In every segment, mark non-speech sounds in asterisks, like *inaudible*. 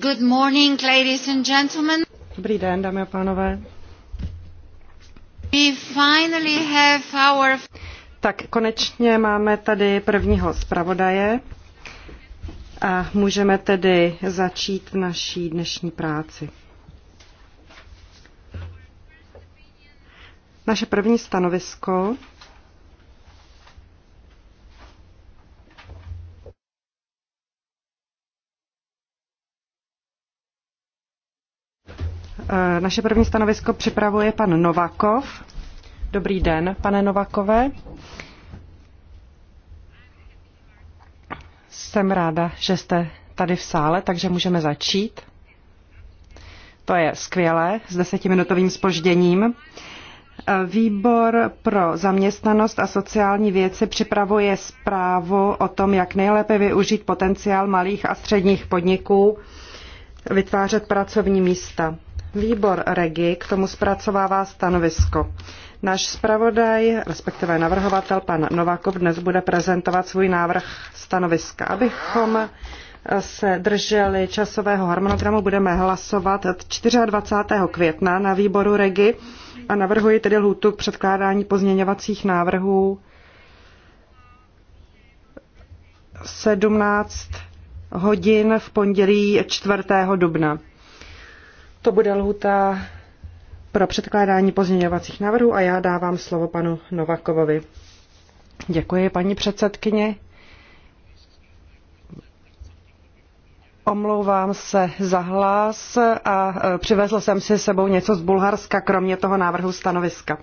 Good morning, ladies and gentlemen. Dobrý den, dámy a pánové. We finally have our... Tak konečně máme tady prvního zpravodaje a můžeme tedy začít naší dnešní práci. Naše první stanovisko Eh, naše první stanovisko připravuje pan Novakov. Dobrý den, pane Novakové. Jsem ráda, že jste tady v sále, takže můžeme začít. To je skvělé, s desetiminutovým spožděním. Eh, výbor pro zaměstnanost a sociální věci připravuje zprávu o tom, jak nejlépe využít potenciál malých a středních podniků, vytvářet pracovní místa. Výbor REGI k tomu zpracovává stanovisko. Náš zpravodaj, respektive navrhovatel, pan Novakov, dnes bude prezentovat svůj návrh stanoviska. Abychom se drželi časového harmonogramu, budeme hlasovat 24. května na výboru REGI a navrhuji tedy lhůtu k předkládání pozměňovacích návrhů 17 hodin v pondělí 4. dubna. To bude lhuta pro předkládání pozměňovacích návrhů a já dávám slovo panu Novakovovi. Děkuji, paní předsedkyně. Omlouvám se za hlas a e, přivezl jsem si sebou něco z Bulharska, kromě toho návrhu stanoviska.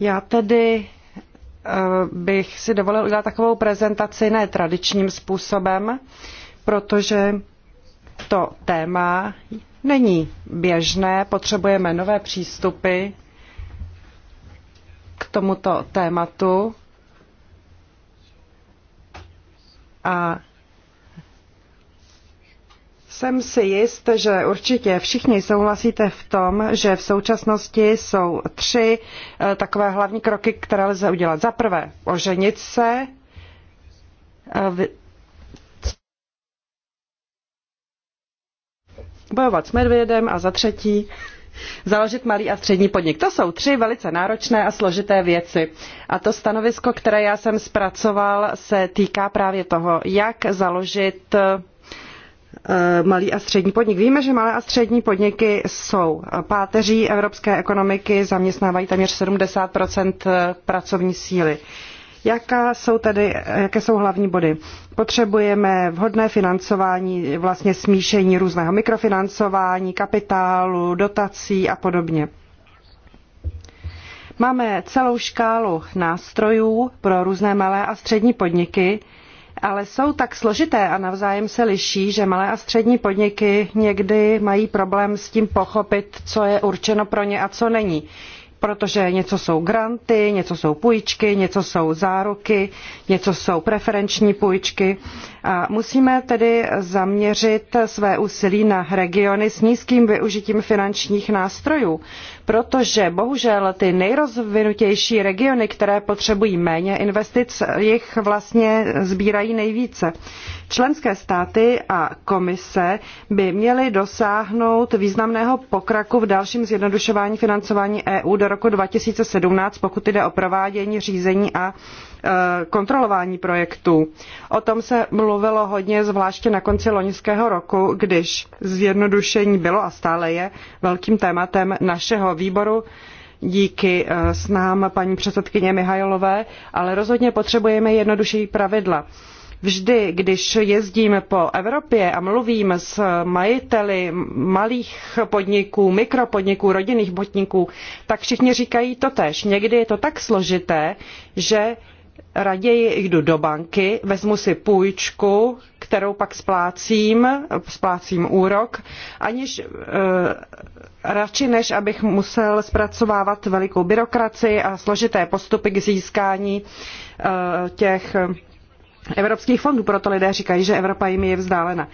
Já tedy Eh, bych si dovolil udělat takovou prezentaci ne tradičním způsobem, protože to téma není běžné, potřebujeme nové přístupy k tomuto tématu. A jsem si jist, že určitě všichni souhlasíte v tom, že v současnosti jsou tři eh, takové hlavní kroky, které lze udělat. Za prvé, oženit se, eh, bojovat s medvědem a za třetí *laughs* založit malý a střední podnik. To jsou tři velice náročné a složité věci. A to stanovisko, které já jsem zpracoval, se týká právě toho, jak založit eh, Eh, malý a střední podnik. Víme, že malé a střední podniky jsou páteří evropské ekonomiky, zaměstnávají téměř 70 eh, pracovní síly. Jaká jsou tedy, jaké jsou hlavní body? Potřebujeme vhodné financování, vlastně smíšení různého mikrofinancování, kapitálu, dotací a podobně. Máme celou škálu nástrojů pro různé malé a střední podniky, ale jsou tak složité a navzájem se liší, že malé a střední podniky někdy mají problém s tím pochopit, co je určeno pro ně a co není protože něco jsou granty, něco jsou půjčky, něco jsou záruky, něco jsou preferenční půjčky. A musíme tedy zaměřit své úsilí na regiony s nízkým využitím finančních nástrojů, protože bohužel ty nejrozvinutější regiony, které potřebují méně investic, jich vlastně sbírají nejvíce. Členské státy a komise by měly dosáhnout významného pokraku v dalším zjednodušování financování EU do roku 2017, pokud jde o provádění řízení a e, kontrolování projektů. O tom se mluvilo hodně, zvláště na konci loňského roku, když zjednodušení bylo a stále je velkým tématem našeho výboru díky e, snám paní předsedkyně Mihajlové, ale rozhodně potřebujeme jednodušší pravidla. Vždy, když jezdím po Evropě a mluvím s majiteli malých podniků, mikropodniků, rodinných podniků, tak všichni říkají totéž Někdy je to tak složité, že raději jdu do banky, vezmu si půjčku, kterou pak splácím, splácím úrok, aniž e, radši než abych musel zpracovávat velikou byrokracii a složité postupy k získání e, těch evropských fondů, proto lidé říkají, že Evropa jim je vzdálena.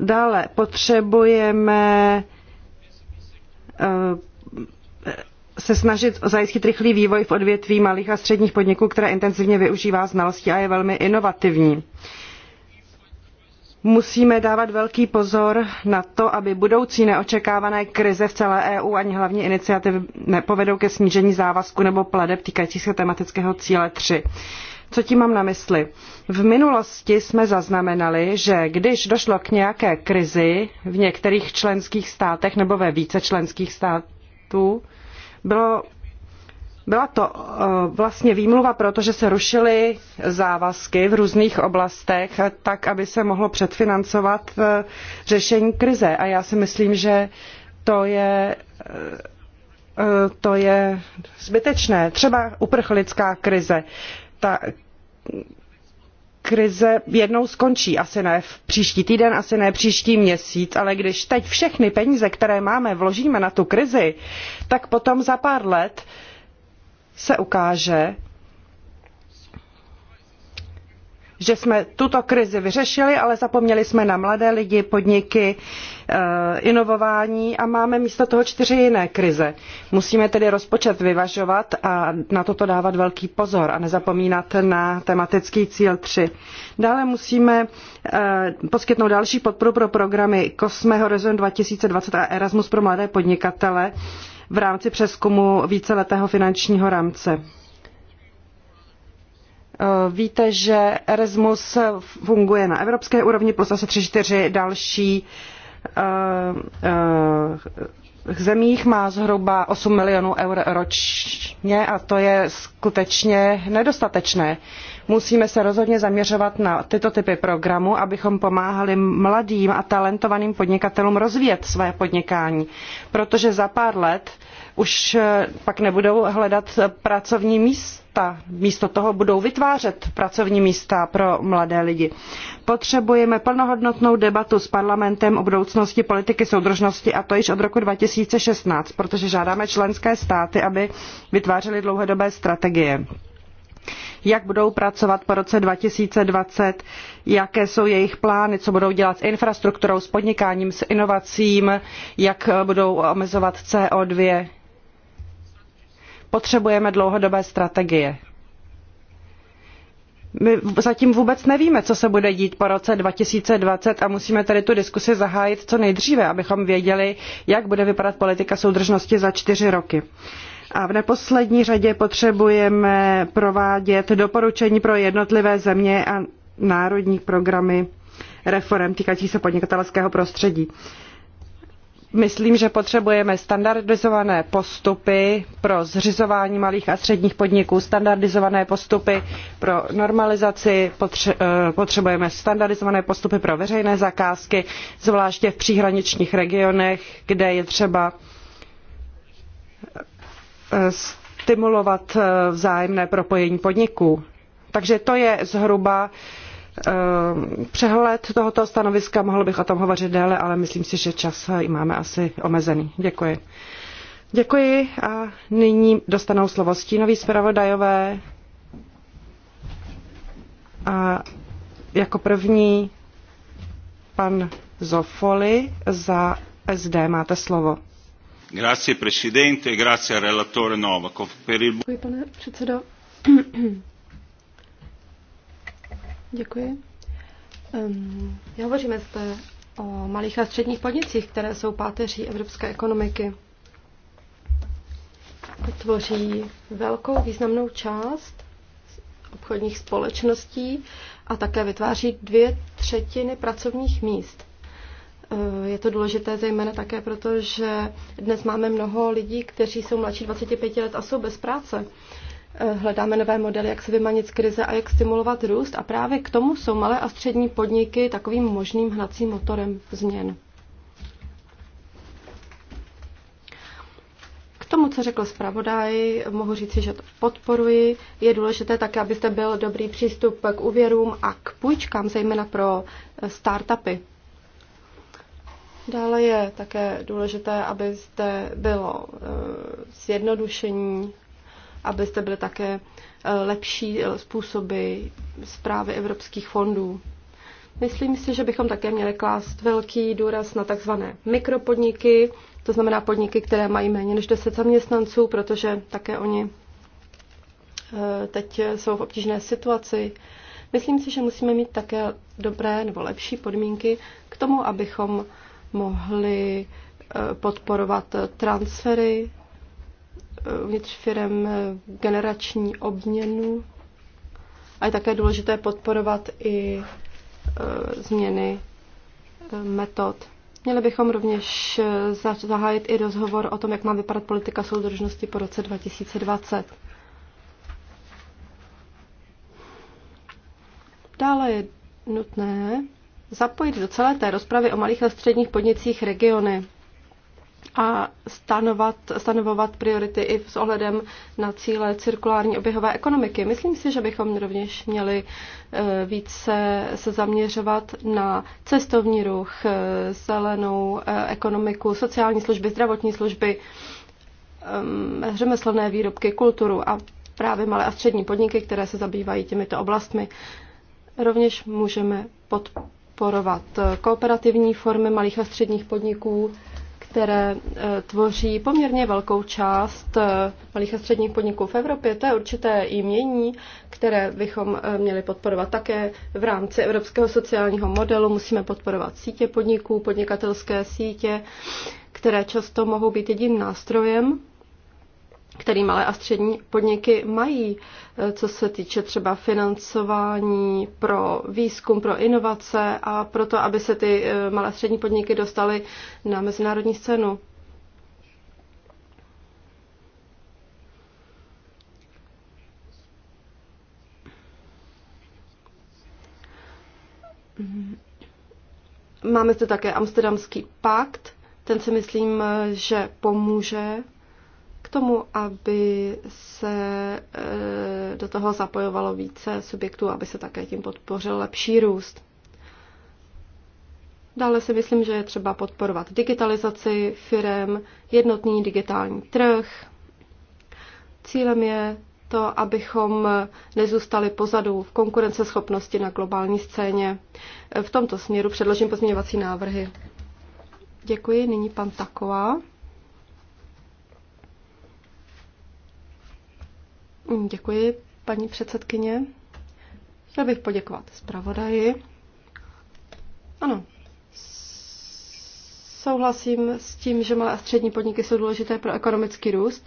Dále potřebujeme eh, se snažit zajistit rychlý vývoj v odvětví malých a středních podniků, které intenzivně využívá znalosti a je velmi inovativní. Musíme dávat velký pozor na to, aby budoucí neočekávané krize v celé EU ani hlavní iniciativy nepovedou ke snížení závazku nebo pladeb týkajících se tematického cíle 3. Co tím mám na mysli? V minulosti jsme zaznamenali, že když došlo k nějaké krizi v některých členských státech nebo ve více členských států, bylo byla to eh, vlastně výmluva, protože se rušily závazky v různých oblastech, tak aby se mohlo předfinancovat eh, řešení krize. A já si myslím, že to je, eh, to je zbytečné. Třeba uprchlická krize ta krize jednou skončí. Asi ne v příští týden, asi ne příští měsíc, ale když teď všechny peníze, které máme, vložíme na tu krizi, tak potom za pár let se ukáže, že jsme tuto krizi vyřešili, ale zapomněli jsme na mladé lidi, podniky, eh, inovování a máme místo toho čtyři jiné krize. Musíme tedy rozpočet vyvažovat a na toto dávat velký pozor a nezapomínat na tematický cíl three. Dále musíme eh, poskytnout další podporu pro programy COSME Horizon 2020 a Erasmus pro mladé podnikatele v rámci přeskumu víceletého finančního rámce. Eh, víte, že Erasmus funguje na evropské úrovni plus asi tři, čtyři další eh, eh, zemích má zhruba 8 milionů eur ročně a to je skutečně nedostatečné. Musíme se rozhodně zaměřovat na tyto typy programů, abychom pomáhali mladým a talentovaným podnikatelům rozvíjet své podnikání, protože za pár let už pak nebudou hledat pracovní místa ta místo toho budou vytvářet pracovní místa pro mladé lidi. Potřebujeme plnohodnotnou debatu s parlamentem o budoucnosti politiky soudržnosti a to již od roku 2016, protože žádáme členské státy, aby vytvářely dlouhodobé strategie jak budou pracovat po roce 2020, jaké jsou jejich plány, co budou dělat s infrastrukturou, s podnikáním, s inovacím, jak budou omezovat CO2 Potřebujeme dlouhodobé strategie. My zatím vůbec nevíme, co se bude dít po roce 2020 a musíme tedy tu diskusi zahájit co nejdříve, abychom věděli, jak bude vypadat politika soudržnosti za čtyři roky. A v neposlední řadě potřebujeme provádět doporučení pro jednotlivé země a národní programy reform týkající se podnikatelského prostředí. Myslím, že potřebujeme standardizované postupy pro zřizování malých a středních podniků, standardizované postupy pro normalizaci, eh, potřebujeme standardizované postupy pro veřejné zakázky, zvláště v příhraničních regionech, kde je třeba eh, stimulovat eh, vzájemné propojení podniků. Takže to je zhruba Eh, přehled tohoto stanoviska. Mohl bych o tom hovořit déle, ale myslím si, že čas máme asi omezený. Děkuji. Děkuji a nyní dostanou slovo stínoví zpravodajové. A jako první pan Zofoli za SD máte slovo. Grazie presidente, grazie relatore Novakov per il... Děkuji pane předsedo. Děkuji. Um, hovoříme zde o malých a středních podnicích, které jsou páteří evropské ekonomiky. Tvoří velkou významnou část obchodních společností a také vytváří dvě třetiny pracovních míst. Je to důležité zejména také proto, že dnes máme mnoho lidí, kteří jsou mladší 25 let a jsou bez práce. Eh, hledáme nové modely, jak se vymanit z krize a jak stimulovat růst. A právě k tomu jsou malé a střední podniky takovým možným hnacím motorem změn. K tomu, co řekl zpravodaj, mohu říci, že to podporuji. Je důležité také, abyste byl dobrý přístup k úvěrům a k půjčkám, zejména pro eh, startupy. Dále je také důležité, aby bylo eh, zjednodušení abyste byly také eh, lepší eh, způsoby zprávy evropských fondů. Myslím si, že bychom také měli klást velký důraz na takzvané mikropodniky, to znamená podniky, které mají méně než 10 zaměstnanců, protože také oni eh, teď jsou v obtížné situaci. Myslím si, že musíme mít také dobré nebo lepší podmínky k tomu, abychom mohli podporovat transfery uvnitř firm generační obměnu a je také důležité podporovat i e, změny e, metod. Měli bychom rovněž e, zahájit i rozhovor o tom, jak má vypadat politika soudržnosti po roce 2020. Dále je nutné zapojit do celé té rozpravy o malých a středních podnicích regiony a stanovat, stanovovat priority i s ohledem na cíle cirkulární oběhové ekonomiky. Myslím si, že bychom rovněž měli eh, více se zaměřovat na cestovní ruch, eh, zelenou eh, ekonomiku, sociální služby, zdravotní služby, ehm, řemeslné výrobky, kulturu a právě malé a střední podniky, které se zabývají těmito oblastmi. Rovněž můžeme podporovat kooperativní formy malých a středních podniků, které e, tvoří poměrně velkou část e, malých a středních podniků v Evropě. To je určité jmění, které bychom e, měli podporovat také v rámci evropského sociálního modelu. Musíme podporovat sítě podniků, podnikatelské sítě, které často mohou být jediným nástrojem, který malé a střední podniky mají co se týče třeba financování pro výzkum, pro inovace a pro to, aby se ty eh, malé a střední podniky dostaly na mezinárodní scénu. Máme zde také Amsterdamský pakt. Ten si myslím, eh, že pomůže tomu, aby se eh, do toho zapojovalo více subjektů, aby se také tím podpořil lepší růst. Dále si myslím, že je třeba podporovat digitalizaci firm, jednotný digitální trh. Cílem je to, abychom nezůstali pozadu v konkurenceschopnosti na globální scéně. V tomto směru předložím pozměňovací návrhy. Děkuji. Nyní pan Taková. Mm, děkuji, paní předsedkyně. Chtěl bych poděkovat zpravodaji. Ano, souhlasím s tím, že malé a střední podniky jsou důležité pro ekonomický růst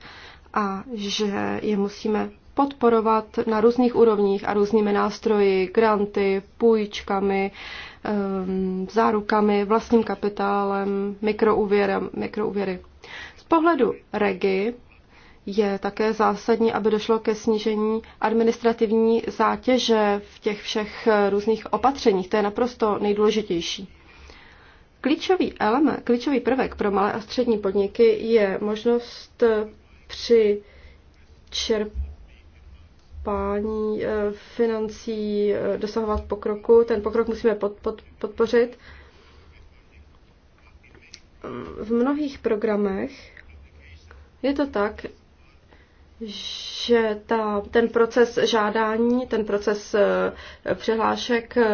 a že je musíme podporovat na různých úrovních a různými nástroji, granty, půjčkami, ehm, zárukami, vlastním kapitálem, mikrouvěrem, mikrouvěry. Z pohledu REGI je také zásadní, aby došlo ke snížení administrativní zátěže v těch všech eh, různých opatřeních. To je naprosto nejdůležitější. Klíčový element, klíčový prvek pro malé a střední podniky je možnost eh, při čerpání eh, financí dosahovat pokroku. Ten pokrok musíme pod, pod, podpořit. V mnohých programech je to tak, že ta, ten proces žádání, ten proces eh, přihlášek eh,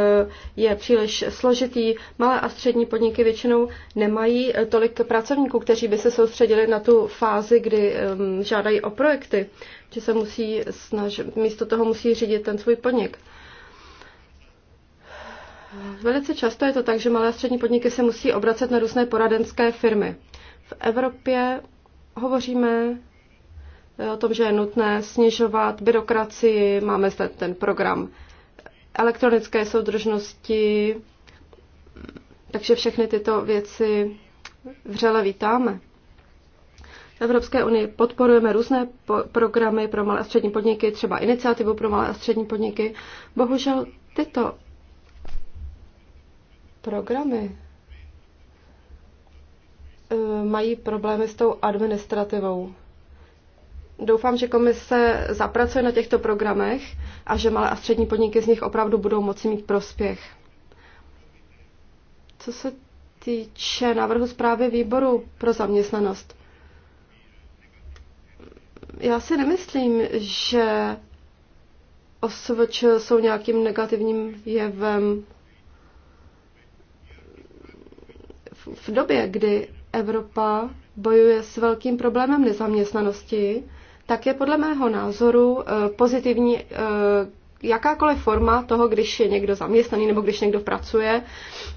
je příliš složitý. Malé a střední podniky většinou nemají eh, tolik pracovníků, kteří by se soustředili na tu fázi, kdy ehm, žádají o projekty, že se musí snažit, místo toho musí řídit ten svůj podnik. Velice často je to tak, že malé a střední podniky se musí obracet na různé poradenské firmy. V Evropě hovoříme Eh, o tom, že je nutné snižovat byrokracii. Máme zde ten program elektronické soudržnosti, takže všechny tyto věci vřele vítáme. V Evropské unii podporujeme různé po- programy pro malé a střední podniky, třeba iniciativu pro malé a střední podniky. Bohužel tyto programy eh, mají problémy s tou administrativou. Doufám, že komise zapracuje na těchto programech a že malé a střední podniky z nich opravdu budou moci mít prospěch. Co se týče návrhu zprávy výboru pro zaměstnanost, já si nemyslím, že OSVČ jsou nějakým negativním jevem. V době, kdy Evropa bojuje s velkým problémem nezaměstnanosti, tak je podle mého názoru eh, pozitivní eh, jakákoliv forma toho, když je někdo zaměstnaný nebo když někdo pracuje.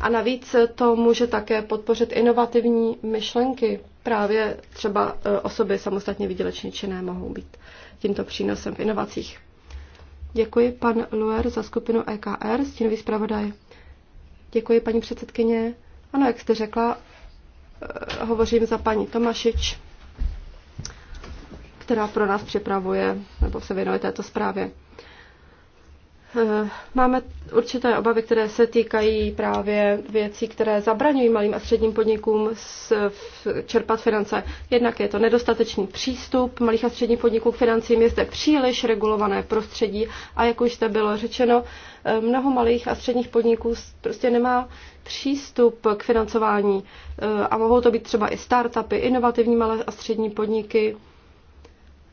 A navíc to může také podpořit inovativní myšlenky. Právě třeba eh, osoby samostatně výdělečně činné mohou být tímto přínosem v inovacích. Děkuji pan Luer za skupinu EKR, stínový zpravodaj. Děkuji paní předsedkyně. Ano, jak jste řekla, hovořím za paní Tomašič která pro nás připravuje nebo se věnuje této zprávě. Eh, máme určité obavy, které se týkají právě věcí, které zabraňují malým a středním podnikům čerpat finance. Jednak je to nedostatečný přístup malých a středních podniků k financím, je zde příliš regulované prostředí a jak už zde bylo řečeno, eh, mnoho malých a středních podniků prostě nemá přístup k financování eh, a mohou to být třeba i startupy, inovativní malé a střední podniky,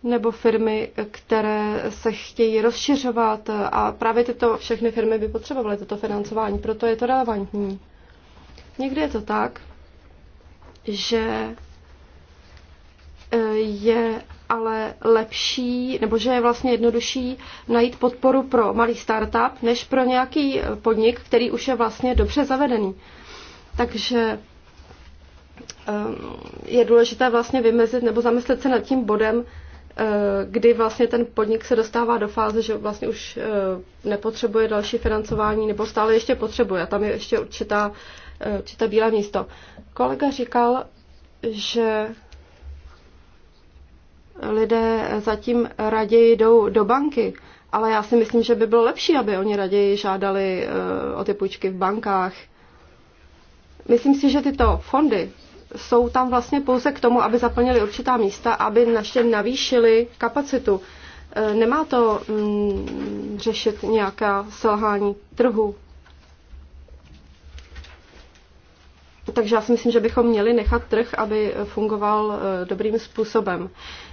nebo firmy, které se chtějí rozšiřovat a právě tyto všechny firmy by potřebovaly toto financování, proto je to relevantní. Někdy je to tak, že e, je ale lepší, nebo že je vlastně jednodušší najít podporu pro malý startup, než pro nějaký podnik, který už je vlastně dobře zavedený. Takže e, je důležité vlastně vymezit nebo zamyslet se nad tím bodem, Eh, kdy vlastně ten podnik se dostává do fáze, že vlastně už eh, nepotřebuje další financování nebo stále ještě potřebuje. Tam je ještě určitá, eh, určitá bílé místo. Kolega říkal, že lidé zatím raději jdou do banky, ale já si myslím, že by bylo lepší, aby oni raději žádali o ty půjčky v bankách. Myslím si, že tyto fondy jsou tam vlastně pouze k tomu, aby zaplnili určitá místa, aby naště navýšili kapacitu. E, nemá to mm, řešit nějaká selhání trhu. Takže já si myslím, že bychom měli nechat trh, aby fungoval e, dobrým způsobem.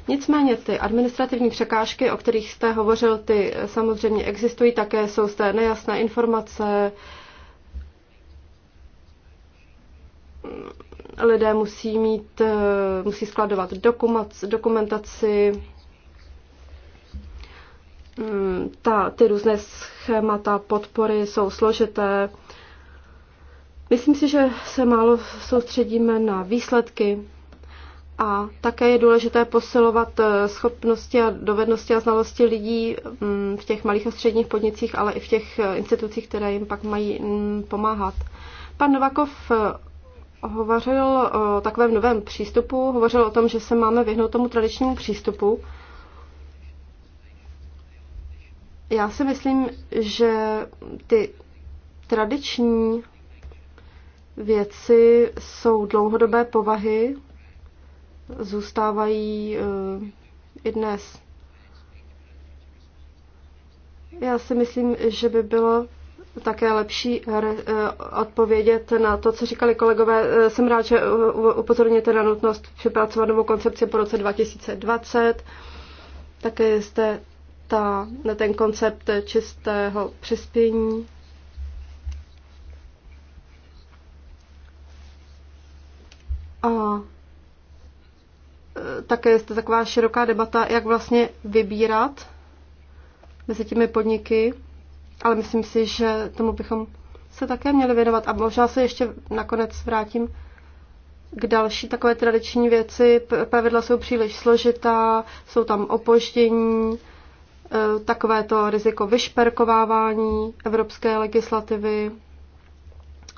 Nicméně ty administrativní překážky, o kterých jste hovořil, ty e, samozřejmě existují také, jsou té nejasné informace, lidé musí mít, eh, musí skladovat dokumentaci, mm, ta, ty různé schémata podpory jsou složité. Myslím si, že se málo soustředíme na výsledky a také je důležité posilovat eh, schopnosti a dovednosti a znalosti lidí mm, v těch malých a středních podnicích, ale i v těch eh, institucích, které jim pak mají mm, pomáhat. Pan Novakov hovořil o eh, takovém novém přístupu, hovořil o tom, že se máme vyhnout tomu tradičnímu přístupu. Já si myslím, že ty tradiční věci jsou dlouhodobé povahy, zůstávají eh, i dnes. Já si myslím, že by bylo také lepší eh, odpovědět na to, co říkali kolegové. Eh, jsem rád, že eh, upozorněte na nutnost připracovat novou koncepci po roce 2020. Také jste ta, ten koncept čistého přispění. A také jste taková široká debata, jak vlastně vybírat mezi těmi podniky ale myslím si, že tomu bychom se také měli věnovat. A možná se ještě nakonec vrátím k další takové tradiční věci. Pravidla jsou příliš složitá, jsou tam opoždění, eh, takové to riziko vyšperkovávání evropské legislativy,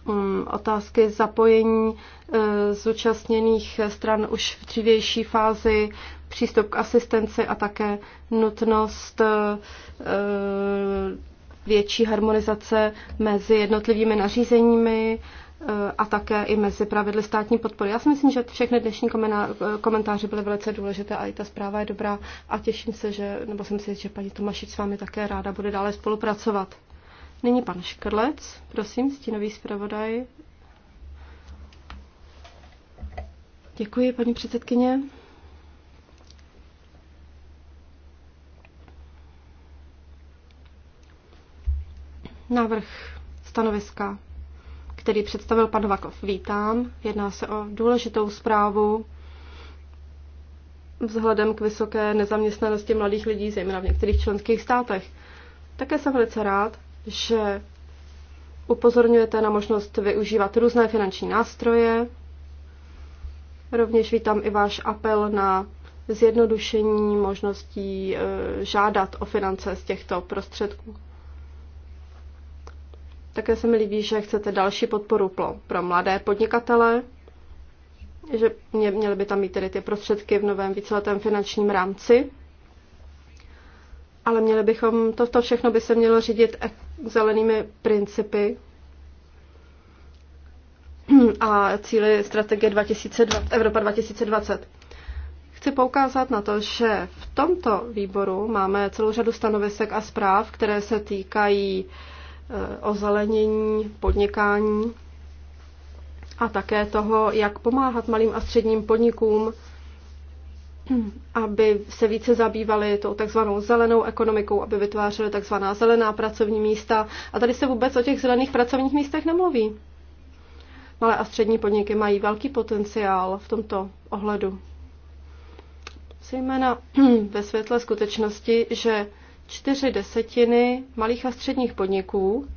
mm, otázky zapojení eh, zúčastněných stran už v dřívější fázi, přístup k asistenci a také nutnost eh, větší harmonizace mezi jednotlivými nařízeními eh, a také i mezi pravidly státní podpory. Já si myslím, že všechny dnešní komentáře byly velice důležité a i ta zpráva je dobrá a těším se, že, nebo jsem si, že paní Tomašič s vámi také ráda bude dále spolupracovat. Nyní pan Škrlec, prosím, stínový zpravodaj. Děkuji, paní předsedkyně. Návrh stanoviska, který představil pan Vakov, vítám. Jedná se o důležitou zprávu vzhledem k vysoké nezaměstnanosti mladých lidí, zejména v některých členských státech. Také jsem velice rád, že upozorňujete na možnost využívat různé finanční nástroje. Rovněž vítám i váš apel na zjednodušení možností eh, žádat o finance z těchto prostředků. Také se mi líbí, že chcete další podporu pro, pro mladé podnikatele, že mě, měly by tam mít tedy ty prostředky v novém víceletém finančním rámci. Ale měli bychom, to, to všechno by se mělo řídit e- zelenými principy a cíly strategie 2020, Evropa 2020. Chci poukázat na to, že v tomto výboru máme celou řadu stanovisek a zpráv, které se týkají uh, Eh, ozelenění, podnikání a také toho, jak pomáhat malým a středním podnikům, aby se více zabývali tou takzvanou zelenou ekonomikou, aby vytvářeli takzvaná zelená pracovní místa. A tady se vůbec o těch zelených pracovních místech nemluví. Malé a střední podniky mají velký potenciál v tomto ohledu. Zejména *clears throat* ve světle skutečnosti, že čtyři desetiny malých a středních podniků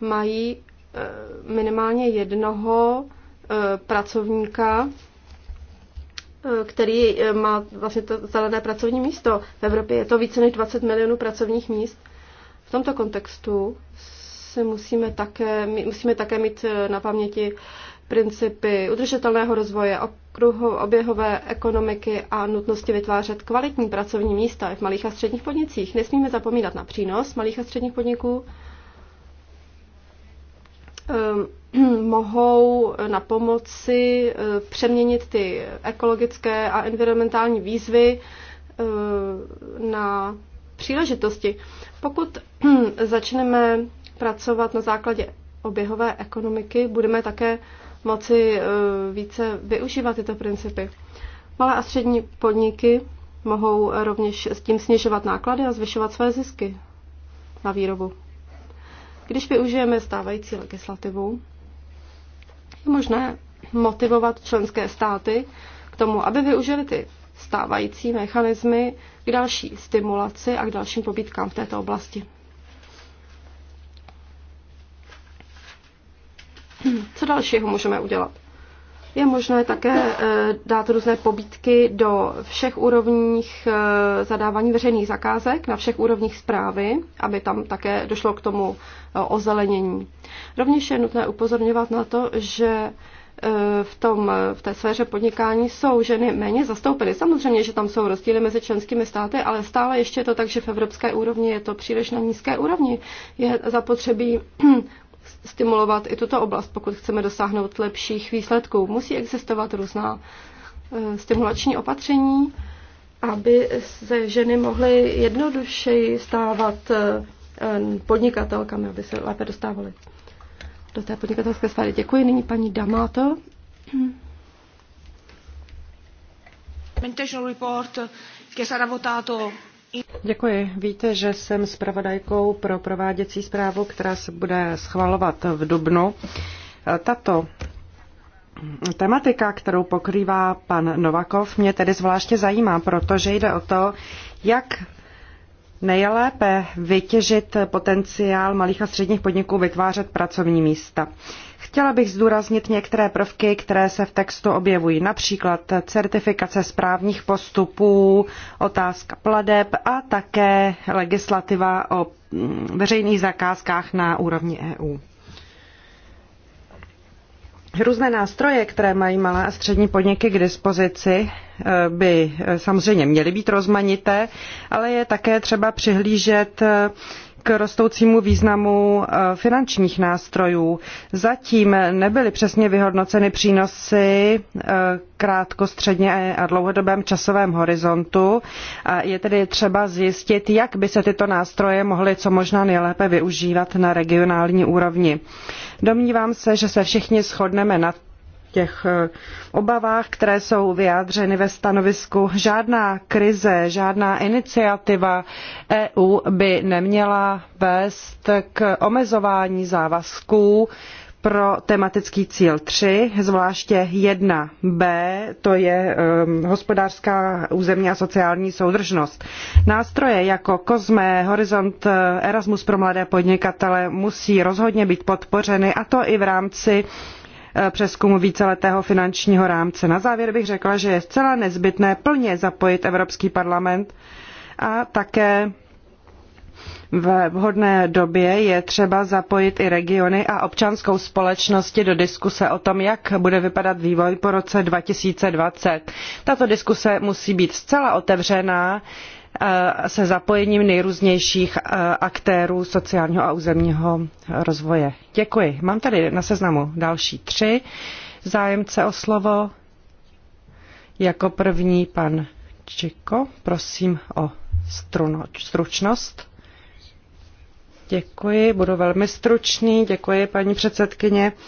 mají eh, minimálně jednoho eh, pracovníka, eh, který má vlastně to zelené pracovní místo. V Evropě je to více než 20 milionů pracovních míst. V tomto kontextu se musíme také, musíme také mít na paměti principy udržitelného rozvoje, okruhu oběhové ekonomiky a nutnosti vytvářet kvalitní pracovní místa v malých a středních podnicích. Nesmíme zapomínat na přínos malých a středních podniků. Ehm, *clears throat* mohou na pomoci eh, přeměnit ty ekologické a environmentální výzvy eh, na příležitosti. Pokud *clears throat* začneme pracovat na základě oběhové ekonomiky, budeme také moci eh, více využívat tyto principy. Malé a střední podniky mohou rovněž s tím snižovat náklady a zvyšovat své zisky na výrobu. Když využijeme stávající legislativu, je možné motivovat členské státy k tomu, aby využili ty stávající mechanismy k další stimulaci a k dalším pobítkám v této oblasti. Hmm, co dalšího můžeme udělat? Je možné také eh, dát různé pobítky do všech úrovních eh, zadávání veřejných zakázek, na všech úrovních zprávy, aby tam také došlo k tomu eh, ozelenění. Rovněž je nutné upozorňovat na to, že v, tom, v té sféře podnikání jsou ženy méně zastoupeny. Samozřejmě, že tam jsou rozdíly mezi členskými státy, ale stále ještě je to tak, že v evropské úrovni je to příliš na nízké úrovni. Je zapotřebí stimulovat i tuto oblast, pokud chceme dosáhnout lepších výsledků. Musí existovat různá eh, stimulační opatření, aby se ženy mohly jednodušeji stávat eh, eh, podnikatelkami, aby se lépe dostávaly do té podnikatelské sféry. Děkuji. Nyní paní Damato. Implementation report che sarà votato Děkuji. Víte, že jsem zpravodajkou pro prováděcí zprávu, která se bude schvalovat v Dubnu. Tato tematika, kterou pokrývá pan Novakov, mě tedy zvláště zajímá, protože jde o to, jak nejlépe vytěžit potenciál malých a středních podniků vytvářet pracovní místa. Chtěla bych zdůraznit některé prvky, které se v textu objevují, například certifikace správních postupů, otázka pladeb a také legislativa o mm, veřejných zakázkách na úrovni EU. Různé nástroje, které mají malé a střední podniky k dispozici, eh, by eh, samozřejmě měly být rozmanité, ale je také třeba přihlížet eh, k rostoucímu významu eh, finančních nástrojů. Zatím nebyly přesně vyhodnoceny přínosy eh, krátko, středně a dlouhodobém časovém horizontu. A je tedy třeba zjistit, jak by se tyto nástroje mohly co možná nejlépe využívat na regionální úrovni. Domnívám se, že se všichni shodneme na těch eh, obavách, které jsou vyjádřeny ve stanovisku. Žádná krize, žádná iniciativa EU by neměla vést k omezování závazků pro tematický cíl 3, zvláště 1b, to je um, hospodářská územní a sociální soudržnost. Nástroje jako COSME, Horizont eh, Erasmus pro mladé podnikatele musí rozhodně být podpořeny, a to i v rámci uh, Eh, přeskumu víceletého finančního rámce. Na závěr bych řekla, že je zcela nezbytné plně zapojit Evropský parlament a také v vhodné době je třeba zapojit i regiony a občanskou společnost do diskuse o tom, jak bude vypadat vývoj po roce 2020. Tato diskuse musí být zcela otevřená, Eh, se zapojením nejrůznějších eh, aktérů sociálního a územního rozvoje. Děkuji. Mám tady na seznamu další tři zájemce o slovo. Jako první pan Čiko, prosím o struno, stručnost. Děkuji, budu velmi stručný. Děkuji, paní předsedkyně. Uh,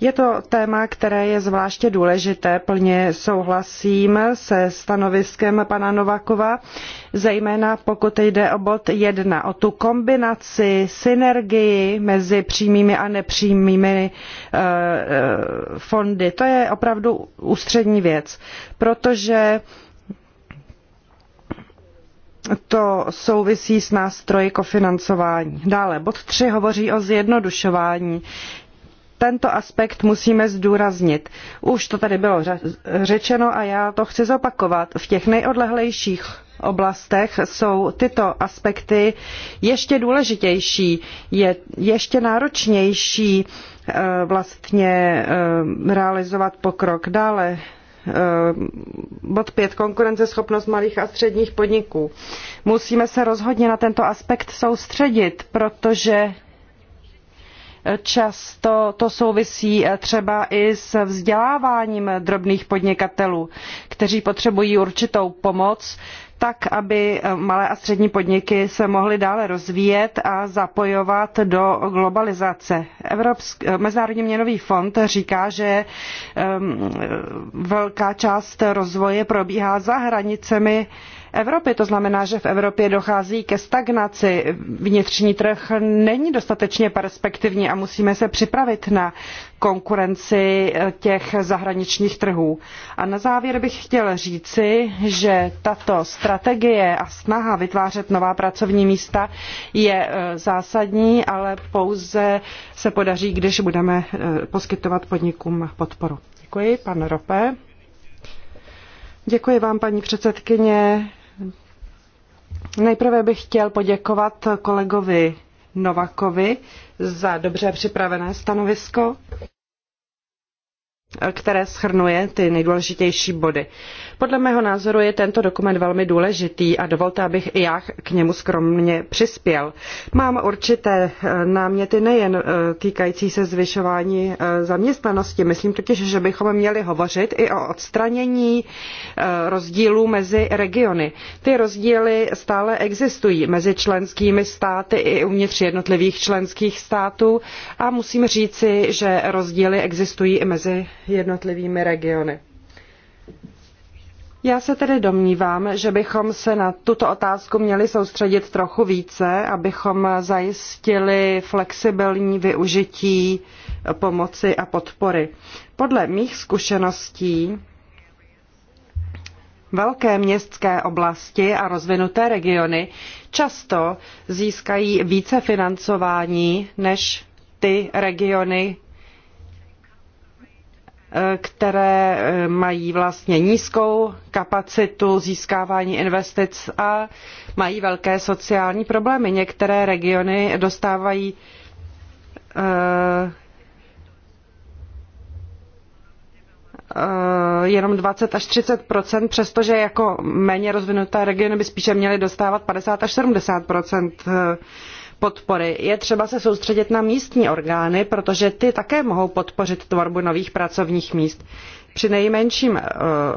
je to téma, které je zvláště důležité. Plně souhlasím se stanoviskem pana Novakova, zejména pokud jde o bod 1, o tu kombinaci, synergii mezi přímými a nepřímými eh, eh, fondy. To je opravdu ústřední věc, protože to souvisí s nástroji kofinancování. Dále bod 3 hovoří o zjednodušování tento aspekt musíme zdůraznit. Už to tady bylo řečeno a já to chci zopakovat. V těch nejodlehlejších oblastech jsou tyto aspekty ještě důležitější, je ještě náročnější eh, vlastně eh, realizovat pokrok. Dále eh, bod 5. Konkurenceschopnost malých a středních podniků. Musíme se rozhodně na tento aspekt soustředit, protože Často to souvisí eh, třeba i s vzděláváním drobných podnikatelů, kteří potřebují určitou pomoc, tak, aby eh, malé a střední podniky se mohly dále rozvíjet a zapojovat do globalizace. Evropský, eh, Mezinárodní měnový fond říká, že um, velká část rozvoje probíhá za hranicemi uh, Evropy. To znamená, že v Evropě dochází ke stagnaci. Vnitřní trh není dostatečně perspektivní a musíme se připravit na konkurenci eh, těch zahraničních trhů. A na závěr bych chtěl říci, že tato strategie a snaha vytvářet nová pracovní místa je eh, zásadní, ale pouze se podaří, když budeme eh, poskytovat podnikům podporu. Děkuji, pan Rope. Děkuji vám, paní předsedkyně. Nejprve bych chtěl poděkovat kolegovi Novakovi za dobře připravené stanovisko které schrnuje ty nejdůležitější body. Podle mého názoru je tento dokument velmi důležitý a dovolte, abych i já k němu skromně přispěl. Mám určité eh, náměty nejen eh, týkající se zvyšování eh, zaměstnanosti. Myslím totiž, že bychom měli hovořit i o odstranění rozdílů mezi regiony. Ty rozdíly stále existují mezi členskými státy i uvnitř jednotlivých členských států a musím říci, že rozdíly existují i mezi jednotlivými regiony. Já se tedy domnívám, že bychom se na tuto otázku měli soustředit trochu více, abychom zajistili flexibilní využití pomoci a podpory. Podle mých zkušeností velké městské oblasti a rozvinuté regiony často získají více financování než ty regiony, Eh, které eh, mají vlastně nízkou kapacitu získávání investic a mají velké sociální problémy. Některé regiony dostávají eh, jenom 20 až 30 přestože jako méně rozvinuté regiony by spíše měly dostávat 50 až 70 podpory. Je třeba se soustředit na místní orgány, protože ty také mohou podpořit tvorbu nových pracovních míst. Při nejmenším eh,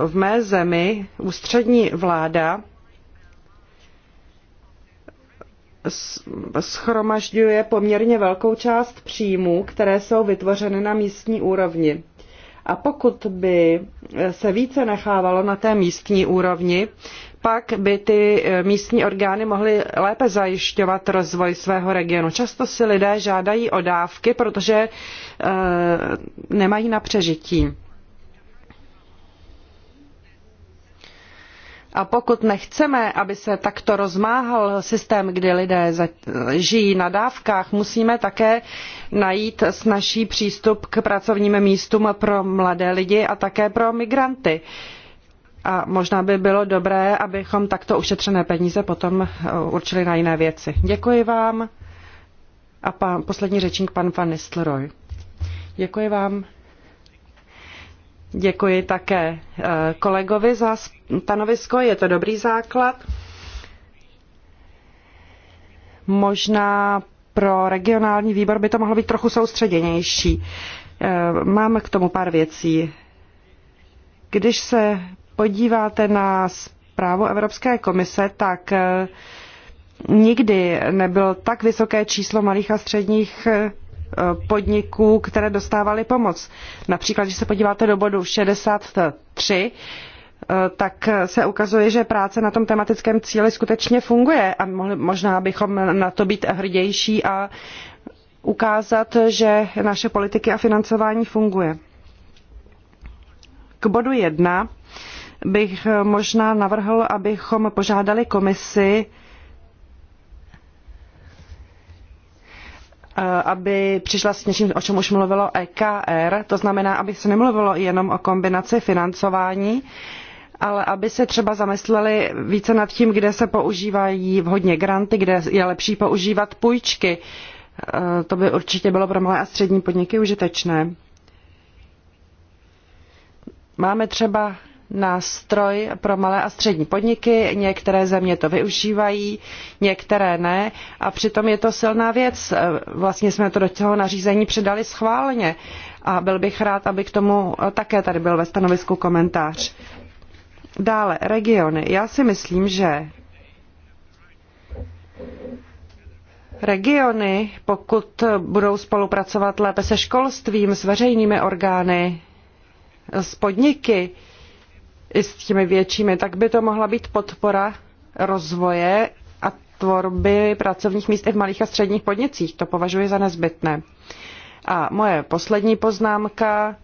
v mé zemi ústřední vláda schromažďuje poměrně velkou část příjmů, které jsou vytvořeny na místní úrovni. A pokud by se více nechávalo na té místní úrovni, pak by ty e, místní orgány mohly lépe zajišťovat rozvoj svého regionu. Často si lidé žádají o dávky, protože e, nemají na přežití. A pokud nechceme, aby se takto rozmáhal systém, kdy lidé žijí na dávkách, musíme také najít snažší přístup k pracovním místům pro mladé lidi a také pro migranty. A možná by bylo dobré, abychom takto ušetřené peníze potom eh, určili na jiné věci. Děkuji vám. A pan, poslední řečník, pan Van Nistelrooy. Děkuji vám. Děkuji také eh, kolegovi za stanovisko, je to dobrý základ. Možná pro regionální výbor by to mohlo být trochu soustředěnější. Eh, mám k tomu pár věcí. Když se podíváte na zprávu Evropské komise, tak eh, nikdy nebylo tak vysoké číslo malých a středních eh, podniků, které dostávaly pomoc. Například, když se podíváte do bodu 63, eh, tak se ukazuje, že práce na tom tematickém cíli skutečně funguje a možná bychom na to být hrdější a ukázat, že naše politiky a financování funguje. K bodu jedna bych eh, možná navrhl, abychom požádali komisi, eh, aby přišla s něčím, o čem už mluvilo EKR, to znamená, aby se nemluvilo jenom o kombinaci financování, ale aby se třeba zamysleli více nad tím, kde se používají vhodně granty, kde je lepší používat půjčky. Eh, to by určitě bylo pro malé a střední podniky užitečné. Máme třeba nástroj pro malé a střední podniky. Některé země to využívají, některé ne. A přitom je to silná věc. E, vlastně jsme to do toho nařízení předali schválně. A byl bych rád, aby k tomu také tady byl ve stanovisku komentář. Dále, regiony. Já si myslím, že regiony, pokud budou spolupracovat lépe se školstvím, s veřejnými orgány, s podniky, i s těmi většími, tak by to mohla být podpora rozvoje a tvorby pracovních míst i v malých a středních podnicích. To považuji za nezbytné. A moje poslední poznámka.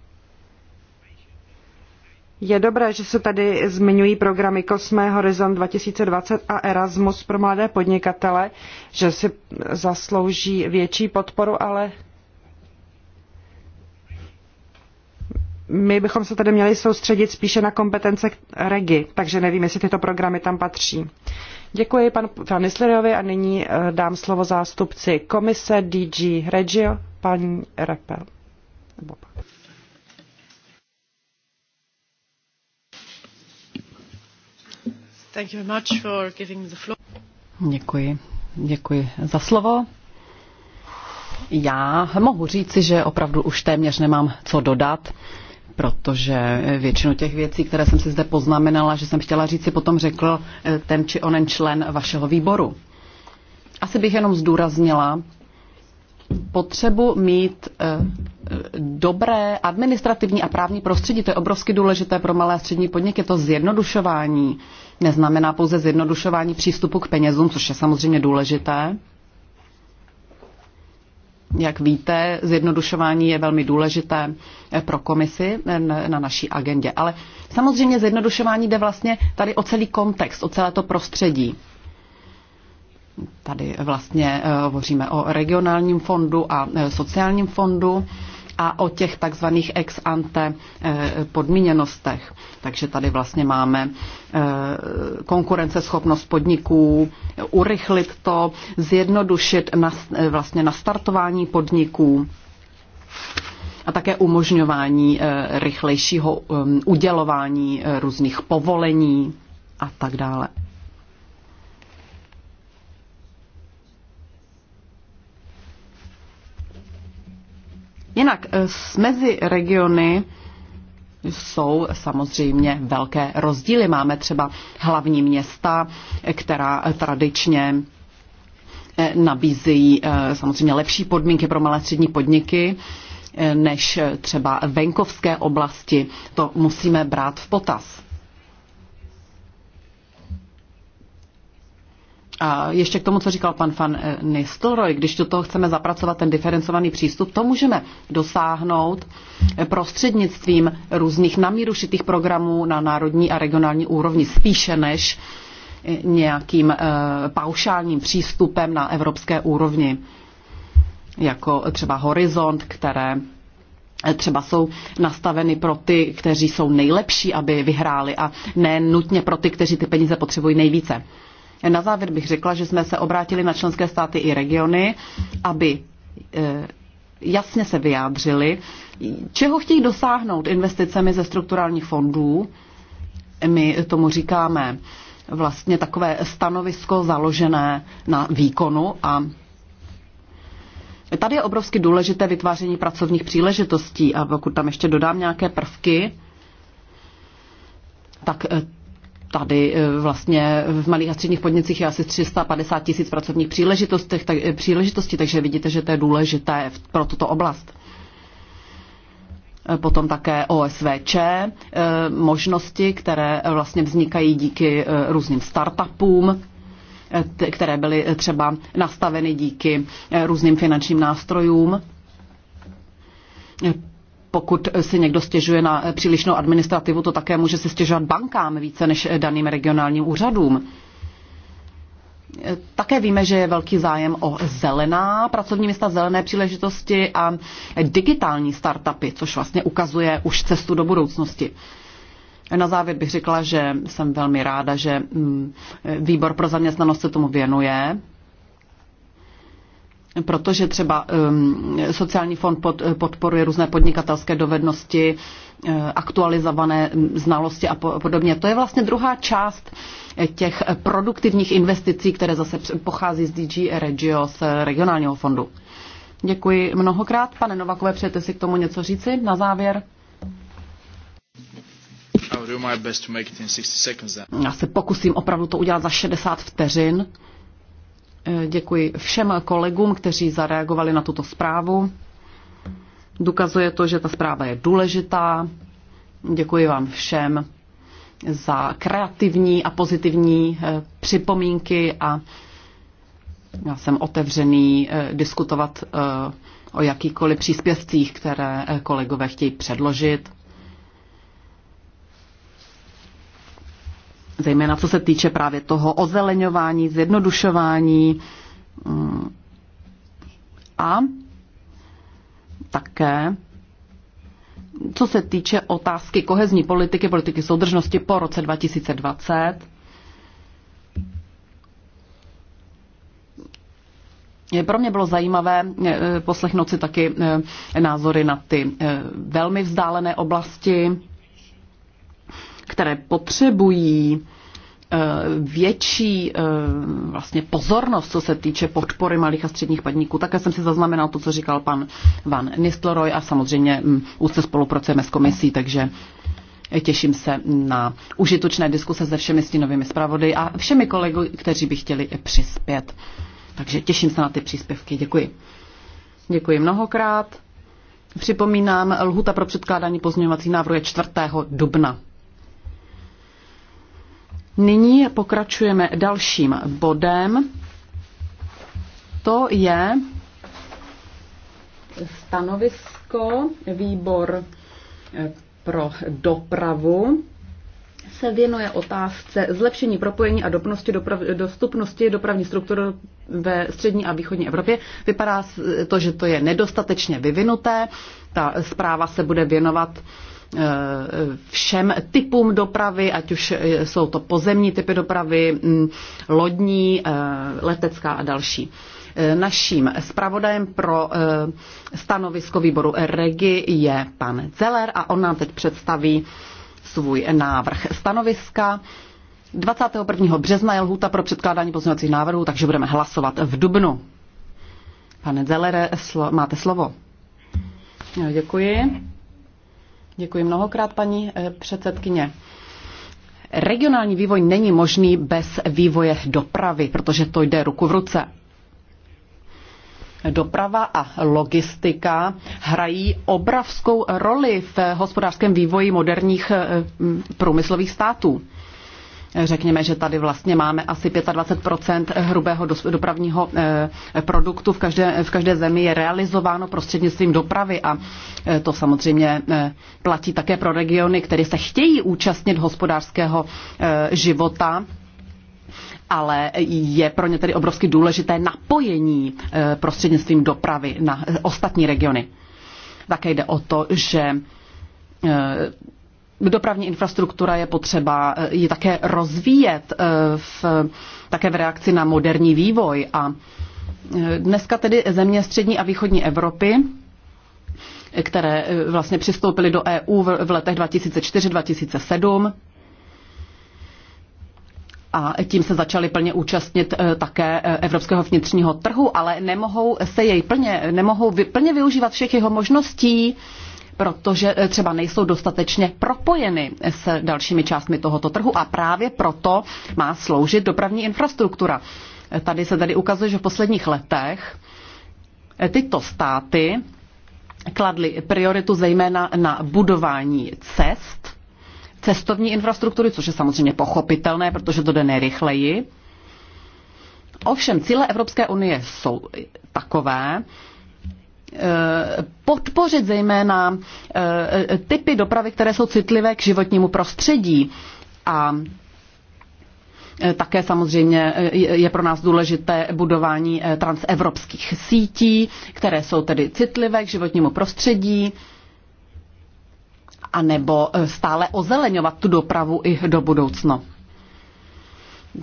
Je dobré, že se tady zmiňují programy Kosmé, Horizont 2020 a Erasmus pro mladé podnikatele, že si zaslouží větší podporu, ale my bychom se tedy měli soustředit spíše na kompetence REGI, takže nevím, jestli tyto programy tam patří. Děkuji panu Fanislerovi a nyní eh, dám slovo zástupci komise DG Regio, paní Repel. Thank you very much for giving the floor. Děkuji. Děkuji za slovo. Já mohu říci, že opravdu už téměř nemám co dodat protože většinu těch věcí, které jsem si zde poznamenala, že jsem chtěla říct, si potom řekl eh, ten či onen člen vašeho výboru. Asi bych jenom zdůraznila potřebu mít eh, dobré administrativní a právní prostředí. To je obrovsky důležité pro malé a střední podniky. To zjednodušování neznamená pouze zjednodušování přístupu k penězům, což je samozřejmě důležité, jak víte, zjednodušování je velmi důležité pro komisi na naší agendě. Ale samozřejmě zjednodušování jde vlastně tady o celý kontext, o celé to prostředí. Tady vlastně eh, hovoříme o regionálním fondu a eh, sociálním fondu a o těch takzvaných ex ante eh, podmíněnostech. Takže tady vlastně máme eh, konkurenceschopnost podniků, urychlit to, zjednodušit na, eh, vlastně nastartování podniků a také umožňování rychlejšího udělování různých povolení a tak dále. Jinak eh, mezi regiony jsou samozřejmě velké rozdíly. Máme třeba hlavní města, která eh, tradičně eh, nabízejí samozřejmě lepší podmínky pro malé střední podniky než třeba venkovské oblasti. To musíme brát v potaz. A ještě k tomu, co říkal pan Fan eh, Nistelroj, když do toho chceme zapracovat ten diferencovaný přístup, to můžeme dosáhnout eh, prostřednictvím různých namírušitých programů na národní a regionální úrovni, spíše než eh, nějakým e, paušálním přístupem na evropské úrovni, jako třeba Horizont, které třeba jsou nastaveny pro ty, kteří jsou nejlepší, aby vyhráli a ne nutně pro ty, kteří ty peníze potřebují nejvíce. Na závěr bych řekla, že jsme se obrátili na členské státy i regiony, aby e, jasně se vyjádřili, čeho chtějí dosáhnout investicemi ze strukturálních fondů. My tomu říkáme vlastně takové stanovisko založené na výkonu a Tady je obrovsky důležité vytváření pracovních příležitostí a pokud tam ještě dodám nějaké prvky, tak e, tady e, vlastně v malých a středních podnicích je asi 350 tisíc pracovních e, příležitostí, tak, takže vidíte, že to je důležité pro tuto oblast. E, potom také OSVČ, možnosti, které vlastně vznikají díky různým startupům, které byly třeba nastaveny díky různým finančním nástrojům pokud si někdo stěžuje na přílišnou administrativu, to také může se stěžovat bankám více než daným regionálním úřadům. Také víme, že je velký zájem o zelená pracovní místa, zelené příležitosti a digitální startupy, což vlastně ukazuje už cestu do budoucnosti. Na závěr bych řekla, že jsem velmi ráda, že mm, výbor pro zaměstnanost se tomu věnuje protože třeba um, sociální fond podporuje různé podnikatelské dovednosti, uh, aktualizované znalosti a podobně. To je vlastně druhá část eh, těch produktivních investicí, které zase pochází z DG Regio, z eh, regionálního fondu. Děkuji mnohokrát. Pane Novakové, přejete si k tomu něco říci na závěr? Já se pokusím opravdu to udělat za 60 vteřin. Děkuji všem kolegům, kteří zareagovali na tuto zprávu. Dukazuje to, že ta zpráva je důležitá. Děkuji vám všem za kreativní a pozitivní eh, připomínky a já jsem otevřený eh, diskutovat eh, o jakýkoliv příspěvcích, které kolegové chtějí předložit. zejména co se týče právě toho ozeleňování, zjednodušování mm, a také co se týče otázky kohezní politiky, politiky soudržnosti po roce 2020, Pro mě bylo zajímavé eh, poslechnout si taky eh, názory na ty eh, velmi vzdálené oblasti, které potřebují eh, větší eh, vlastně pozornost, co se týče podpory malých a středních podniků. Také jsem si zaznamenal to, co říkal pan Van Nistelrooy a samozřejmě mm, úzce spolupracujeme s komisí, takže těším se na užitočné diskuse se všemi stínovými zpravody a všemi kolegy, kteří by chtěli přispět. Takže těším se na ty příspěvky. Děkuji. Děkuji mnohokrát. Připomínám, lhuta pro předkládání pozměňovacích návrhů je 4. dubna. Nyní pokračujeme dalším bodem. To je stanovisko výbor eh, pro dopravu se věnuje otázce zlepšení propojení a dopnosti doprav, dostupnosti dopravní struktury ve střední a východní Evropě. Vypadá to, že to je nedostatečně vyvinuté. Ta zpráva se bude věnovat Eh, všem typům dopravy, ať už eh, jsou to pozemní typy dopravy, mm, lodní, eh, letecká a další. Naším zpravodajem pro stanovisko výboru Regi je pan Zeller a on nám teď představí svůj návrh stanoviska. 21. března je lhůta pro předkládání pozměňovacích návrhů, takže budeme hlasovat v dubnu. Pane Zelere, slo- máte slovo. děkuji. Děkuji mnohokrát, paní eh, předsedkyně. Regionální vývoj není možný bez vývoje dopravy, protože to jde ruku v ruce. Doprava a logistika hrají obravskou roli v hospodářském vývoji moderních eh, průmyslových států. Řekněme, že tady vlastně máme asi 25 hrubého dopravního eh, produktu v každé, v každé zemi je realizováno prostřednictvím dopravy a eh, to samozřejmě eh, platí také pro regiony, které se chtějí účastnit hospodářského života ale je pro ně tedy obrovsky důležité napojení prostřednictvím dopravy na ostatní regiony. Také jde o to, že dopravní infrastruktura je potřeba eh, ji také rozvíjet eh, v, také v reakci na moderní vývoj. A eh, dneska tedy země střední a východní Evropy které vlastně přistoupily do EU v letech 2004-2007 a tím se začaly plně účastnit také evropského vnitřního trhu, ale nemohou se jej plně, nemohou plně využívat všech jeho možností, protože eh, třeba nejsou dostatečně propojeny s dalšími částmi tohoto trhu a právě proto má sloužit dopravní infrastruktura. Eh, tady se tady ukazuje, že v posledních letech eh, tyto státy kladly prioritu zejména na budování cest, cestovní infrastruktury, což je samozřejmě pochopitelné, protože to jde nejrychleji. Ovšem cíle Evropské unie jsou takové, podpořit zejména eh, typy dopravy, které jsou citlivé k životnímu prostředí. A eh, také samozřejmě eh, je pro nás důležité budování transevropských sítí, které jsou tedy citlivé k životnímu prostředí a nebo stále ozeleňovat tu dopravu i do budoucna.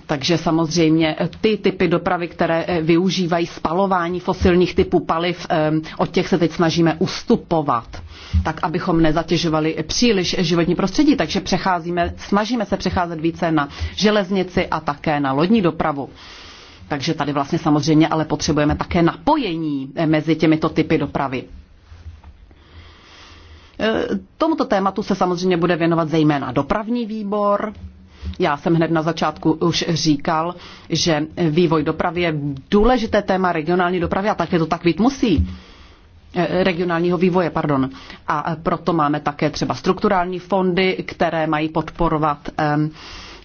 Takže samozřejmě ty typy dopravy, které eh, využívají spalování fosilních typů paliv, eh, od těch se teď snažíme ustupovat, tak abychom nezatěžovali příliš životní prostředí. Takže přecházíme, snažíme se přecházet více na železnici a také na lodní dopravu. Takže tady vlastně samozřejmě ale potřebujeme také napojení eh, mezi těmito typy dopravy. Tomuto tématu se samozřejmě bude věnovat zejména dopravní výbor, já jsem hned na začátku už říkal, že vývoj dopravy je důležité téma regionální dopravy a také to tak být musí eh, regionálního vývoje, pardon. A eh, proto máme také třeba strukturální fondy, které mají podporovat ehm,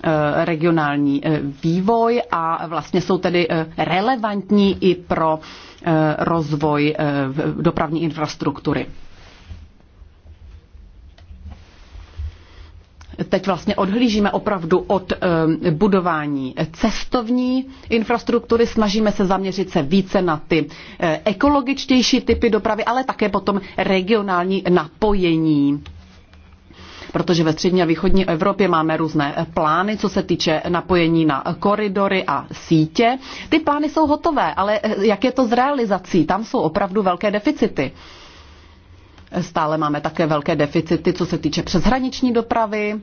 eh, regionální vývoj a vlastně jsou tedy relevantní i pro rozvoj dopravní infrastruktury. teď vlastně odhlížíme opravdu od ehm, budování cestovní infrastruktury, snažíme se zaměřit se více na ty eh, ekologičtější typy dopravy, ale také potom regionální napojení protože ve střední a východní Evropě máme různé eh, plány, co se týče napojení na koridory a sítě. Ty plány jsou hotové, ale eh, jak je to s realizací? Tam jsou opravdu velké deficity. Stále máme také velké deficity, co se týče přeshraniční dopravy.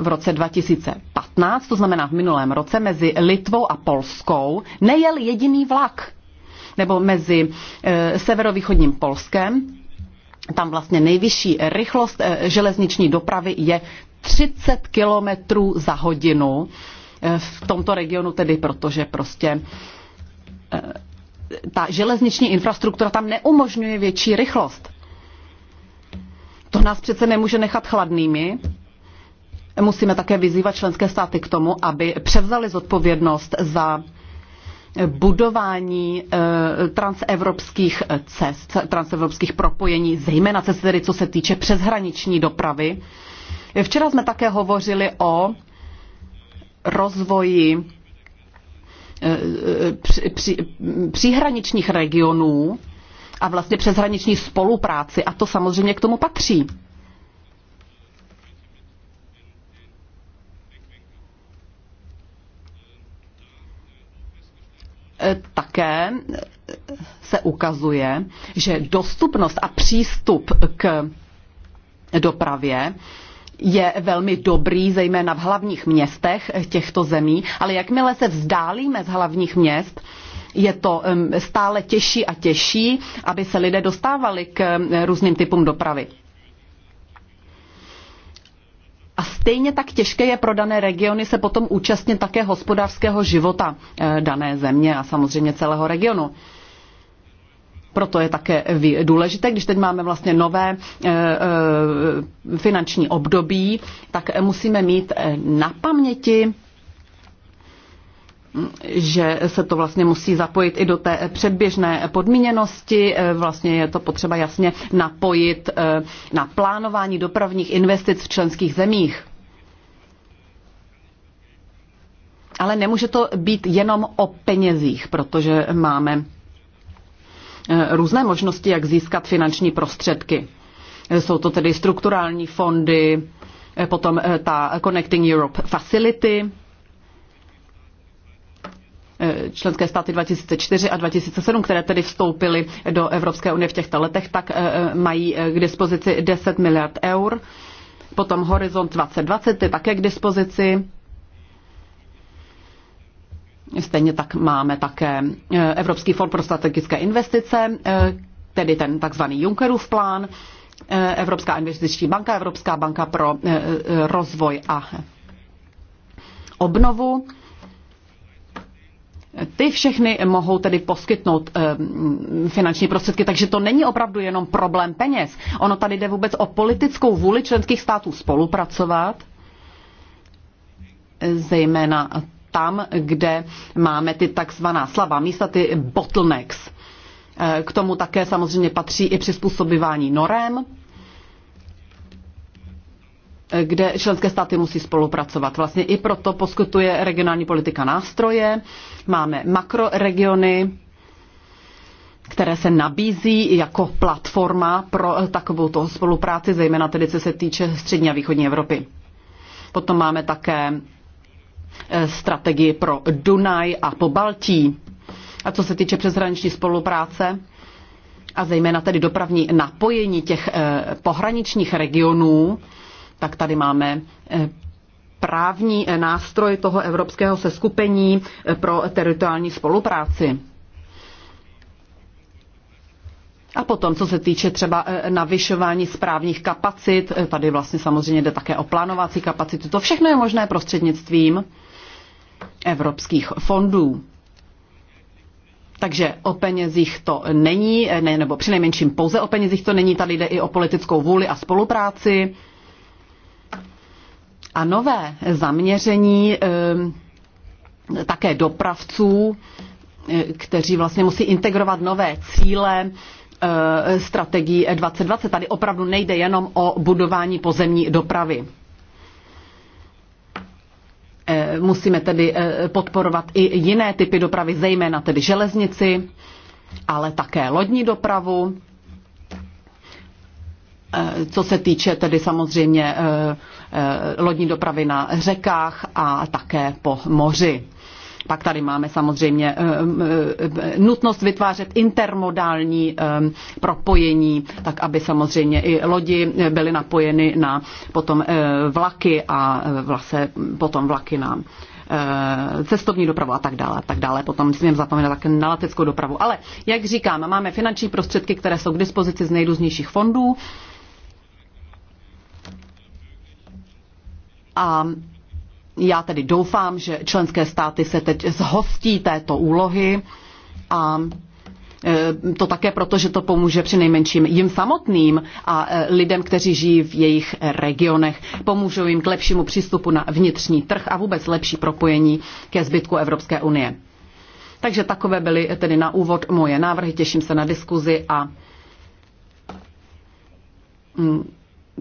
V roce 2015, to znamená v minulém roce, mezi Litvou a Polskou nejel jediný vlak. Nebo mezi eh, severovýchodním Polskem, tam vlastně nejvyšší rychlost eh, železniční dopravy je 30 km za hodinu eh, v tomto regionu tedy, protože prostě ta železniční infrastruktura tam neumožňuje větší rychlost. To nás přece nemůže nechat chladnými. Musíme také vyzývat členské státy k tomu, aby převzali zodpovědnost za budování eh, transevropských cest, transevropských propojení, zejména cest, tedy co se týče přeshraniční dopravy. Včera jsme také hovořili o rozvoji Eh, eh, příhraničních regionů a vlastně přeshraniční spolupráci a to samozřejmě k tomu patří. Eh, také se ukazuje, že dostupnost a přístup k dopravě je velmi dobrý, zejména v hlavních městech těchto zemí, ale jakmile se vzdálíme z hlavních měst, je to stále těžší a těžší, aby se lidé dostávali k různým typům dopravy. A stejně tak těžké je pro dané regiony se potom účastnit také hospodářského života eh, dané země a samozřejmě celého regionu proto je také důležité, když teď máme vlastně nové eh, eh, finanční období, tak musíme mít eh, na paměti, že se to vlastně musí zapojit i do té předběžné podmíněnosti. Vlastně je to potřeba jasně napojit na plánování dopravních investic v členských zemích. Ale nemůže to být jenom o penězích, protože máme Eh, různé možnosti, jak získat finanční prostředky. Eh, jsou to tedy strukturální fondy, eh, potom ta Connecting Europe Facility, členské státy 2004 a 2007, které tedy vstoupily do Evropské unie v těchto letech, tak mají k dispozici 10 miliard eur. Potom Horizont 2020 je také k dispozici Stejně tak máme také eh, Evropský fond pro strategické investice, eh, tedy ten takzvaný Junckerův plán, eh, Evropská investiční banka, Evropská banka pro rozvoj a obnovu. Ty všechny mohou tedy poskytnout finanční prostředky, takže to není opravdu jenom problém peněz. Ono tady jde vůbec o politickou vůli členských států spolupracovat, zejména tam, kde máme ty takzvaná slabá místa, ty bottlenecks. E, k tomu také samozřejmě patří i přizpůsobování norem, e, kde členské státy musí spolupracovat. Vlastně i proto poskytuje regionální politika nástroje. Máme makroregiony, které se nabízí jako platforma pro takovou toho spolupráci, zejména tedy co se týče střední a východní Evropy. Potom máme také Eh, strategii pro Dunaj a po Baltí. A co se týče přeshraniční spolupráce, a zejména tedy dopravní napojení těch eh, pohraničních regionů, tak tady máme eh, právní nástroj toho evropského seskupení pro teritoriální spolupráci. A potom, co se týče třeba navyšování správních kapacit, tady vlastně samozřejmě jde také o plánovací kapacity, to všechno je možné prostřednictvím evropských fondů. Takže o penězích to není, ne, nebo přinejmenším pouze o penězích to není, tady jde i o politickou vůli a spolupráci. A nové zaměření eh, také dopravců, eh, kteří vlastně musí integrovat nové cíle eh, strategii 2020. E tady opravdu nejde jenom o budování pozemní dopravy. Eh, musíme tedy eh, podporovat i jiné typy dopravy, zejména tedy železnici, ale také lodní dopravu. Eh, co se týče tedy samozřejmě lodní dopravy na řekách a také po moři. Pak tady máme samozřejmě eh, eh, nutnost vytvářet intermodální eh, propojení, tak aby samozřejmě i lodi byly napojeny na potom vlaky a vlastně potom vlaky na cestovní dopravu a tak dále. A tak dále. Potom musíme zapomínat také na leteckou dopravu. Ale jak říkám, máme finanční prostředky, které jsou k dispozici z nejrůznějších fondů. A já tedy doufám, že členské státy se teď zhostí této úlohy a e, to také proto, že to pomůže při nejmenším jim samotným a e, lidem, kteří žijí v jejich regionech. Pomůžou jim k lepšímu přístupu na vnitřní trh a vůbec lepší propojení ke zbytku Evropské unie. Takže takové byly tedy na úvod moje návrhy. Těším se na diskuzi a mm,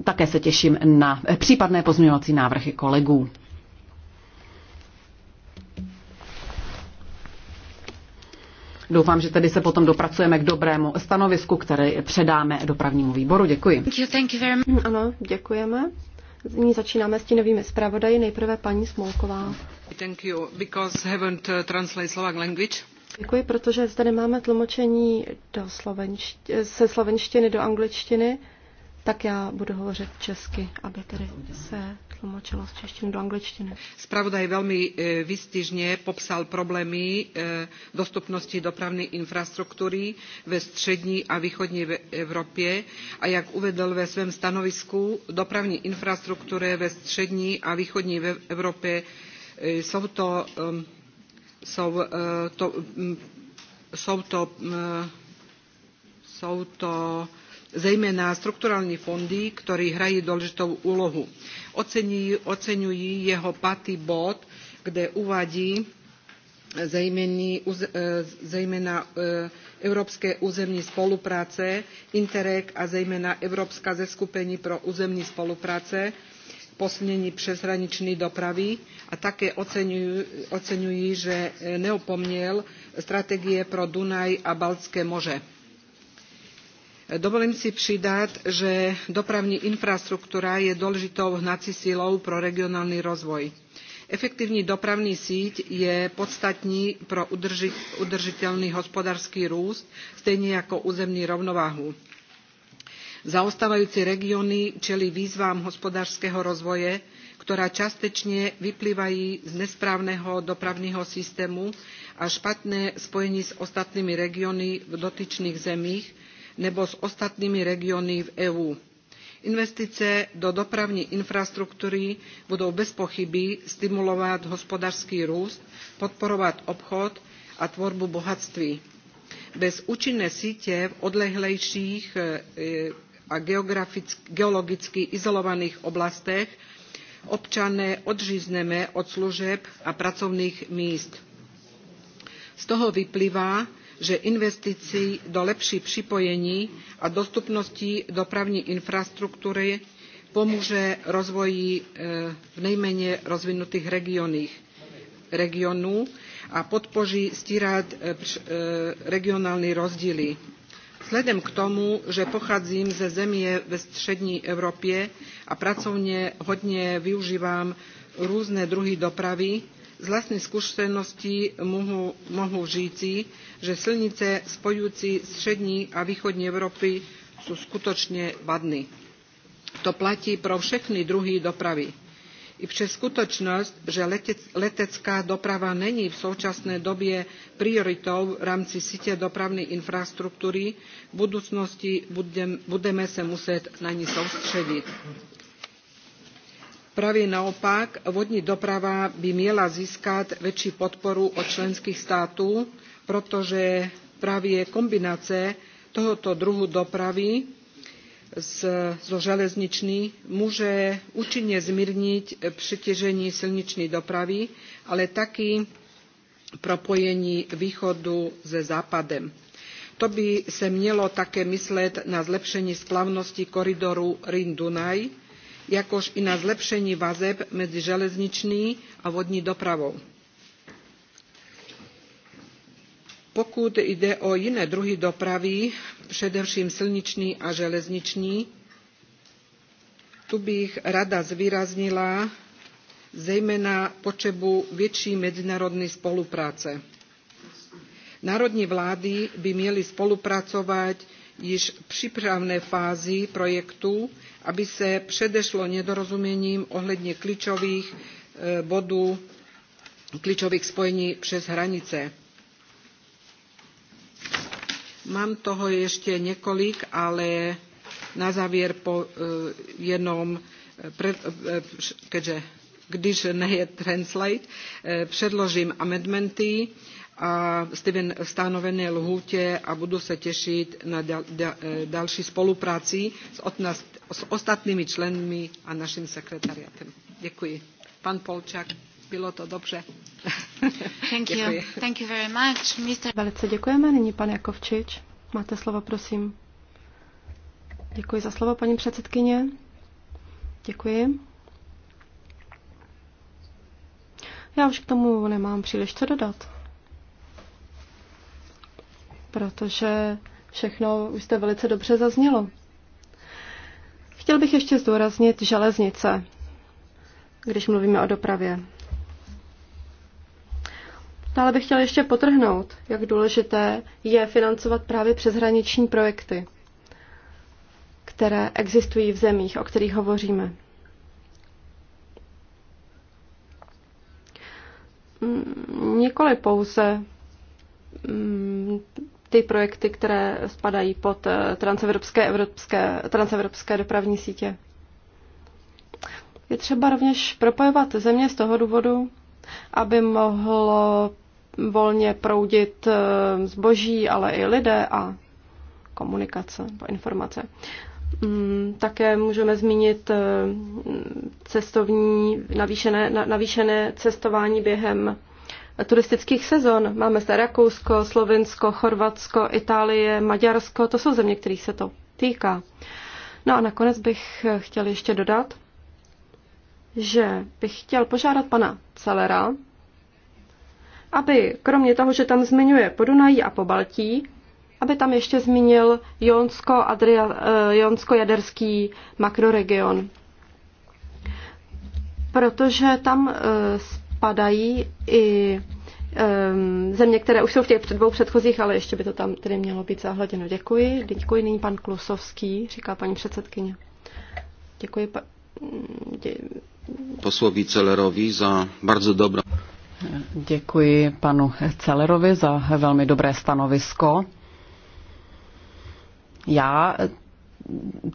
také se těším na případné pozměňovací návrhy kolegů. Doufám, že tedy se potom dopracujeme k dobrému stanovisku, které předáme dopravnímu výboru. Děkuji. Thank you, thank you very much. Mm, ano, děkujeme. Nyní začínáme s novými zpravodaji. Nejprve paní Smolková. Thank you, because haven't uh, Slovak language. Děkuji, protože zde nemáme tlumočení do slovenšt- se slovenštiny do angličtiny. Tak já budu hovořit česky, aby tedy se tlumočilo z češtiny do angličtiny. Spravodaj velmi e, vystižně popsal problémy e, dostupnosti dopravní infrastruktury ve střední a východní e, Evropě a jak uvedl ve svém stanovisku, dopravní infrastruktury ve střední a východní Evropě jsou to, jsou to, jsou to, jsou to, jsou to zejména strukturální fondy, které hrají důležitou úlohu. Oceňují jeho pátý bod, kde uvádí eh, zejména eh, Evropské územní spolupráce, Interreg a zejména Evropská zeskupení pro územní spolupráce, posunění přeshraniční dopravy a také oceňují, že eh, neopomněl strategie pro Dunaj a Baltské moře Dovolím si pridať, že dopravní infraštruktúra je dôležitou hnací silou pro regionálny rozvoj. Efektívny dopravní síť je podstatný pro udržateľný hospodársky růst, stejně jako územní rovnováhu. Zaostávajúce regióny čelí výzvám hospodárskeho rozvoje, ktorá častečne vyplývají z nesprávneho dopravného systému a špatné spojení s ostatnými regiónmi v dotyčných zemích, nebo s ostatními regiony v EU. Investice do dopravní infrastruktury budou bez pochyby stimulovat hospodářský růst, podporovat obchod a tvorbu bohatství. Bez účinné sítě v odlehlejších e, a geologicky izolovaných oblastech občané odřízneme od služeb a pracovních míst. Z toho vyplývá, že investice do lepší připojení a dostupnosti dopravní infrastruktury pomůže rozvoji eh, v nejméně rozvinutých regionů a podpoří stírat eh, eh, regionální rozdíly. Vzhledem k tomu, že pocházím ze země ve střední Evropě a pracovně hodně využívám různé druhy dopravy, z vlastnej skúsenosti mohu, mohu říci, že silnice spojujúci střední a východní Európy sú skutočne vadní. To platí pro všechny druhy dopravy. I přes skutočnosť, že letec, letecká doprava není v současné době prioritou v rámci sítě dopravní infrastruktury, v budoucnosti budem, budeme se muset na ní soustředit Právě naopak, vodní doprava by měla získat větší podporu od členských států, protože právě kombinace tohoto druhu dopravy so železniční může účinně zmírnit přitěžení silniční dopravy, ale taky propojení východu se západem. To by se mělo také myslet na zlepšení splavnosti koridoru Rin-Dunaj, jakož i na zlepšení vazeb mezi železniční a vodní dopravou. Pokud jde o jiné druhy dopravy, především silniční a železniční, tu bych rada zvýraznila zejména potřebu větší mezinárodní spolupráce. Národní vlády by měly spolupracovat již přípravné fázi projektu, aby se předešlo nedorozuměním ohledně klíčových e, bodů, klíčových spojení přes hranice. Mám toho ještě několik, ale na závěr po, e, jenom, e, keďže když je translate, předložím amendmenty a jste stanovené lhúte a budu se těšit na ďalší e, další spolupráci s, s ostatními členmi a naším sekretariatem. Děkuji. Pán Polčák, bylo to dobře. *laughs* Thank you. Thank you very much, Mr. Velice děkujeme. Nyní pan Jakovčič. Máte slovo, prosím. Děkuji za slovo, paní předsedkyně. Děkuji. Já už k tomu nemám příliš co dodat protože všechno už jste velice dobře zaznělo. Chtěl bych ještě zdůraznit železnice, když mluvíme o dopravě. Dále no, bych chtěl ještě potrhnout, jak důležité je financovat právě přeshraniční projekty, které existují v zemích, o kterých hovoříme. Mm, nikoli pouze mm, ty projekty, které spadají pod eh, transevropské, evropské, transevropské dopravní sítě. Je třeba rovněž propojovat země z toho důvodu, aby mohlo volně proudit eh, zboží, ale i lidé a komunikace nebo informace. Mm, také můžeme zmínit eh, cestovní, navýšené, navýšené cestování během turistických sezon. Máme zde Rakousko, Slovinsko, Chorvatsko, Itálie, Maďarsko. To jsou země, kterých se to týká. No a nakonec bych chtěl ještě dodat, že bych chtěl požádat pana Celera, aby kromě toho, že tam zmiňuje Podunají a Pobaltí, aby tam ještě zmínil eh, Jonsko-Jaderský Jonsko makroregion. Protože tam eh, spadají i ehm, země, které už jsou v těch dvou předchozích, ale ještě by to tam tedy mělo být zahleděno. Děkuji. Děkuji nyní pan Klusovský, říká paní předsedkyně. Děkuji pa... Dě... poslovi Celerovi za bardzo dobré. Děkuji panu Celerovi za velmi dobré stanovisko. Já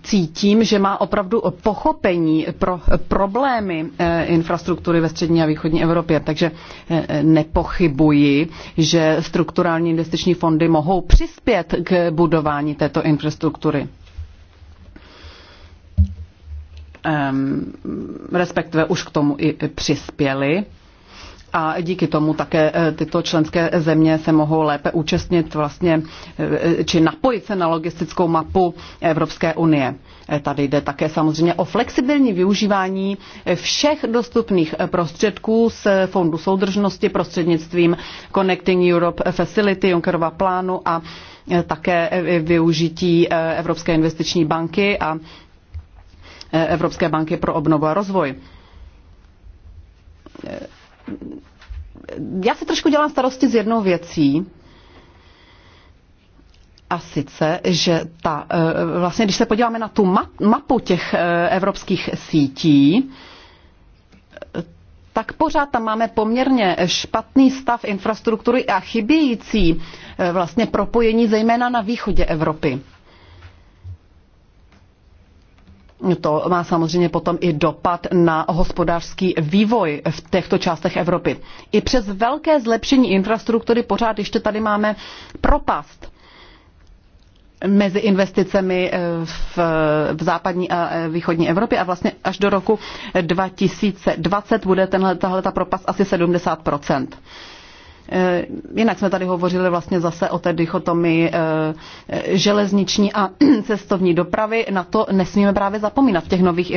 cítím, že má opravdu pochopení pro problémy eh, infrastruktury ve střední a východní Evropě. Takže eh, nepochybuji, že strukturální investiční fondy mohou přispět k budování této infrastruktury. Ehm, respektive už k tomu i přispěli a díky tomu také e, tyto členské země se mohou lépe účastnit vlastně, e, či napojit se na logistickou mapu Evropské unie. E, tady jde také samozřejmě o flexibilní využívání všech dostupných prostředků z Fondu soudržnosti prostřednictvím Connecting Europe Facility, Junckerova plánu a také využití Evropské investiční banky a Evropské banky pro obnovu a rozvoj já si trošku dělám starosti s jednou věcí, a sice, že ta, eh, vlastně, když se podíváme na tu mapu těch eh, evropských sítí, tak pořád tam máme poměrně špatný stav infrastruktury a chybějící eh, vlastně propojení zejména na východě Evropy. To má samozřejmě potom i dopad na hospodářský vývoj v těchto částech Evropy. I přes velké zlepšení infrastruktury pořád ještě tady máme propast mezi investicemi eh, v, v západní a eh, východní Evropě a vlastně až do roku 2020 bude tenhle, tahle ta propast asi 70 Eh, jinak jsme tady hovořili vlastně zase o té dichotomii eh, eh, železniční a *clears throat* cestovní dopravy. Na to nesmíme právě zapomínat v těch nových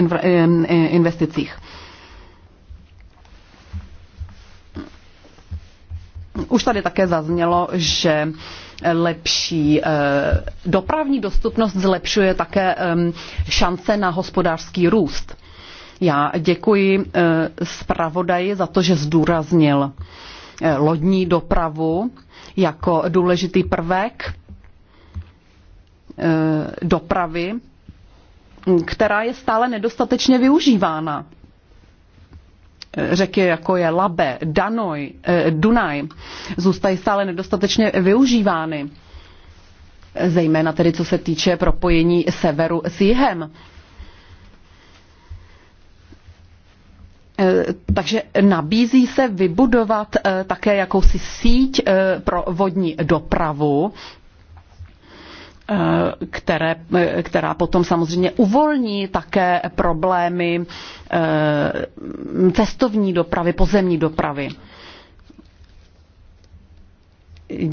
investicích. Už tady také zaznělo, že lepší dopravní dostupnost zlepšuje také šance na hospodářský růst. Já děkuji zpravodaji za to, že zdůraznil Eh, lodní dopravu jako důležitý prvek eh, dopravy, která je stále nedostatečně využívána. Eh, řeky jako je Labe, Danoj, Dunaj zůstají stále nedostatečně využívány, zejména tedy co se týče propojení severu s jihem Eh, takže nabízí se vybudovat eh, také jakousi síť eh, pro vodní dopravu, které, která potom samozřejmě uvolní také problémy cestovní dopravy, pozemní dopravy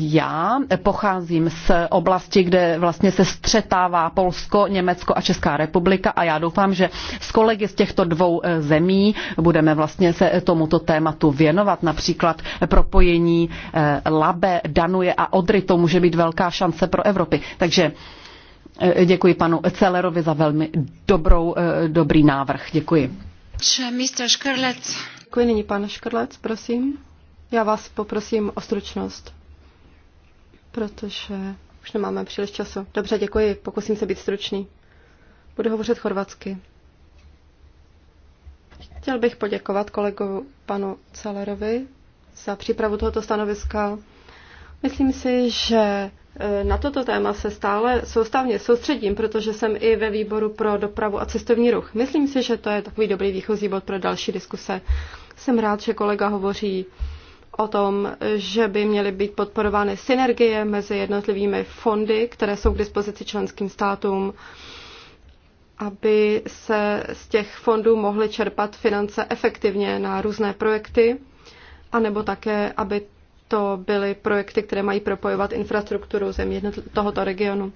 já pocházím z oblasti, kde vlastně se střetává Polsko, Německo a Česká republika a já doufám, že s kolegy z těchto dvou eh, zemí budeme vlastně se tomuto tématu věnovat. Například propojení eh, Labe, Danuje a Odry, to může být velká šance pro Evropy. Takže eh, děkuji panu Celerovi za velmi dobrou, dobrý návrh. Děkuji. Mr. Škrlec. Děkuji nyní pan Škrlec, prosím. Já vás poprosím o stručnost protože už nemáme příliš času. Dobře, děkuji, pokusím se být stručný. Budu hovořit chorvatsky. Chtěl bych poděkovat kolegu panu Celerovi za přípravu tohoto stanoviska. Myslím si, že e, na toto téma se stále soustavně soustředím, protože jsem i ve výboru pro dopravu a cestovní ruch. Myslím si, že to je takový dobrý výchozí bod pro další diskuse. Jsem rád, že kolega hovoří o tom, že by měly být podporovány synergie mezi jednotlivými fondy, které jsou k dispozici členským státům, aby se z těch fondů mohly čerpat finance efektivně na různé projekty, anebo také, aby to byly projekty, které mají propojovat infrastrukturu zemí tohoto regionu.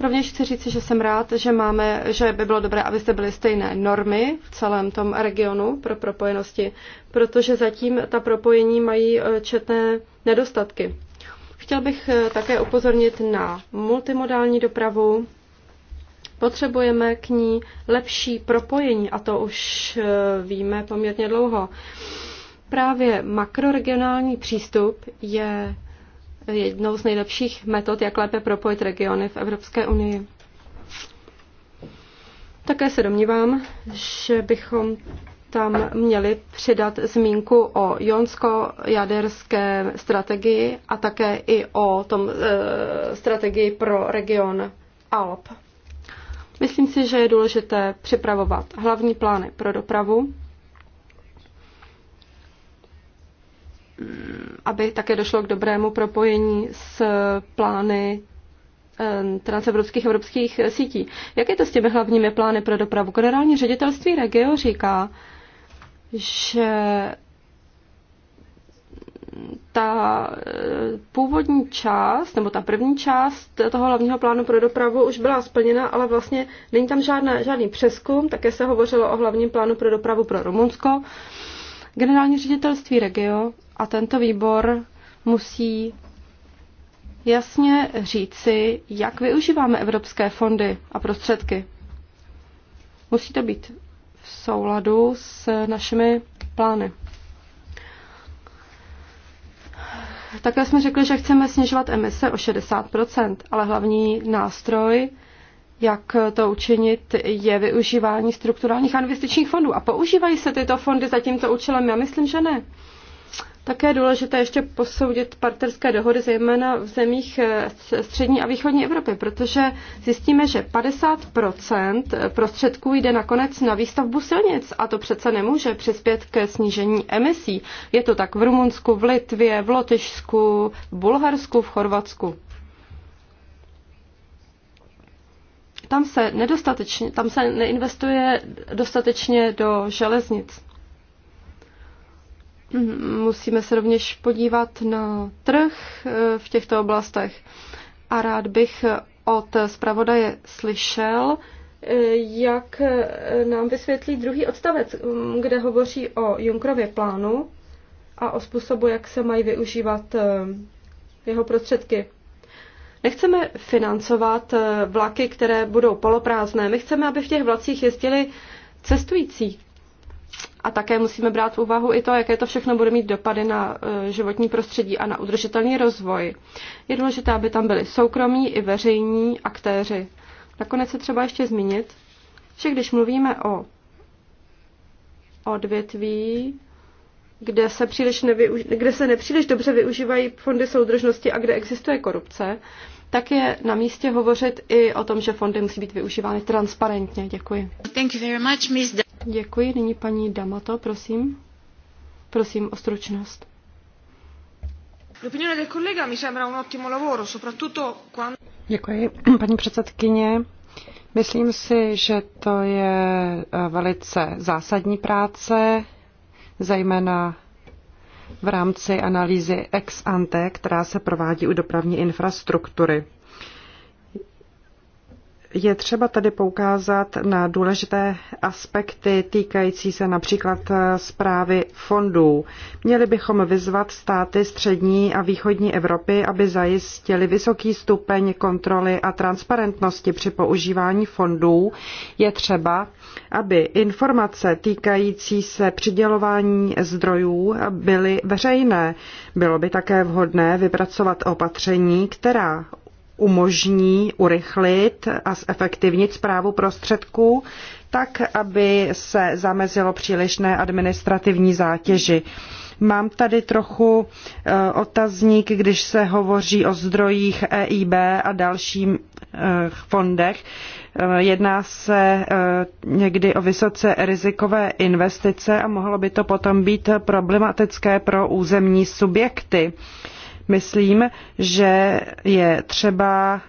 Rovněž chci říci, že jsem rád, že máme, že by bylo dobré, abyste byly stejné normy v celém tom regionu pro propojenosti, protože zatím ta propojení mají e, četné nedostatky. Chtěl bych e, také upozornit na multimodální dopravu. Potřebujeme k ní lepší propojení a to už e, víme poměrně dlouho. Právě makroregionální přístup je jednou z nejlepších metod, jak lépe propojit regiony v Evropské unii. Také se domnívám, že bychom tam měli přidat zmínku o jonsko-jaderské strategii a také i o tom e, strategii pro region Alp. Myslím si, že je důležité připravovat hlavní plány pro dopravu, aby také došlo k dobrému propojení s plány transevropských evropských sítí. Jak je to s těmi hlavními plány pro dopravu? Generální ředitelství Regio říká, že ta eh, původní část, nebo ta první část toho hlavního plánu pro dopravu už byla splněna, ale vlastně není tam žádná, žádný přeskum, také se hovořilo o hlavním plánu pro dopravu pro Rumunsko. Generální ředitelství Regio a tento výbor musí jasně říci, jak využíváme evropské fondy a prostředky. Musí to být v souladu s našimi plány. Také jsme řekli, že chceme snižovat emise o 60 ale hlavní nástroj jak to učinit, je využívání strukturálních a investičních fondů. A používají se tyto fondy za tímto účelem? Já myslím, že ne. Také je důležité ještě posoudit partnerské dohody, zejména v zemích eh, střední a východní Evropy, protože zjistíme, že 50 prostředků jde nakonec na výstavbu silnic a to přece nemůže přispět ke snížení emisí. Je to tak v Rumunsku, v Litvě, v Lotyšsku, v Bulharsku, v Chorvatsku. Tam se, nedostatečně, tam se neinvestuje dostatečně do železnic. Musíme se rovněž podívat na trh eh, v těchto oblastech. A rád bych od zpravodaje slyšel, eh, jak eh, nám vysvětlí druhý odstavec, mm, kde hovoří o Junkrově plánu a o způsobu, jak se mají využívat jeho prostředky. Nechceme financovat eh, vlaky, které budou poloprázdné. My chceme, aby v těch vlacích jezdili cestující. A také musíme brát v úvahu i to, jaké to všechno bude mít dopady na eh, životní prostředí a na udržitelný rozvoj. Je důležité, aby tam byli soukromí i veřejní aktéři. Nakonec se třeba ještě zmínit, že když mluvíme o odvětví, kde se, příliš nevyuž- kde se nepříliš dobře využívají fondy soudržnosti a kde existuje korupce, tak je na místě hovořit i o tom, že fondy musí být využívány transparentně. Děkuji. Thank you very much, Ms. Děkuji. Nyní paní Damato, prosím. Prosím o stručnost. L'opinione del collega mi sembra un ottimo lavoro, soprattutto quando... Děkuji, *clears throat* paní předsedkyně. Myslím si, že to je eh, velice zásadní práce, zejména v rámci analýzy ex ante, která se provádí u dopravní infrastruktury je třeba tady poukázat na důležité aspekty týkající se například eh, zprávy fondů. Měli bychom vyzvat státy střední a východní Evropy, aby zajistili vysoký stupeň kontroly a transparentnosti při používání fondů. Je třeba, aby informace týkající se přidělování zdrojů byly veřejné. Bylo by také vhodné vypracovat opatření, která umožní urychlit a zefektivnit zprávu prostředků, tak aby se zamezilo přílišné administrativní zátěži. Mám tady trochu eh, otazník, když se hovoří o zdrojích EIB a dalším eh, fondech. Eh, jedná se někdy o vysoce rizikové investice a mohlo by to potom být problematické pro územní subjekty myslím, že je třeba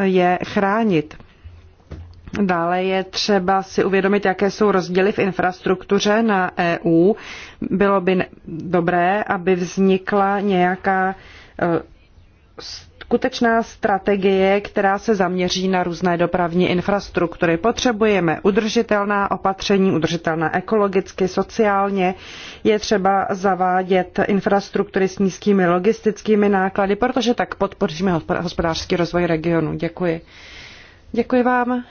je chránit. Dále je třeba si uvědomit, jaké jsou rozdíly v infrastruktuře na EU. Bylo by dobré, aby vznikla nějaká eh, skutečná strategie, která se zaměří na různé dopravní infrastruktury. Potřebujeme udržitelná opatření, udržitelná ekologicky, sociálně. Je třeba zavádět infrastruktury s nízkými logistickými náklady, protože tak podpoříme hospodářský rozvoj regionu. Děkuji. Děkuji vám.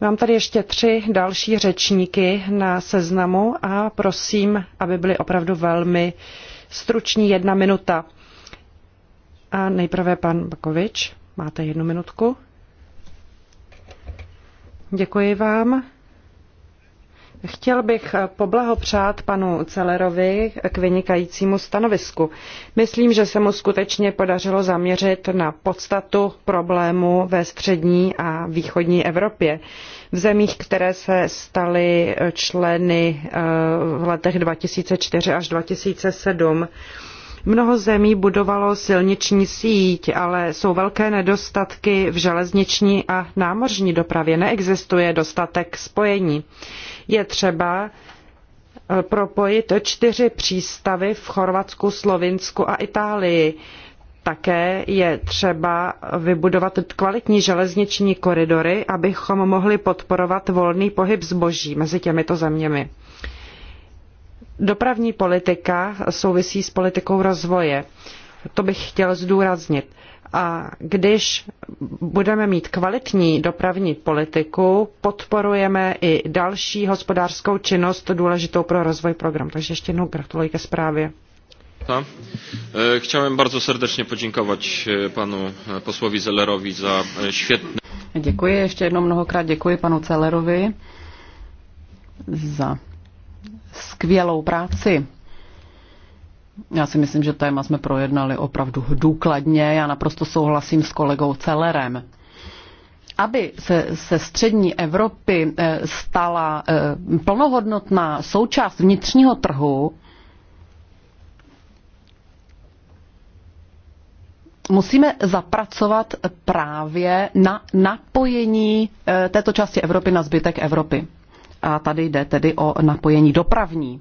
Mám tady ještě tři další řečníky na seznamu a prosím, aby byli opravdu velmi struční jedna minuta. A nejprve pan Bakovič, máte jednu minutku. Děkuji vám. Chtěl bych poblahopřát panu Celerovi k vynikajícímu stanovisku. Myslím, že se mu skutečně podařilo zaměřit na podstatu problému ve střední a východní Evropě. V zemích, které se staly členy eh, v letech 2004 až 2007 Mnoho zemí budovalo silniční síť, ale jsou velké nedostatky v železniční a námořní dopravě. Neexistuje dostatek spojení. Je třeba eh, propojit čtyři přístavy v Chorvatsku, Slovinsku a Itálii. Také je třeba vybudovat kvalitní železniční koridory, abychom mohli podporovat volný pohyb zboží mezi těmito zeměmi. Dopravní politika souvisí s politikou rozvoje. To bych chtěl zdůraznit. A když budeme mít kvalitní dopravní politiku, podporujeme i další hospodářskou činnost důležitou pro rozvoj programu. Takže ještě jednou gratuluji ke zprávě. E, chciałem bardzo serdecznie podziękować e, panu e, posłowi Zellerowi za świetne. Dziękuję jeszcze jedno mnohokrát děkuji panu Zellerowi za skvělou práci. Já si myslím, že téma jsme projednali opravdu důkladně. Já naprosto souhlasím s kolegou Celerem. Aby se, se střední Evropy eh, stala eh, plnohodnotná součást vnitřního trhu, musíme zapracovat právě na napojení eh, této části Evropy na zbytek Evropy. A tady jde tedy o napojení dopravní.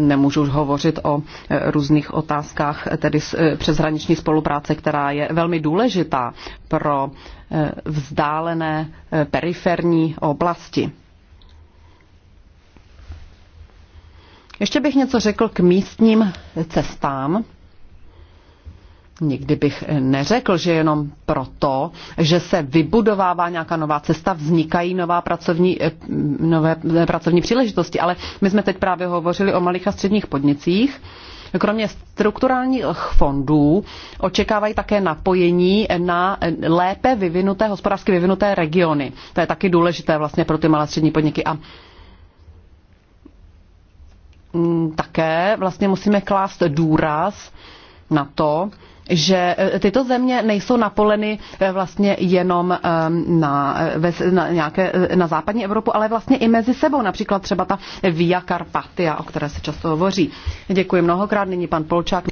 nemůžu hovořit o e, různých otázkách e, tedy e, přeshraniční spolupráce, která je velmi důležitá pro vzdálené periferní oblasti. Ještě bych něco řekl k místním cestám. Nikdy bych neřekl, že jenom proto, že se vybudovává nějaká nová cesta, vznikají nová pracovní, eh, nové eh, pracovní příležitosti, ale my jsme teď právě hovořili o malých a středních podnicích. Kromě strukturálních fondů očekávají také napojení na lépe vyvinuté, hospodářsky vyvinuté regiony. To je taky důležité vlastně pro ty malé střední podniky. A mm, také vlastně musíme klást důraz na to, že e, tyto země nejsou napoleny e, vlastně jenom e, na, na, nějaké, na západní Evropu, ale vlastně i mezi sebou, například třeba ta Via Carpatia, o které se často hovoří. Děkuji mnohokrát, nyní pan Polčák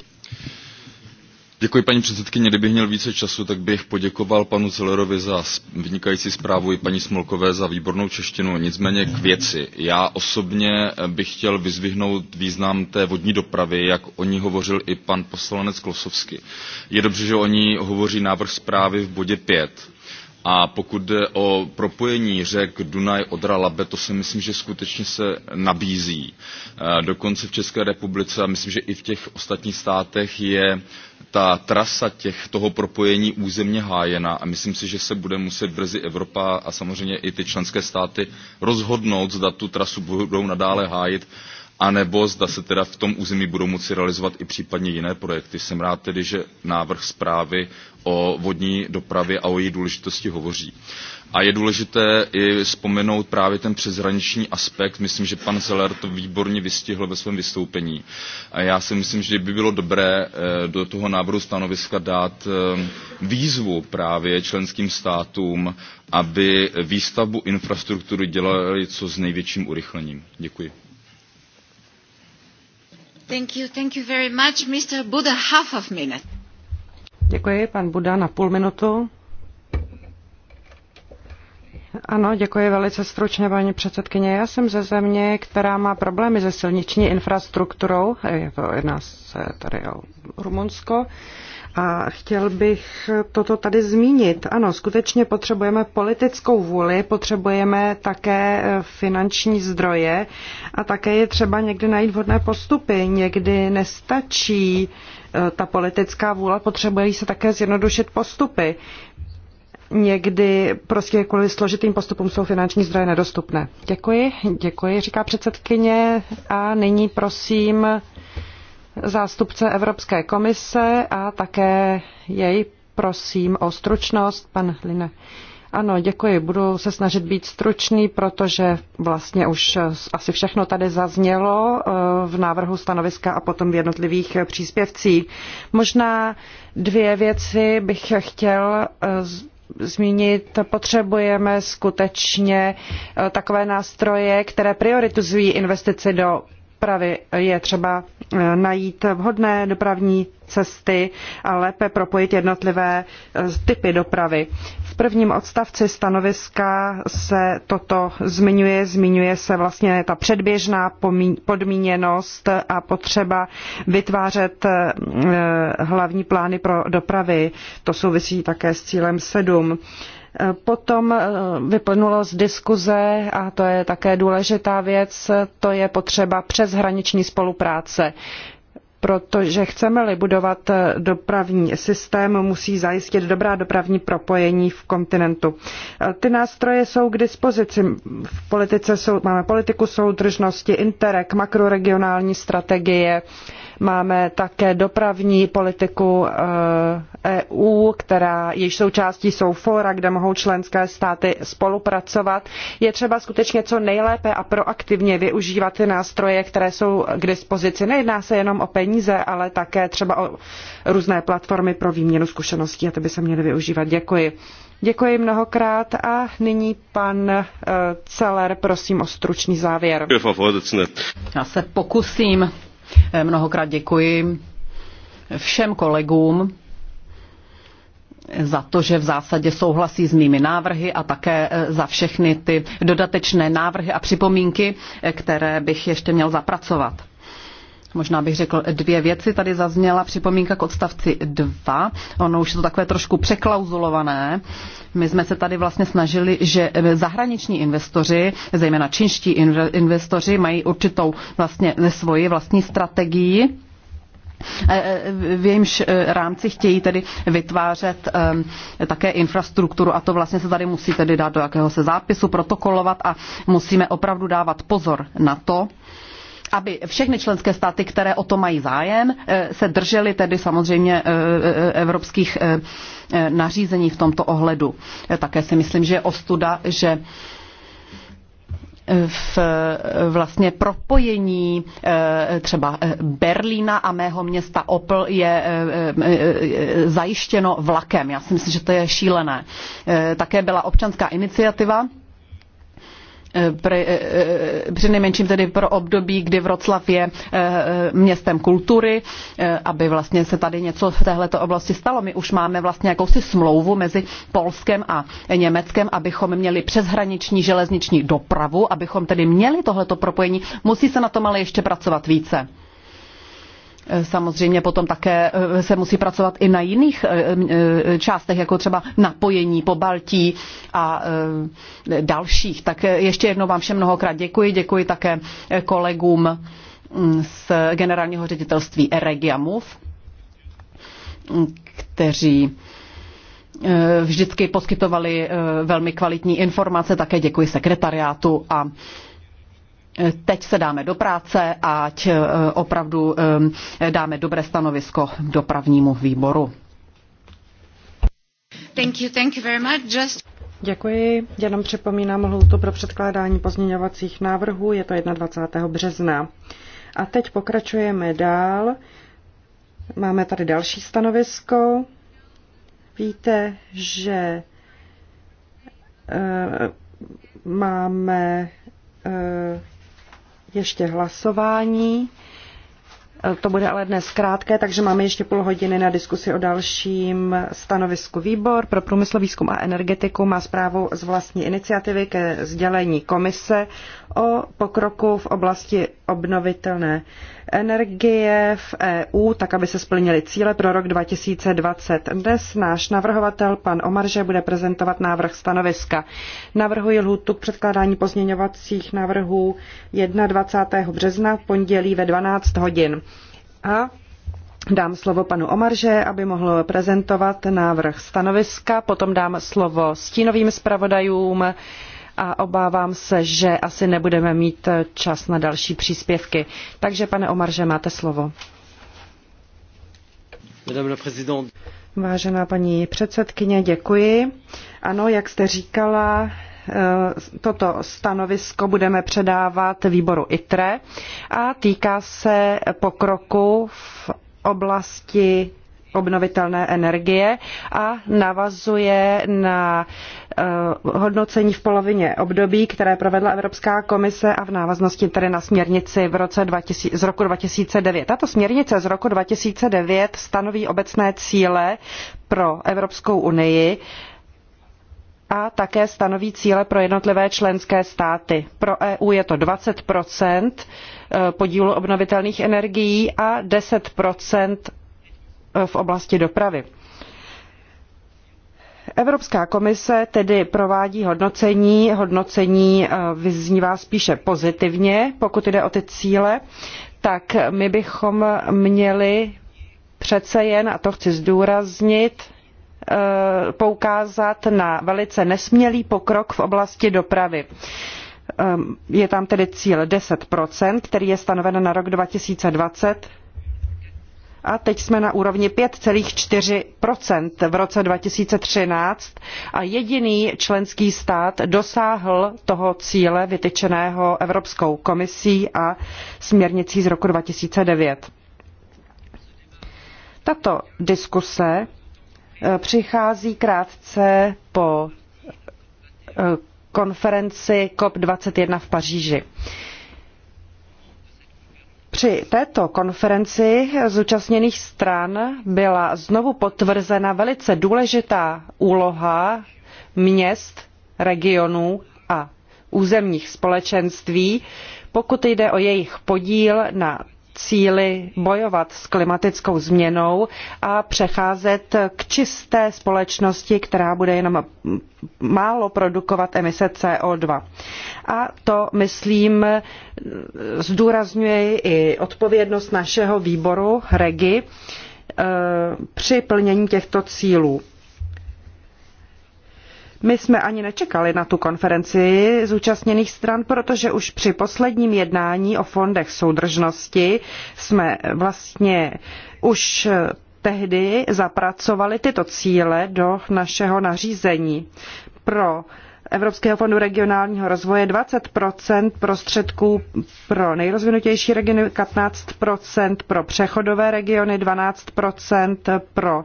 paní předsedkyně, kdybych měl více času, tak bych poděkoval panu Zellerovi za vynikající zprávu i paní Smolkové za výbornou češtinu. Nicméně k věci. Já osobně eh, bych chtěl vyzdvihnout význam té vodní dopravy, jak o ní hovořil i pan poslanec Klosovský. Je dobře, že o ní hovoří návrh zprávy v bodě pět. A pokud jde o propojení řek Dunaj, Odra, Labe, to si myslím, že skutečně se nabízí. Eh, dokonce v České republice a myslím, že i v těch ostatních státech je ta trasa těch, toho propojení územně hájena a myslím si, že se bude muset brzy Evropa a samozřejmě i ty členské státy rozhodnout, zda tu trasu budou nadále hájit anebo zda se teda v tom území budou moci realizovat i případně jiné projekty. Jsem rád tedy, že návrh zprávy o vodní dopravě a o její důležitosti hovoří. A je důležité i vzpomenout právě ten přeshraniční aspekt. Myslím, že pan Zeller to výborně vystihl ve svém vystoupení. A já si myslím, že by bylo dobré eh, do toho návrhu stanoviska dát eh, výzvu právě členským státům, aby výstavbu infrastruktury dělali co s největším urychlením. Děkuji. Thank you, thank you very much, Mr. Buddha, half of minute. Děkuji, pan Buda, na půl minutu. Ano, děkuji velice stručně, paní předsedkyně. Já jsem ze země, která má problémy se silniční infrastrukturou. Je to jedná se tady o Rumunsko. A chtěl bych toto tady zmínit. Ano, skutečně potřebujeme politickou vůli, potřebujeme také eh, finanční zdroje a také je třeba někdy najít vhodné postupy. Někdy nestačí eh, ta politická vůle, potřebuje se také zjednodušit postupy. Někdy prostě kvůli složitým postupům jsou finanční zdroje nedostupné. Děkuji, děkuji, říká předsedkyně. A nyní prosím zástupce Evropské komise a také jej prosím o stručnost, pan Line. Ano, děkuji. Budu se snažit být stručný, protože vlastně už asi všechno tady zaznělo eh, v návrhu stanoviska a potom v jednotlivých příspěvcích. Možná dvě věci bych chtěl eh, zmínit, potřebujeme skutečně eh, takové nástroje, které prioritizují investici do dopravy. Je třeba eh, najít vhodné dopravní cesty a lépe propojit jednotlivé eh, typy dopravy. V prvním odstavci stanoviska se toto zmiňuje, zmiňuje se vlastně ta předběžná podmíněnost a potřeba vytvářet eh, hlavní plány pro dopravy. To souvisí také s cílem 7. Potom eh, vyplnulo z diskuze, a to je také důležitá věc, to je potřeba přeshraniční spolupráce protože chceme-li budovat eh, dopravní systém, musí zajistit dobrá dopravní propojení v kontinentu. Eh, ty nástroje jsou k dispozici. V politice jsou, máme politiku soudržnosti, Interreg, makroregionální strategie, Máme také dopravní politiku EU, eh, e která jejíž součástí jsou fóra, kde mohou členské státy spolupracovat. Je třeba skutečně co nejlépe a proaktivně využívat ty nástroje, které jsou k dispozici. Nejedná se jenom o peníze, ale také třeba o různé platformy pro výměnu zkušeností a ty by se měly využívat. Děkuji. Děkuji mnohokrát a nyní pan eh, Celer, prosím o stručný závěr. Já se pokusím Eh, mnohokrát děkuji všem kolegům za to, že v zásadě souhlasí s mými návrhy a také eh, za všechny ty dodatečné návrhy a připomínky, eh, které bych ještě měl zapracovat. Možná bych řekl dvě věci. Tady zazněla připomínka k odstavci 2. Ono už je to takové trošku překlauzulované. My jsme se tady vlastně snažili, že zahraniční investoři, zejména čínští investoři, mají určitou vlastně svoji vlastní strategii e, e, v jejímž e, rámci chtějí tedy vytvářet také infrastrukturu a to vlastně se tady musí tedy dát do jakého se zápisu, protokolovat a musíme opravdu dávat pozor na to, aby všechny členské státy, které o to mají zájem, eh, se držely tedy samozřejmě eh, eh, evropských nařízení v tomto ohledu. Také si myslím, že je ostuda, že v vlastně propojení třeba Berlína a mého města Opl je zajištěno vlakem. Já si myslím, že to je šílené. Také byla občanská iniciativa Eh, eh, eh, nejmenším tedy pro období, kdy Vroclav je městem kultury, aby vlastně se tady něco v této oblasti stalo. My už máme vlastně jakousi smlouvu mezi Polskem a Německem, abychom měli přeshraniční železniční dopravu, abychom tedy měli tohleto propojení. Musí se na tom ale ještě pracovat více. Samozřejmě potom také eh, se musí pracovat i na jiných eh, eh, částech, jako třeba napojení po Baltí a dalších. Tak ještě jednou vám všem mnohokrát děkuji. Děkuji také kolegům mm, z generálního ředitelství Regia mm, kteří vždycky poskytovali velmi kvalitní informace. Také děkuji sekretariátu a teď se dáme do práce, ať eh, opravdu eh, dáme dobré stanovisko dopravnímu výboru. Thank you, thank you very much. Just... Děkuji. Jenom připomínám lhůtu pro předkládání pozměňovacích návrhů. Je to 21. března. A teď pokračujeme dál. Máme tady další stanovisko. Víte, že e, máme e, ještě hlasování. E, to bude ale dnes krátké, takže máme ještě půl hodiny na diskusi o dalším stanovisku. Výbor pro průmysl, výzkum a energetiku má zprávu z vlastní iniciativy ke sdělení komise o pokroku v oblasti obnovitelné energie v EU, tak aby se splnily cíle pro rok 2020. Dnes náš navrhovatel, pan Omarže, bude prezentovat návrh stanoviska. Navrhuji lhůtu k předkládání pozměňovacích návrhů 21. března v pondělí ve 12 hodin. A Dám slovo panu Omarže, aby mohl prezentovat návrh stanoviska, potom dám slovo stínovým zpravodajům, a obávám se, že asi nebudeme mít čas na další příspěvky. Takže, pane Omarže, máte slovo. Vážená paní předsedkyně, děkuji. Ano, jak jste říkala, eh, toto stanovisko budeme předávat výboru ITRE a týká se pokroku v oblasti obnovitelné energie a navazuje na eh, hodnocení v polovině období, které provedla Evropská komise a v návaznosti tedy na směrnici v roce 2000, z roku 2009. Tato směrnice z roku 2009 stanoví obecné cíle pro Evropskou unii a také stanoví cíle pro jednotlivé členské státy. Pro EU je to 20 eh, podílu obnovitelných energií a 10 Eh, v oblasti dopravy. Evropská komise tedy provádí hodnocení, hodnocení eh, vyznívá spíše pozitivně, pokud jde o ty cíle, tak my bychom měli přece jen, a to chci zdůraznit, eh, poukázat na velice nesmělý pokrok v oblasti dopravy. Je tam tedy cíl 10%, který je stanoven na rok 2020 a teď jsme na úrovni 5,4 v roce 2013 a jediný členský stát dosáhl toho cíle vytyčeného Evropskou komisí a směrnicí z roku 2009. Tato diskuse eh, přichází krátce po eh, konferenci COP21 v Paříži. Při této konferenci zúčastněných stran byla znovu potvrzena velice důležitá úloha měst, regionů a územních společenství, pokud jde o jejich podíl na cíli bojovat s klimatickou změnou a přecházet k čisté společnosti, která bude jenom málo produkovat emise CO2. A to, myslím, zdůrazňuje i odpovědnost našeho výboru REGI eh, při plnění těchto cílů. My jsme ani nečekali na tu konferenci zúčastněných stran, protože už při posledním jednání o fondech soudržnosti jsme vlastně už tehdy zapracovali tyto cíle do našeho nařízení. Pro Evropského fondu regionálního rozvoje, 20 prostředků pro nejrozvinutější regiony, 15 pro přechodové regiony, 12 pro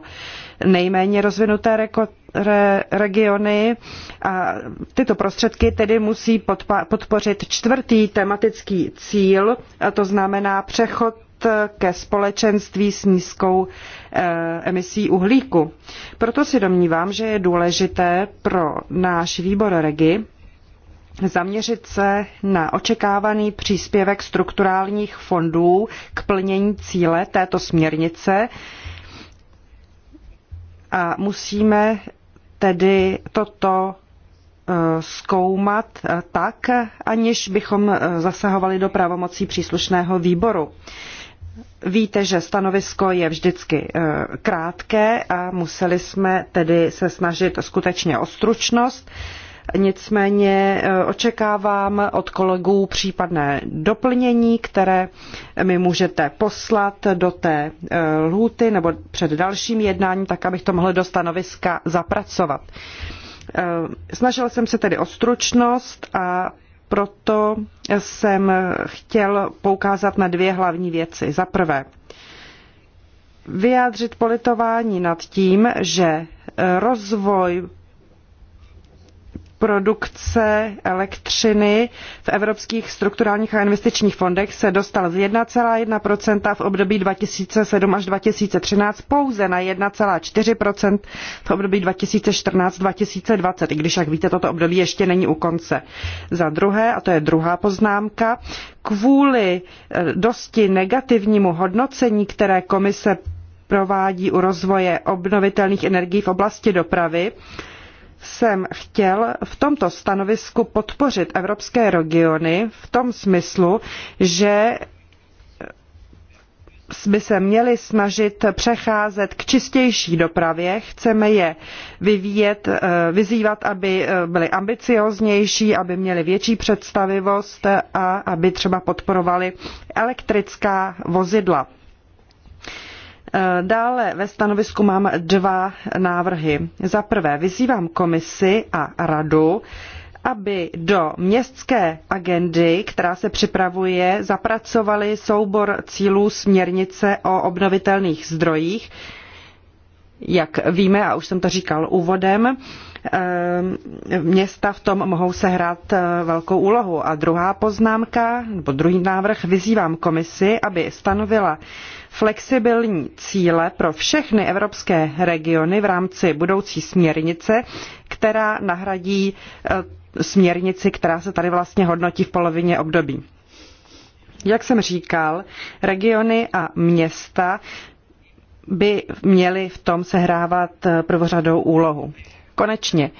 nejméně rozvinuté re, regiony. A tyto prostředky tedy musí podpa, podpořit čtvrtý tematický cíl, a to znamená přechod ke společenství s nízkou eh, emisí uhlíku. Proto si domnívám, že je důležité pro náš výbor REGI zaměřit se na očekávaný příspěvek strukturálních fondů k plnění cíle této směrnice a musíme tedy toto eh, zkoumat eh, tak, aniž bychom zasahovali do pravomocí příslušného výboru. Víte, že stanovisko je vždycky eh, krátké a museli jsme tedy se snažit skutečně o stručnost. Nicméně eh, očekávám od kolegů případné doplnění, které mi můžete poslat do té eh, lhůty nebo před dalším jednáním, tak abych to mohl do stanoviska zapracovat. Snažil jsem se tedy o stručnost a proto jsem chtěl poukázat na dvě hlavní věci. Za prvé, vyjádřit politování nad tím, že rozvoj produkce elektřiny v evropských strukturálních a investičních fondech se dostal z 1,1 v období 2007 až 2013 pouze na 1,4 v období 2014-2020, i když, jak víte, toto období ještě není u konce. Za druhé, a to je druhá poznámka, kvůli eh, dosti negativnímu hodnocení, které komise provádí u rozvoje obnovitelných energií v oblasti dopravy, jsem chtěl v tomto stanovisku podpořit evropské regiony v tom smyslu, že by se měli snažit přecházet k čistější dopravě. Chceme je vyvíjet, eh, vyzývat, aby eh, byli ambicioznější, aby měli větší představivost a aby třeba podporovali elektrická vozidla. Dále ve stanovisku mám dva návrhy. Za prvé vyzývám komisi a radu, aby do městské agendy, která se připravuje, zapracovali soubor cílů směrnice o obnovitelných zdrojích. Jak víme, a už jsem to říkal úvodem, eh, města v tom mohou sehrát eh, velkou úlohu. A druhá poznámka, nebo druhý návrh, vyzývám komisi, aby stanovila flexibilní cíle pro všechny evropské regiony v rámci budoucí směrnice, která nahradí eh, směrnici, která se tady vlastně hodnotí v polovině období. Jak jsem říkal, regiony a města by měly v tom sehrávat eh, prvořadou úlohu. Konečně,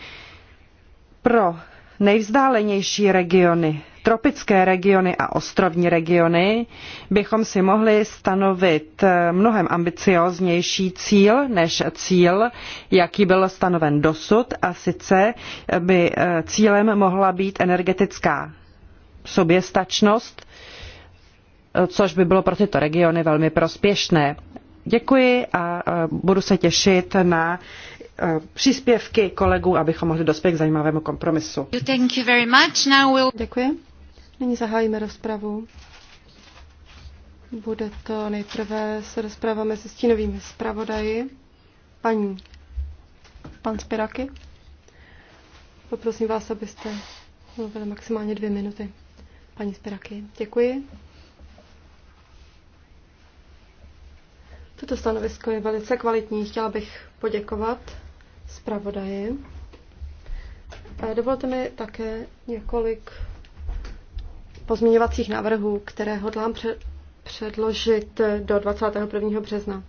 pro nejvzdálenější regiony tropické regiony a ostrovní regiony, bychom si mohli stanovit eh, mnohem ambicioznější cíl než cíl, jaký byl stanoven dosud, a sice eh, by eh, cílem mohla být energetická soběstačnost, což by bylo pro tyto regiony velmi prospěšné. Děkuji a budu se těšit na příspěvky kolegů, abychom mohli dospět k zajímavému kompromisu. Děkuji. Nyní zahájíme rozpravu. Bude to nejprve se rozprava mezi stínovými zpravodaji. Paní, pan Spiraky, poprosím vás, abyste mluvili maximálně dvě minuty. Paní Spiraky, děkuji. Toto stanovisko je velice kvalitní. Chtěla bych poděkovat zpravodaji. Dovolte mi také několik pozměňovacích návrhů, které hodlám předložit do 21. března.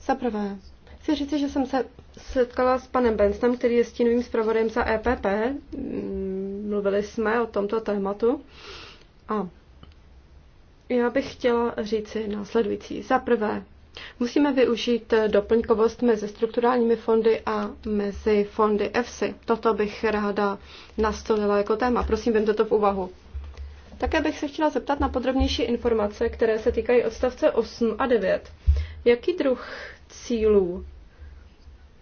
Za prvé, chci říci, že jsem se setkala s panem Benstem, který je stínovým zpravodajem za EPP. Mm, mluvili jsme o tomto tématu. A já bych chtěla říci následující. Za prvé, musíme využít doplňkovost mezi strukturálními fondy a mezi fondy EFSI. Toto bych ráda nastolila jako téma. Prosím, vemte to v úvahu. Také bych se chtěla zeptat na podrobnější informace, které se týkají odstavce 8 a 9. Jaký druh cílů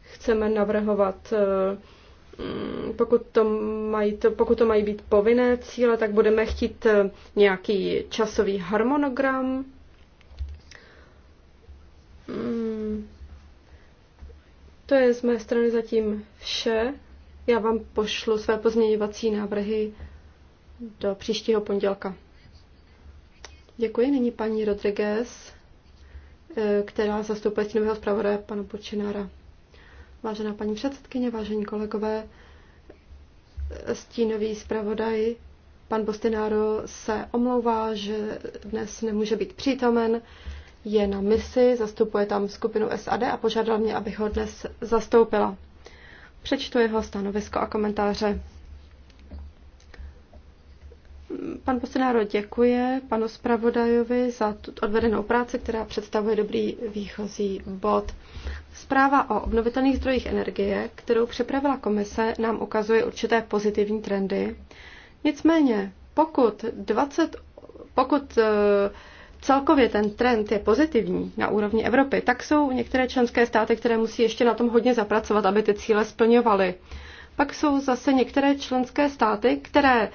chceme navrhovat? Eh, mm, pokud to, mají, to, pokud to mají být povinné cíle, tak budeme chtít eh, nějaký časový harmonogram. Mm. To je z mé strany zatím vše. Já vám pošlu své pozměňovací návrhy do příštího pondělka. Děkuji. Nyní paní Rodriguez, eh, která zastupuje stínového zpravodaje pana Počinára. Vážená paní předsedkyně, vážení kolegové, stínový zpravodaj pan Bostináro se omlouvá, že dnes nemůže být přítomen, je na misi, zastupuje tam skupinu SAD a požádal mě, abych ho dnes zastoupila. Přečtu jeho stanovisko a komentáře. Pan Postenáro děkuje panu zpravodajovi za tu odvedenou práci, která představuje dobrý výchozí bod. Zpráva o obnovitelných zdrojích energie, kterou připravila komise, nám ukazuje určité pozitivní trendy. Nicméně, pokud, 20, pokud eh, celkově ten trend je pozitivní na úrovni Evropy, tak jsou některé členské státy, které musí ještě na tom hodně zapracovat, aby ty cíle splňovaly. Pak jsou zase některé členské státy, které e,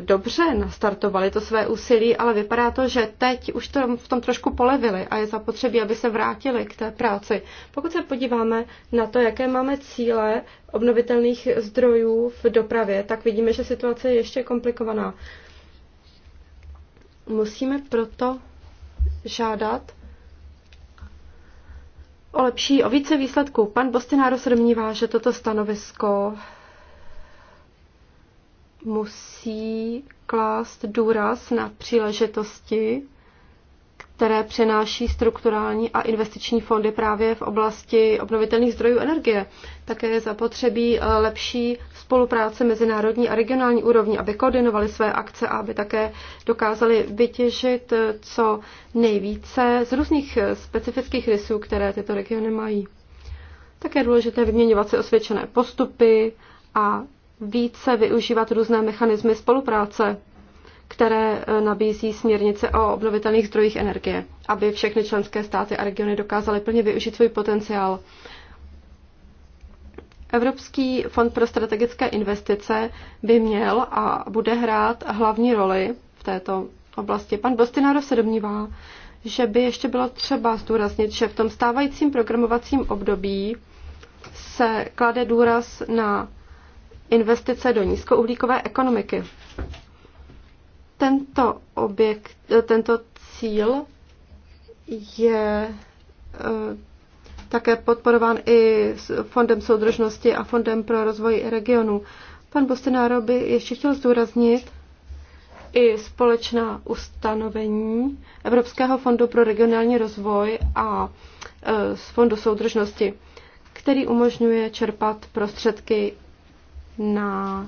dobře nastartovaly to své úsilí, ale vypadá to, že teď už to, v tom trošku polevili a je zapotřebí, aby se vrátili k té práci. Pokud se podíváme na to, jaké máme cíle obnovitelných zdrojů v dopravě, tak vidíme, že situace je ještě komplikovaná. Musíme proto žádat o lepší, o více výsledků. Pan Bostináro se domnívá, že toto stanovisko musí klást důraz na příležitosti, které přenáší strukturální a investiční fondy právě v oblasti obnovitelných zdrojů energie. Také je zapotřebí lepší spolupráce mezinárodní a regionální úrovni, aby koordinovali své akce a aby také dokázali vytěžit eh, co nejvíce z různých eh, specifických rysů, které tyto regiony mají. Také je důležité vyměňovat si osvědčené postupy a více využívat různé mechanismy spolupráce, které eh, nabízí směrnice o obnovitelných zdrojích energie, aby všechny členské státy a regiony dokázaly plně využít svůj potenciál. Evropský fond pro strategické investice by měl a bude hrát hlavní roli v této oblasti. Pan Bostinaro se domnívá, že by ještě bylo třeba zdůraznit, že v tom stávajícím programovacím období se klade důraz na investice do nízkouhlíkové ekonomiky. Tento, objekt, tento cíl je eh, také podporován i s Fondem soudržnosti a Fondem pro rozvoj regionu. Pan Bostenáro by ještě chtěl zdůraznit i společná ustanovení Evropského fondu pro regionální rozvoj a e, z Fondu soudržnosti, který umožňuje čerpat prostředky na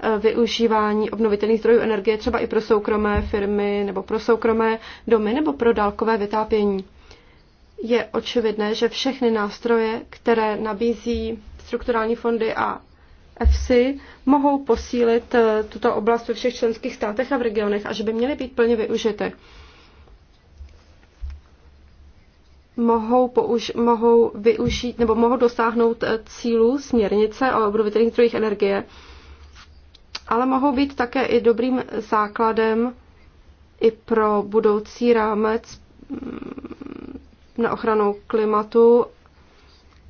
e, využívání obnovitelných zdrojů energie třeba i pro soukromé firmy nebo pro soukromé domy nebo pro dálkové vytápění je očividné, že všechny nástroje, které nabízí strukturální fondy a EFSI, mohou posílit eh, tuto oblast ve všech členských státech a v regionech a že by měly být plně využity. Mohou, použ- mohou využít nebo mohou dosáhnout eh, cílů směrnice o obnovitelných zdrojích energie, ale mohou být také i dobrým základem i pro budoucí rámec mm, na ochranu klimatu,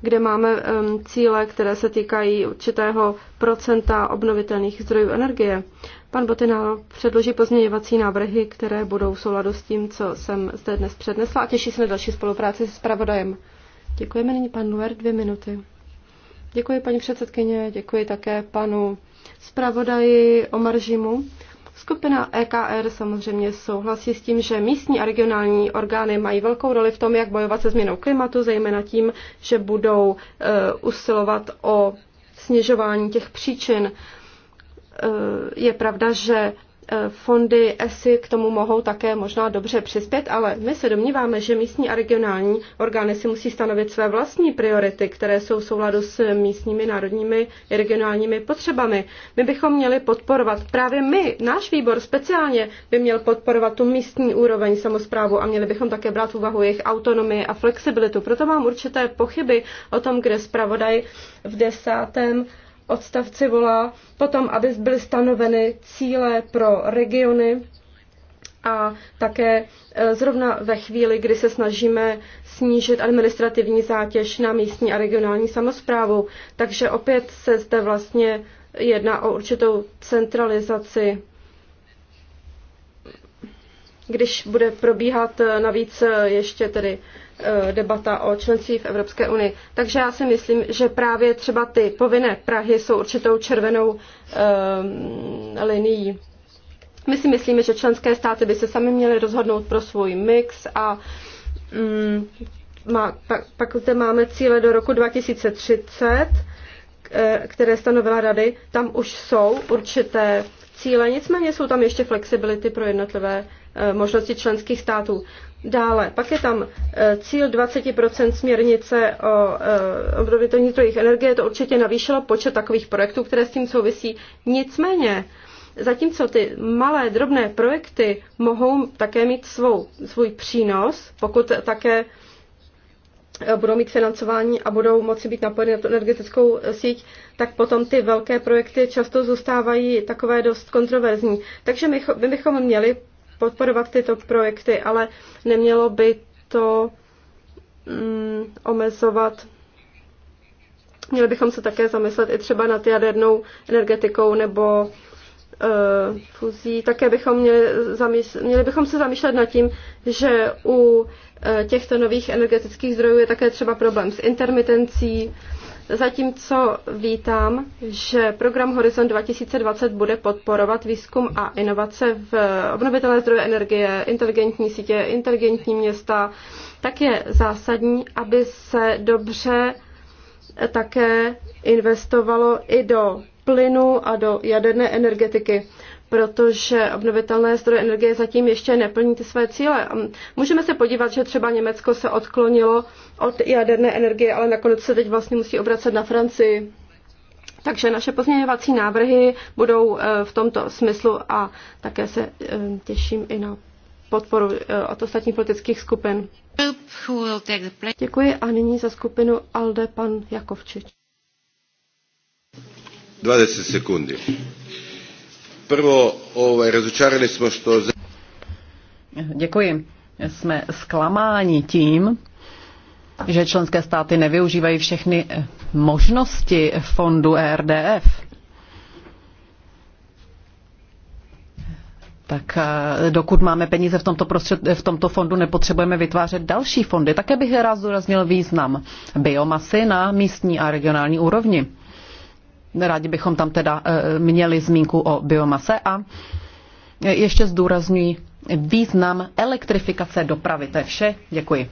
kde máme cíle, které se týkají určitého procenta obnovitelných zdrojů energie. Pan Botinal předloží pozměňovací návrhy, které budou v souladu s tím, co jsem zde dnes přednesla a těší se na další spolupráci s pravodajem. Děkujeme nyní pan Nuer dvě minuty. Děkuji paní předsedkyně, děkuji také panu zpravodaji Omaržimu Skupina EKR samozřejmě souhlasí s tím, že místní a regionální orgány mají velkou roli v tom, jak bojovat se změnou klimatu, zejména tím, že budou eh, usilovat o snižování těch příčin. Eh, je pravda, že Eh, fondy ESI k tomu mohou také možná dobře přispět, ale my se domníváme, že místní a regionální orgány si musí stanovit své vlastní priority, které jsou v souladu s místními, národními i regionálními potřebami. My bychom měli podporovat, právě my, náš výbor speciálně by měl podporovat tu místní úroveň samozprávu a měli bychom také brát v úvahu jejich autonomii a flexibilitu. Proto mám určité pochyby o tom, kde zpravodaj v desátém odstavci volá potom, aby byly stanoveny cíle pro regiony a také e, zrovna ve chvíli, kdy se snažíme snížit administrativní zátěž na místní a regionální samozprávu. Takže opět se zde vlastně jedná o určitou centralizaci. Když bude probíhat e, navíc e, ještě tedy Eh, debata o členství v Evropské unii. Takže já si myslím, že právě třeba ty povinné Prahy jsou určitou červenou um, linií. My si myslíme, že členské státy by se sami měly rozhodnout pro svůj mix a um, má, pak, pak zde máme cíle do roku 2030, eh, které stanovila rady. Tam už jsou určité cíle, nicméně jsou tam ještě flexibility pro jednotlivé Eh, možnosti členských států. Dále, pak je tam eh, cíl 20% směrnice o eh, obnovitelných zdrojích energie, to určitě navýšilo počet takových projektů, které s tím souvisí. Nicméně, zatímco ty malé, drobné projekty mohou také mít svou, svůj přínos, pokud také budou mít financování a budou moci být napojeny na tu energetickou síť, tak potom ty velké projekty často zůstávají takové dost kontroverzní. Takže my, my bychom měli podporovat tyto projekty, ale nemělo by to mm, omezovat. Měli bychom se také zamyslet i třeba nad jadernou energetikou nebo uh, fuzí. Také bychom měli, zamysl- měli bychom se zamýšlet nad tím, že u uh, těchto nových energetických zdrojů je také třeba problém s intermitencí, uh, Zatímco vítám, že program Horizon 2020 bude podporovat výzkum a inovace v obnovitelné zdroje energie, inteligentní sítě, inteligentní města, tak je zásadní, aby se dobře také investovalo i do plynu a do jaderné energetiky protože obnovitelné zdroje energie zatím ještě neplní ty své cíle. Můžeme se podívat, že třeba Německo se odklonilo od jaderné energie, ale nakonec se teď vlastně musí obracet na Francii. Takže naše pozměňovací návrhy budou eh, v tomto smyslu a také se eh, těším i na podporu eh, od ostatních politických skupin. Děkuji a nyní za skupinu ALDE pan Jakovčič. 20 sekundi. Prvo, ovaj, razočarali jsme, že? Děkuji. Jsme zklamáni tím, že členské státy nevyužívají všechny eh, možnosti fondu ERDF. Tak eh, dokud máme peníze v tomto, prostřed, v tomto fondu, nepotřebujeme vytvářet další fondy. Také bych rád zdůraznil význam biomasy na místní a regionální úrovni. Rádi bychom tam teda eh, měli zmínku o biomase a ještě zdůrazňuji význam elektrifikace dopravy. To je vše. Děkuji.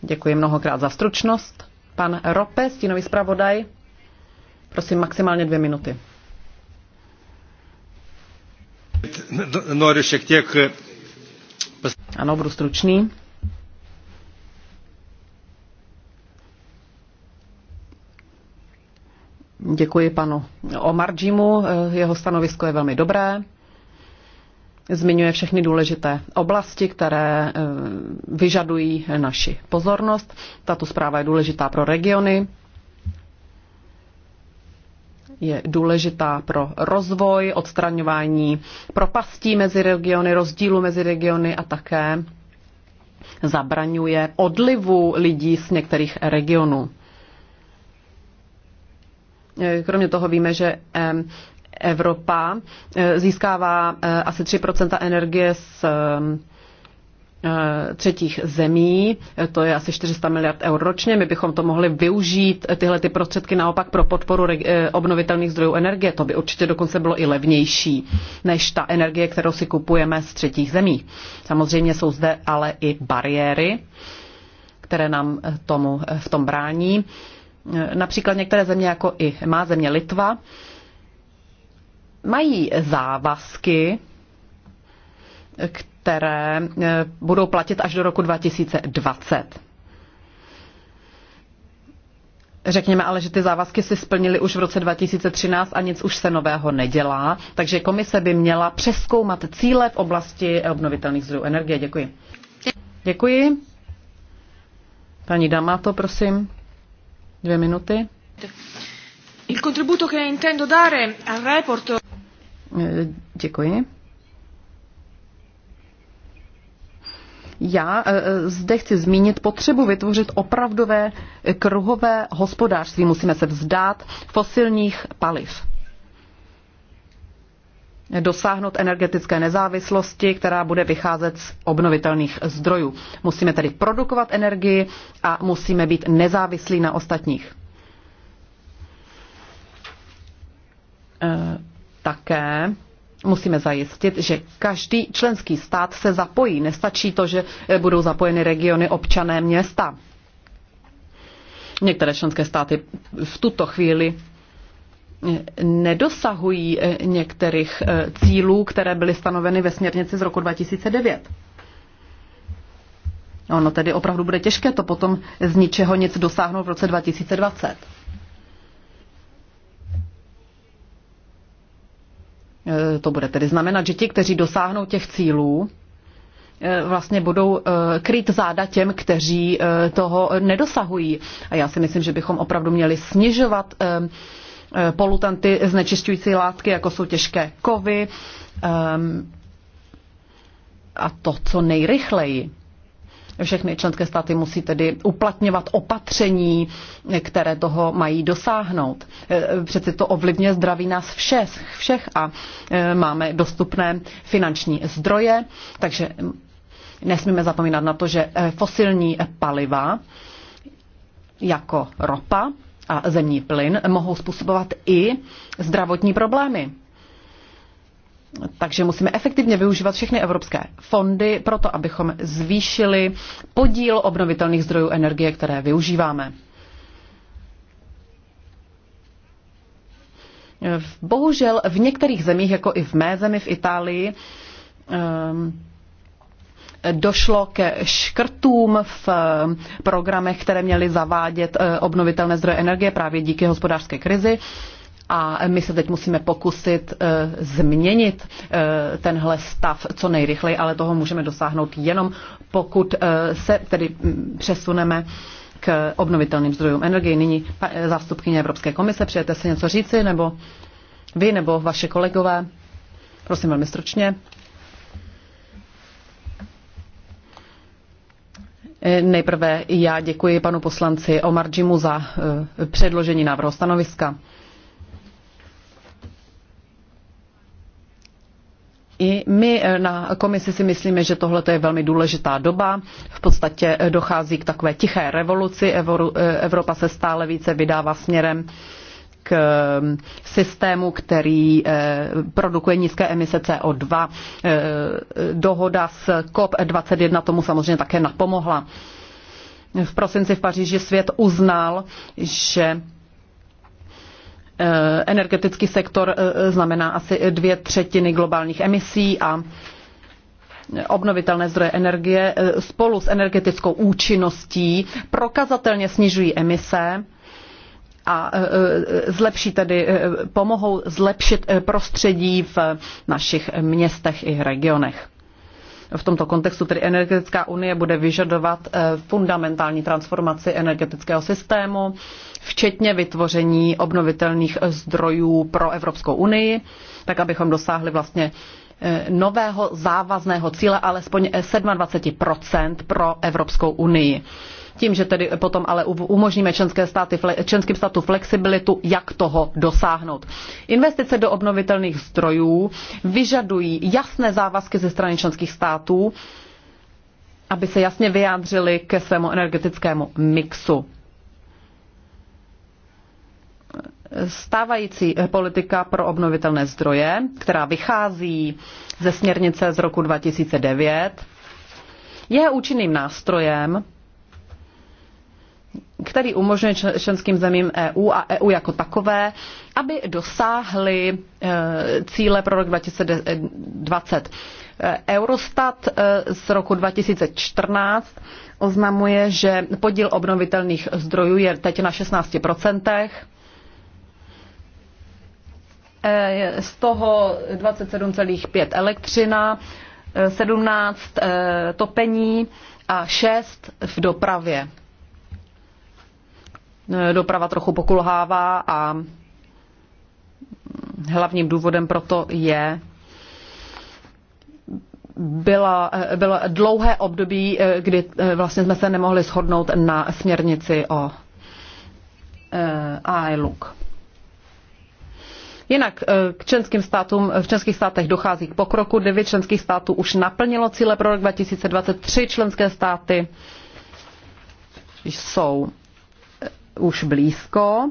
Děkuji mnohokrát za stručnost. Pan Rope, stínový zpravodaj, prosím maximálně dvě minuty. Eh, ano, budu stručný. Děkuji panu Omarjimu, eh, jeho stanovisko je velmi dobré zmiňuje všechny důležité oblasti, které eh, vyžadují naši pozornost. Tato zpráva je důležitá pro regiony, je důležitá pro rozvoj, odstraňování propastí mezi regiony, rozdílu mezi regiony a také zabraňuje odlivu lidí z některých regionů. Eh, kromě toho víme, že eh, Evropa eh, získává eh, asi 3 energie z eh, třetích zemí, to je asi 400 miliard eur ročně. My bychom to mohli využít, tyhle ty prostředky naopak pro podporu obnovitelných zdrojů energie. To by určitě dokonce bylo i levnější než ta energie, kterou si kupujeme z třetích zemí. Samozřejmě jsou zde ale i bariéry, které nám tomu v tom brání. Například některé země, jako i má země Litva, mají závazky, které eh, budou platit až do roku 2020. Řekněme ale, že ty závazky si splnili už v roce 2013 a nic už se nového nedělá, takže komise by měla přeskoumat cíle v oblasti obnovitelných zdrojů energie. Děkuji. Děkuji. Paní Damato, prosím. Dvě minuty. Il contributo che intendo dare al report Eh, děkuji. Já eh, eh, zde chci zmínit potřebu vytvořit opravdové kruhové hospodářství. Musíme se vzdát fosilních paliv. Dosáhnout energetické nezávislosti, která bude vycházet z obnovitelných zdrojů. Musíme tedy produkovat energii a musíme být nezávislí na ostatních. E také musíme zajistit, že každý členský stát se zapojí. Nestačí to, že budou zapojeny regiony, občané, města. Některé členské státy v tuto chvíli nedosahují eh, některých eh, cílů, které byly stanoveny ve směrnici z roku 2009. Ono tedy opravdu bude těžké to potom z ničeho nic dosáhnout v roce 2020. Eh, to bude tedy znamenat, že ti, kteří dosáhnou těch cílů, eh, vlastně budou eh, kryt záda těm, kteří toho nedosahují. A já si myslím, že bychom opravdu měli snižovat polutanty znečišťující látky, jako jsou těžké kovy a to, co nejrychleji. Všechny členské státy musí tedy uplatňovat opatření, které toho mají dosáhnout. E, Přeci to ovlivňuje zdraví nás všech, všech a e, máme dostupné finanční zdroje, takže nesmíme zapomínat na to, že e, fosilní paliva jako ropa a zemní plyn mohou způsobovat i zdravotní problémy. Takže musíme efektivně využívat všechny evropské fondy pro to, abychom zvýšili podíl obnovitelných zdrojů energie, které využíváme. Bohužel v některých zemích, jako i v mé zemi v Itálii, ehm, došlo ke škrtům v ehm, programech, které měly zavádět eh, obnovitelné zdroje energie právě díky hospodářské krizi a my se teď musíme pokusit eh, změnit eh, tenhle stav co nejrychleji, ale toho můžeme dosáhnout jenom pokud eh, se tedy mm, přesuneme k obnovitelným zdrojům energie. Nyní zástupkyně Evropské komise, přijete se něco říci, nebo vy, nebo vaše kolegové? Prosím velmi stručně. Nejprve já děkuji panu poslanci Jimu za předložení návrhu stanoviska. I my eh, na komisi si myslíme, že tohle je velmi důležitá doba. V podstatě eh, dochází k takové tiché revoluci. Eh, Evropa se stále více vydává směrem k mm, systému, který produkuje nízké emise CO2. Dohoda s COP21 tomu samozřejmě také napomohla. V prosinci v Paříži svět uznal, že Eh, energetický sektor eh, eh, znamená asi dvě třetiny globálních emisí a obnovitelné zdroje energie spolu s energetickou účinností prokazatelně snižují emise a zlepší tedy, pomohou zlepšit prostředí v našich městech i regionech. V tomto kontextu tedy energetická unie bude vyžadovat fundamentální transformaci energetického systému, včetně vytvoření obnovitelných zdrojů pro Evropskou unii, tak abychom dosáhli vlastně eh, nového závazného cíle alespoň 27 eh, pro Evropskou unii. Tím, že tedy potom ale umožníme členské státy, členským státu flexibilitu, jak toho dosáhnout. Investice do obnovitelných zdrojů vyžadují jasné závazky ze strany členských států, aby se jasně vyjádřili ke svému energetickému mixu. stávající politika pro obnovitelné zdroje, která vychází ze směrnice z roku 2009, je účinným nástrojem, který umožňuje členským zemím EU a EU jako takové, aby dosáhly e, cíle pro rok 2020. E, Eurostat e, z roku 2014 oznamuje, že podíl obnovitelných zdrojů je teď na 16 Eh, z toho 27,5 elektřina, 17 eh, eh, topení a 6 v dopravě. Doprava trochu pokulhává a hlavním důvodem proto je byla, bylo dlouhé období, kdy vlastně jsme se nemohli shodnout na směrnici o E, Jinak eh, k členským státům, v členských státech dochází k pokroku. Devět členských států už naplnilo cíle pro rok 2023. Členské státy jsou eh, už blízko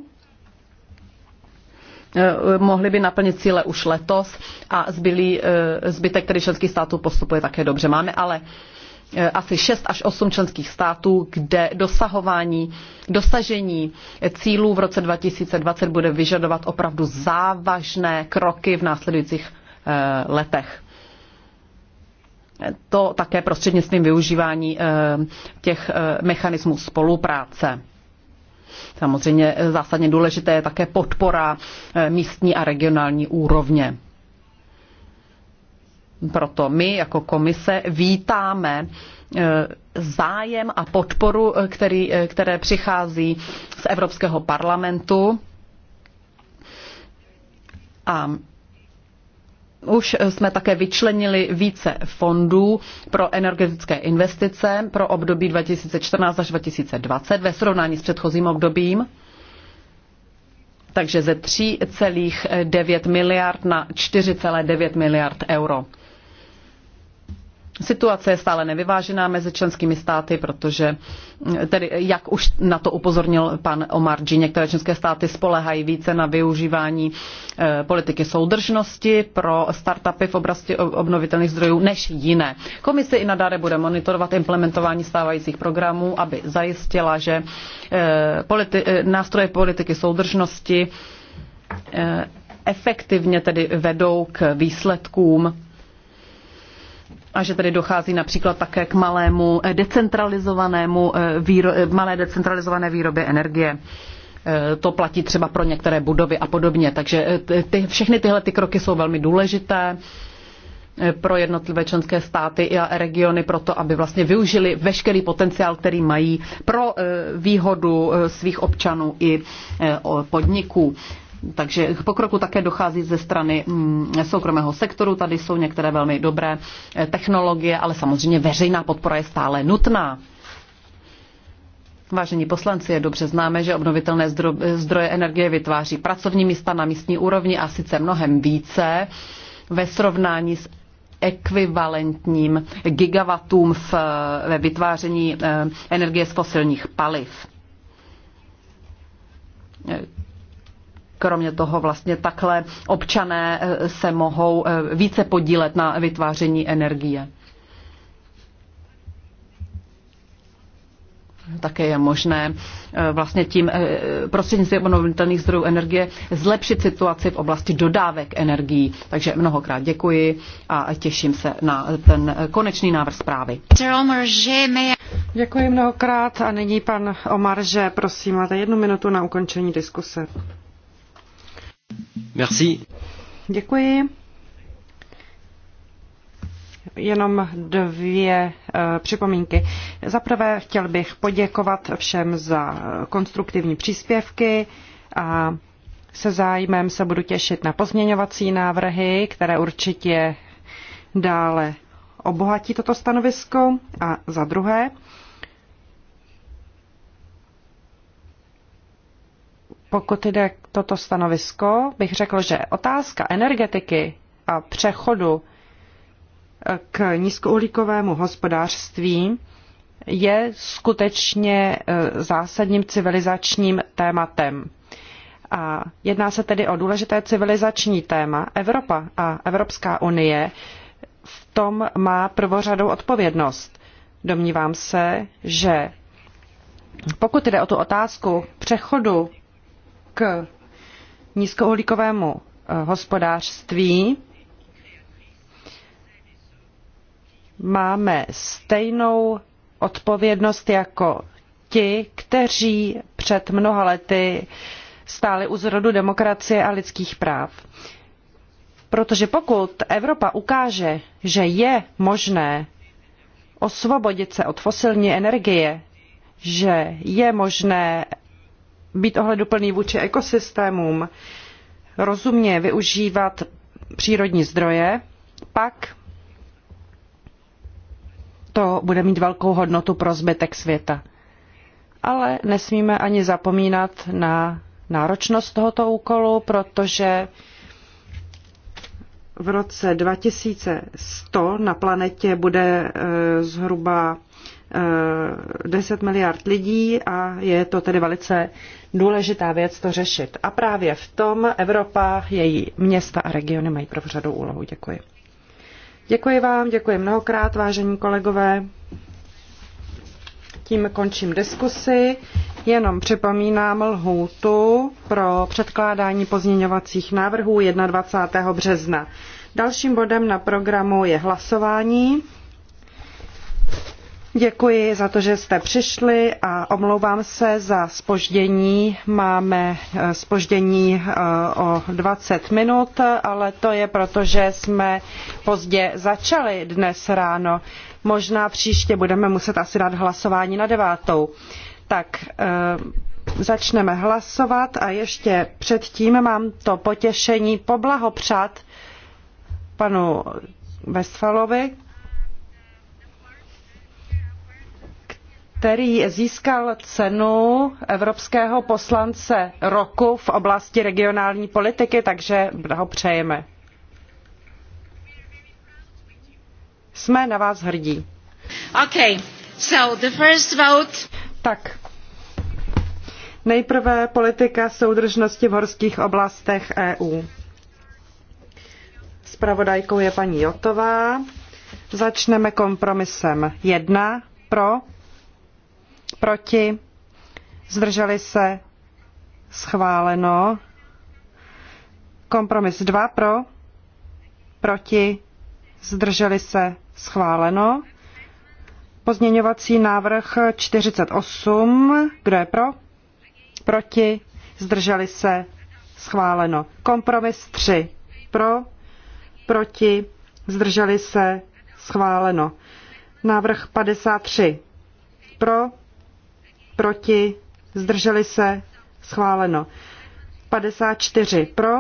eh, mohli by naplnit cíle už letos a zbylý, zbytek tedy členských států postupuje také dobře. Máme ale Eh, asi 6 až 8 členských států, kde dosahování, dosažení cílů v roce 2020 bude vyžadovat opravdu závažné kroky v následujících eh, letech. To také prostřednictvím využívání eh, těch mechanismů spolupráce. Samozřejmě zásadně důležité je také podpora místní a regionální úrovně. Proto my jako komise vítáme e, zájem a podporu, e, který, e, které přichází z Evropského parlamentu. A už jsme také vyčlenili více fondů pro energetické investice pro období 2014 až 2020 ve srovnání s předchozím obdobím. Takže ze 3,9 miliard na 4,9 miliard euro. Situace je stále nevyvážená mezi členskými státy, protože, mm, tedy jak už na to upozornil pan Omarji, některé členské státy spolehají více na využívání eh, politiky soudržnosti pro startupy v oblasti obnovitelných zdrojů než jiné. Komise i nadále bude monitorovat implementování stávajících programů, aby zajistila, že eh, politi- eh, nástroje politiky soudržnosti efektivně tedy vedou k výsledkům a že tedy dochází například také k malému eh, decentralizovanému eh, výro, eh, malé decentralizované výrobě energie. To platí třeba pro některé budovy a podobně. Takže ty, všechny tyhle ty kroky jsou velmi důležité pro jednotlivé členské státy a regiony pro to aby vlastně využili veškerý potenciál, který mají pro výhodu svých občanů i podniků takže k pokroku také dochází ze strany mm, soukromého sektoru. Tady jsou některé velmi dobré eh, technologie, ale samozřejmě veřejná podpora je stále nutná. Vážení poslanci, je dobře známe, že obnovitelné eh, zdroje energie vytváří pracovní místa na místní úrovni a sice mnohem více ve srovnání s ekvivalentním gigawatům v, eh, ve vytváření energie z fosilních paliv kromě toho vlastně takhle občané eh, se mohou eh, více podílet na vytváření energie. také je možné eh, vlastně tím prostřednictvím obnovitelných zdrojů energie zlepšit situaci v oblasti dodávek energií. Takže mnohokrát děkuji a těším se na ten konečný návrh zprávy. Děkuji mnohokrát a nyní pan Omarže, prosím, máte jednu minutu na ukončení diskuse. Merci. Děkuji. Jenom dvě eh, připomínky. Za prvé chtěl bych poděkovat všem za konstruktivní příspěvky a se zájmem se budu těšit na pozměňovací návrhy, které určitě dále obohatí toto stanovisko. A za druhé, Pokud jde toto stanovisko, bych řekl, že otázka energetiky a přechodu eh, k nízkouhlíkovému hospodářství je skutečně eh, zásadním civilizačním tématem. A jedná se tedy o důležité civilizační téma. Evropa a Evropská unie v tom má prvořadou odpovědnost. Domnívám se, že pokud jde o tu otázku přechodu k nízkouhlíkovému eh, hospodářství máme stejnou odpovědnost jako ti, kteří před mnoha lety stáli u zrodu demokracie a lidských práv. Protože pokud Evropa ukáže, že je možné osvobodit se od fosilní energie, že je možné být ohleduplný vůči ekosystémům, rozumně využívat přírodní zdroje, pak to bude mít velkou hodnotu pro zbytek světa. Ale nesmíme ani zapomínat na náročnost tohoto úkolu, protože v roce 2100 na planetě bude e, zhruba 10 e, miliard lidí a je to tedy velice důležitá věc to řešit. A právě v tom Evropa, její města a regiony mají prvořadou úlohu. Děkuji. Děkuji vám, děkuji mnohokrát, vážení kolegové. Tím končím diskusi. Jenom připomínám lhůtu pro předkládání pozměňovacích návrhů 21. března. Dalším bodem na programu je hlasování. Děkuji za to, že jste přišli a omlouvám se za spoždění. Máme spoždění eh, eh, o 20 minut, ale to je proto, že jsme pozdě začali dnes ráno. Možná příště budeme muset asi dát hlasování na devátou. Tak eh, začneme hlasovat a ještě předtím mám to potěšení poblahopřát panu Westfalovi, který získal cenu evropského poslance roku v oblasti regionální politiky, takže ho přejeme. Jsme na vás hrdí. Okay, so the first vote... Tak. Nejprve politika soudržnosti v horských oblastech EU. Spravodajkou je paní Jotová. Začneme kompromisem Jedna pro proti, zdrželi se, schváleno. Kompromis 2 pro, proti, zdrželi se, schváleno. Pozměňovací návrh 48, kdo je pro, proti, zdrželi se, schváleno. Kompromis 3 pro, proti, zdrželi se, schváleno. Návrh 53 pro, proti, zdrželi se, schváleno. 54 pro,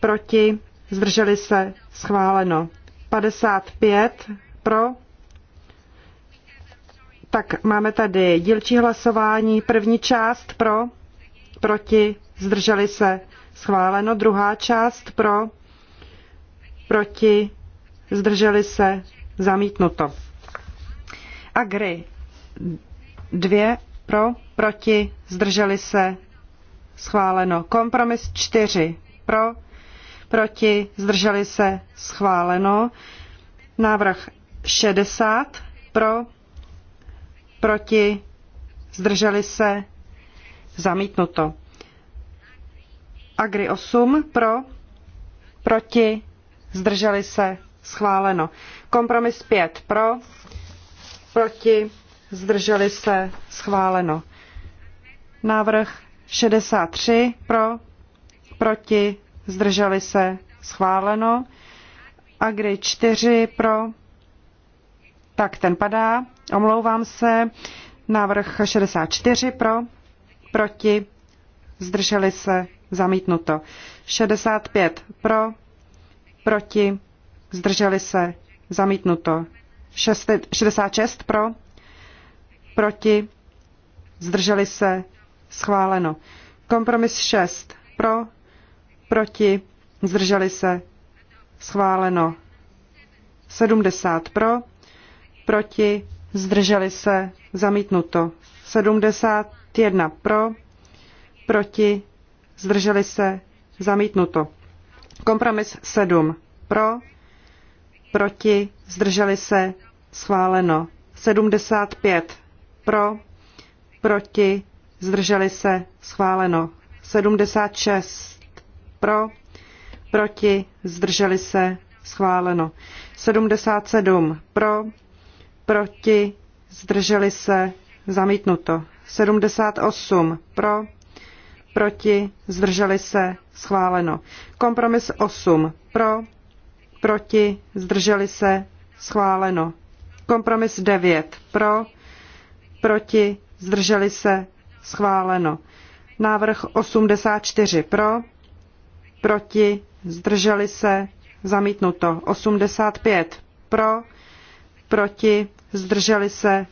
proti, zdrželi se, schváleno. 55 pro, tak máme tady dílčí hlasování. První část pro, proti, zdrželi se, schváleno. Druhá část pro, proti, zdrželi se, zamítnuto. Agri 2 pro, proti, zdrželi se, schváleno. Kompromis 4 pro, proti, zdrželi se, schváleno. Návrh 60 pro, proti, zdrželi se, zamítnuto. Agri 8 pro, proti, zdrželi se, schváleno. Kompromis 5 pro, proti, zdrželi se, schváleno. Návrh 63 pro, proti, zdrželi se, schváleno. Agri 4 pro, tak ten padá, omlouvám se. Návrh 64 pro, proti, zdrželi se, zamítnuto. 65 pro, proti, zdrželi se, zamítnuto. 66 pro, proti, zdrželi se, schváleno. Kompromis 6, pro, proti, zdrželi se, schváleno. 70 pro, proti, zdrželi se, zamítnuto. 71 pro, proti, zdrželi se, zamítnuto. Kompromis 7 pro, proti, zdrželi se, schváleno. 75 pro, proti, zdrželi se, schváleno. 76 pro, proti, zdrželi se, schváleno. 77 pro, proti, zdrželi se, zamítnuto. 78 pro, proti, zdrželi se, schváleno. Kompromis 8 pro, proti, zdrželi se, schváleno. Kompromis 9 pro, proti, zdrželi se, schváleno. Návrh 84 pro, proti, zdrželi se, zamítnuto. 85 pro, proti, zdrželi se,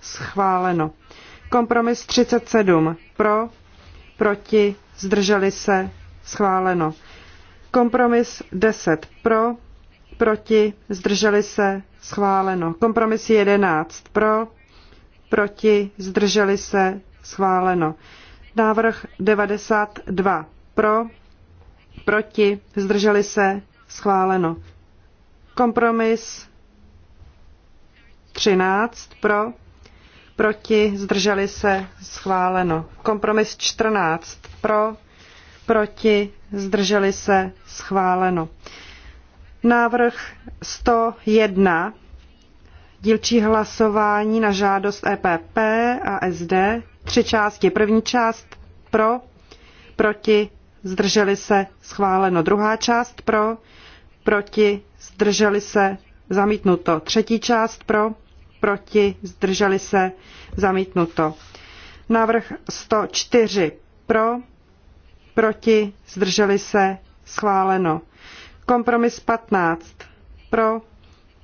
schváleno. Kompromis 37 pro, proti, zdrželi se, schváleno. Kompromis 10 pro, proti, zdrželi se, schváleno. Kompromis 11 pro, proti, zdrželi se, schváleno. Návrh 92 pro, proti, zdrželi se, schváleno. Kompromis 13 pro, proti, zdrželi se, schváleno. Kompromis 14 pro, proti, zdrželi se, schváleno. Návrh 101, dílčí hlasování na žádost EPP a SD, tři části. První část pro, proti, zdrželi se, schváleno. Druhá část pro, proti, zdrželi se, zamítnuto. Třetí část pro, proti, zdrželi se, zamítnuto. Návrh 104 pro, proti, zdrželi se, schváleno. Kompromis 15. Pro,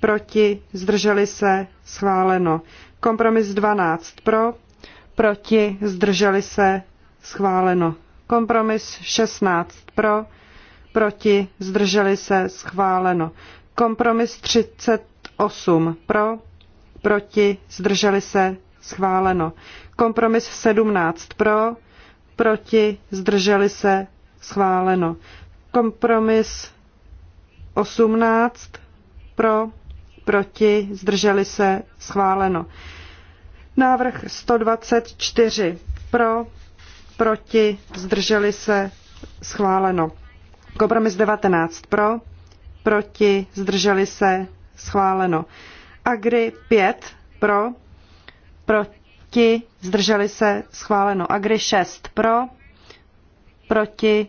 proti, zdrželi se, schváleno. Kompromis 12. Pro, proti, zdrželi se, schváleno. Kompromis 16. Pro, proti, zdrželi se, schváleno. Kompromis 38. Pro, proti, zdrželi se, schváleno. Kompromis 17. Pro, proti, zdrželi se, schváleno. Kompromis 18 pro, proti, zdrželi se, schváleno. Návrh 124 pro, proti, zdrželi se, schváleno. Kompromis 19 pro, proti, zdrželi se, schváleno. Agri 5 pro, proti, zdrželi se, schváleno. Agri 6 pro, proti,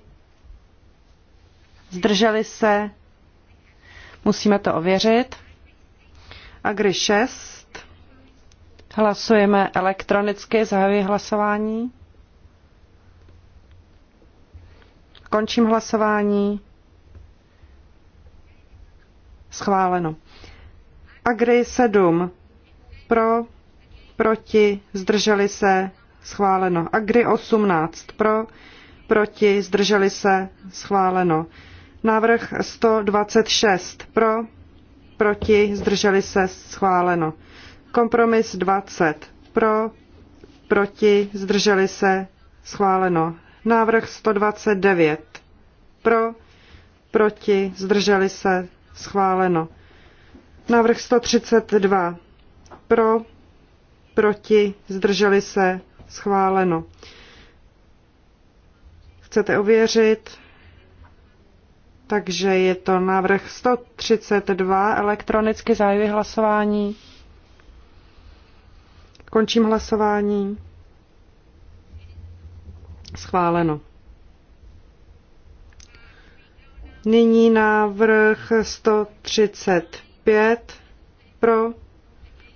zdrželi se, Musíme to ověřit. Agri 6. Hlasujeme elektronicky, zahajuji hlasování. Končím hlasování. Schváleno. Agri 7. Pro, proti, zdrželi se, schváleno. Agri 18. Pro, proti, zdrželi se, schváleno. Návrh 126 pro, proti, zdrželi se, schváleno. Kompromis 20 pro, proti, zdrželi se, schváleno. Návrh 129 pro, proti, zdrželi se, schváleno. Návrh 132 pro, proti, zdrželi se, schváleno. Chcete ověřit? Takže je to návrh 132, elektronicky zahajuji hlasování. Končím hlasování. Schváleno. Nyní návrh 135 pro,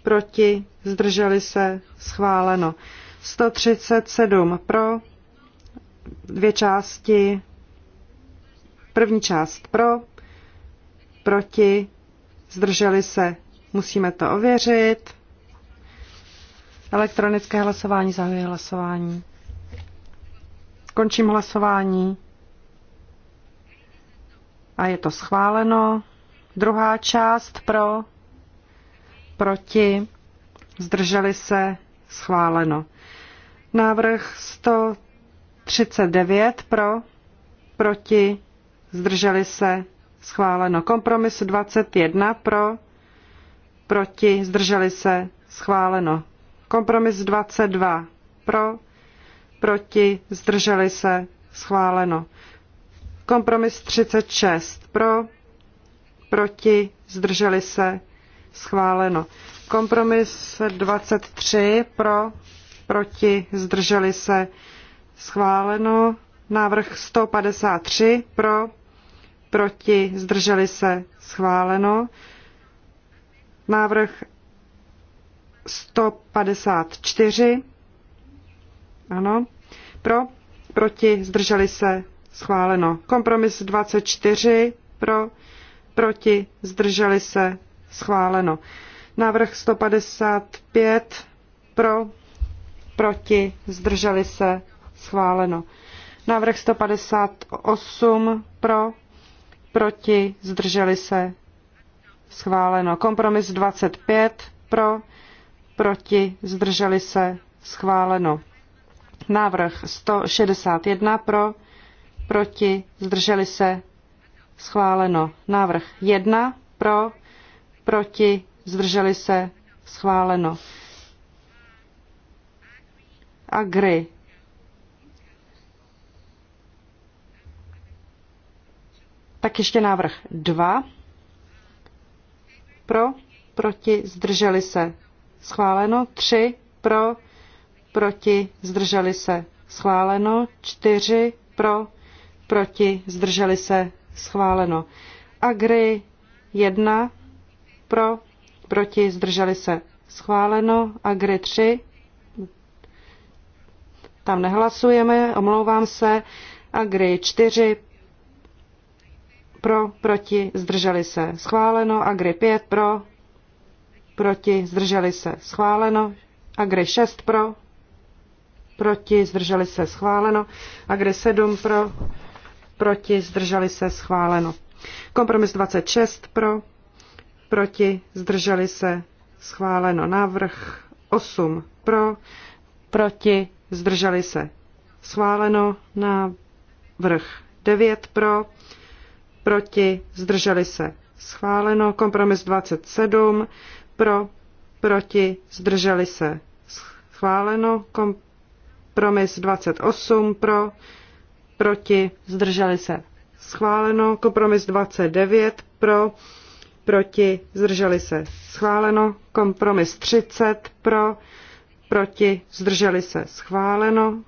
proti, zdrželi se, schváleno. 137 pro, dvě části, První část pro, proti, zdrželi se, musíme to ověřit. Elektronické hlasování, zahajuji hlasování. Končím hlasování. A je to schváleno. Druhá část pro, proti, zdrželi se, schváleno. Návrh 139 pro, proti, zdrželi se, schváleno. Kompromis 21 pro, proti, zdrželi se, schváleno. Kompromis 22 pro, proti, zdrželi se, schváleno. Kompromis 36 pro, proti, zdrželi se, schváleno. Kompromis 23 pro, proti, zdrželi se, schváleno. Návrh 153 pro, proti, zdrželi se, schváleno. Návrh 154, ano, pro, proti, zdrželi se, schváleno. Kompromis 24, pro, proti, zdrželi se, schváleno. Návrh 155, pro, proti, zdrželi se, schváleno. Návrh 158 pro, proti, zdrželi se, schváleno. Kompromis 25, pro, proti, zdrželi se, schváleno. Návrh 161 pro, proti, zdrželi se, schváleno. Návrh 1 pro, proti, zdrželi se, schváleno. Agri Tak ještě návrh 2. Pro, proti, zdrželi se. Schváleno. 3. Pro, proti, zdrželi se. Schváleno. 4. Pro, proti, zdrželi se. Schváleno. Agri 1. Pro, proti, zdrželi se. Schváleno. Agri 3. Tam nehlasujeme, omlouvám se. Agri 4 pro, proti, zdrželi se, schváleno, Agri 5 pro, proti, zdrželi se, schváleno, Agri 6 pro, proti, zdrželi se, schváleno, Agri 7 pro, proti, zdrželi se, schváleno. Kompromis 26 pro, proti, zdrželi se, schváleno. Návrh 8 pro, proti, zdrželi se, schváleno. Návrh 9 pro, proti, zdrželi se. Schváleno. Kompromis 27, pro, proti, zdrželi se. Schváleno. Kompromis 28, pro, proti, zdrželi se. Schváleno. Kompromis 29, pro, proti, zdrželi se. Schváleno. Kompromis 30, pro, proti, zdrželi se. Schváleno.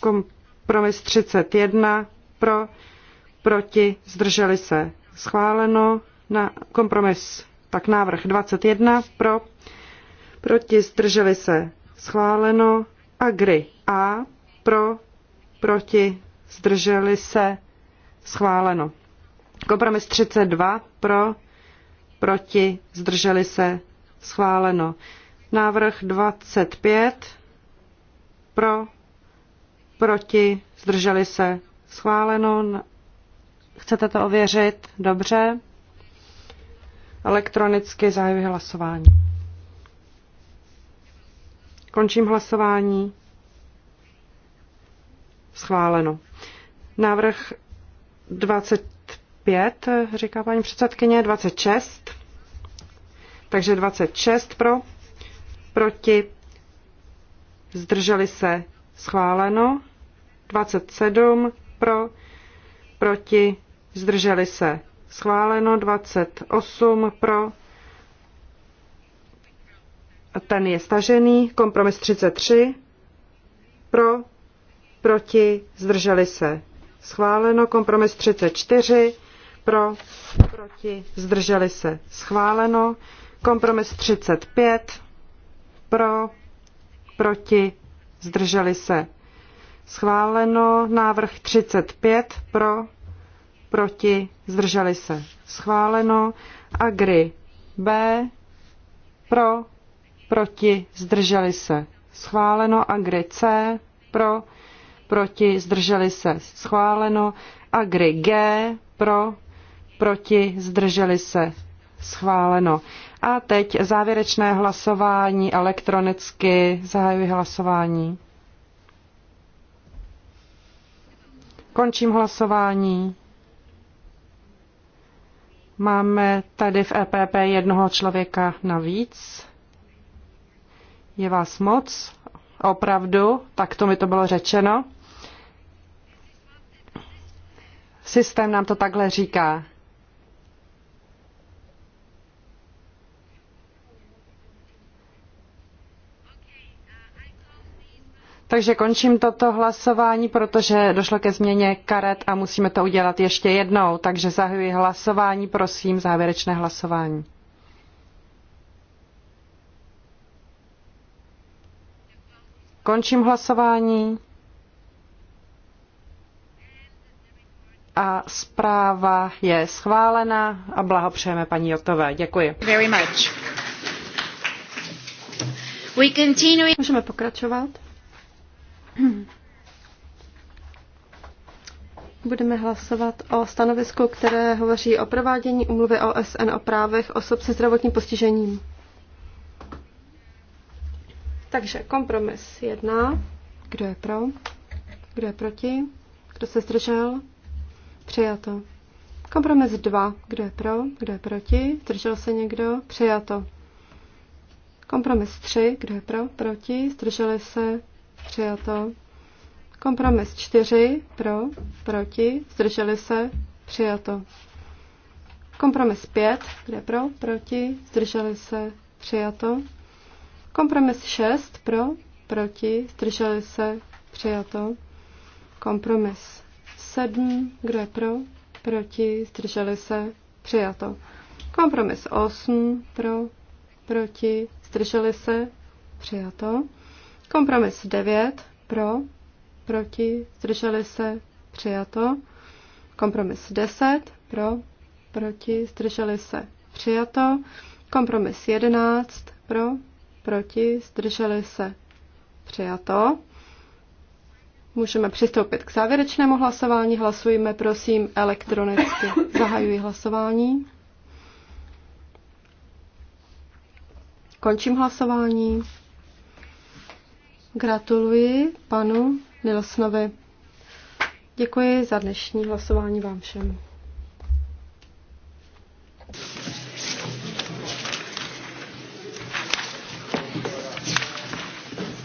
Kompromis 31, pro, proti, zdrželi se, schváleno, na kompromis, tak návrh 21, pro, proti, zdrželi se, schváleno, agri A, pro, proti, zdrželi se, schváleno. Kompromis 32, pro, proti, zdrželi se, schváleno. Návrh 25, pro, proti, zdrželi se, schváleno. Chcete to ověřit? Dobře. Elektronicky zahajuji hlasování. Končím hlasování. Schváleno. Návrh 25, říká paní předsedkyně, 26. Takže 26 pro, proti, zdrželi se, schváleno. 27 pro, proti, zdrželi se. Schváleno 28 pro, ten je stažený, kompromis 33 pro, proti, zdrželi se. Schváleno kompromis 34 pro, proti, zdrželi se. Schváleno kompromis 35 pro, proti, zdrželi se. Schváleno návrh 35 pro, proti, zdrželi se, schváleno. Agri B, pro, proti, zdrželi se, schváleno. Agri C, pro, proti, zdrželi se, schváleno. Agri G, pro, proti, zdrželi se, schváleno. A teď závěrečné hlasování elektronicky. Zahajuji hlasování. Končím hlasování. Máme tady v EPP jednoho člověka navíc. Je vás moc? Opravdu? Tak to mi to bylo řečeno. Systém nám to takhle říká. Takže končím toto hlasování, protože došlo ke změně karet a musíme to udělat ještě jednou. Takže zahajuji hlasování, prosím, závěrečné hlasování. Končím hlasování. A zpráva je schválena a blahopřejeme paní Jotové. Děkuji. Very much. We continue... Můžeme pokračovat. Budeme hlasovat o stanovisku, které hovoří o provádění umluvy OSN o právech osob se zdravotním postižením. Takže kompromis jedna. Kdo je pro? Kdo je proti? Kdo se zdržel? Přijato. Kompromis dva. Kdo je pro? Kdo je proti? Zdržel se někdo? Přijato. Kompromis tři, Kdo je pro? Proti? Zdrželi se? přijato. Kompromis 4 pro, proti, zdrželi se, přijato. Kompromis 5, kde pro, proti, zdrželi se, přijato. Kompromis 6 pro, proti, zdrželi se, přijato. Kompromis 7, kde pro, proti, zdrželi se, přijato. Kompromis 8 pro, proti, zdrželi se, přijato. Kompromis 9 pro, proti, zdrželi se, přijato. Kompromis 10 pro, proti, zdrželi se, přijato. Kompromis 11 pro, proti, zdrželi se, přijato. Můžeme přistoupit k závěrečnému hlasování. Hlasujeme, prosím, elektronicky. Zahajuji hlasování. Končím hlasování. Gratuluji panu Nilsnovi. Děkuji za dnešní hlasování vám všem.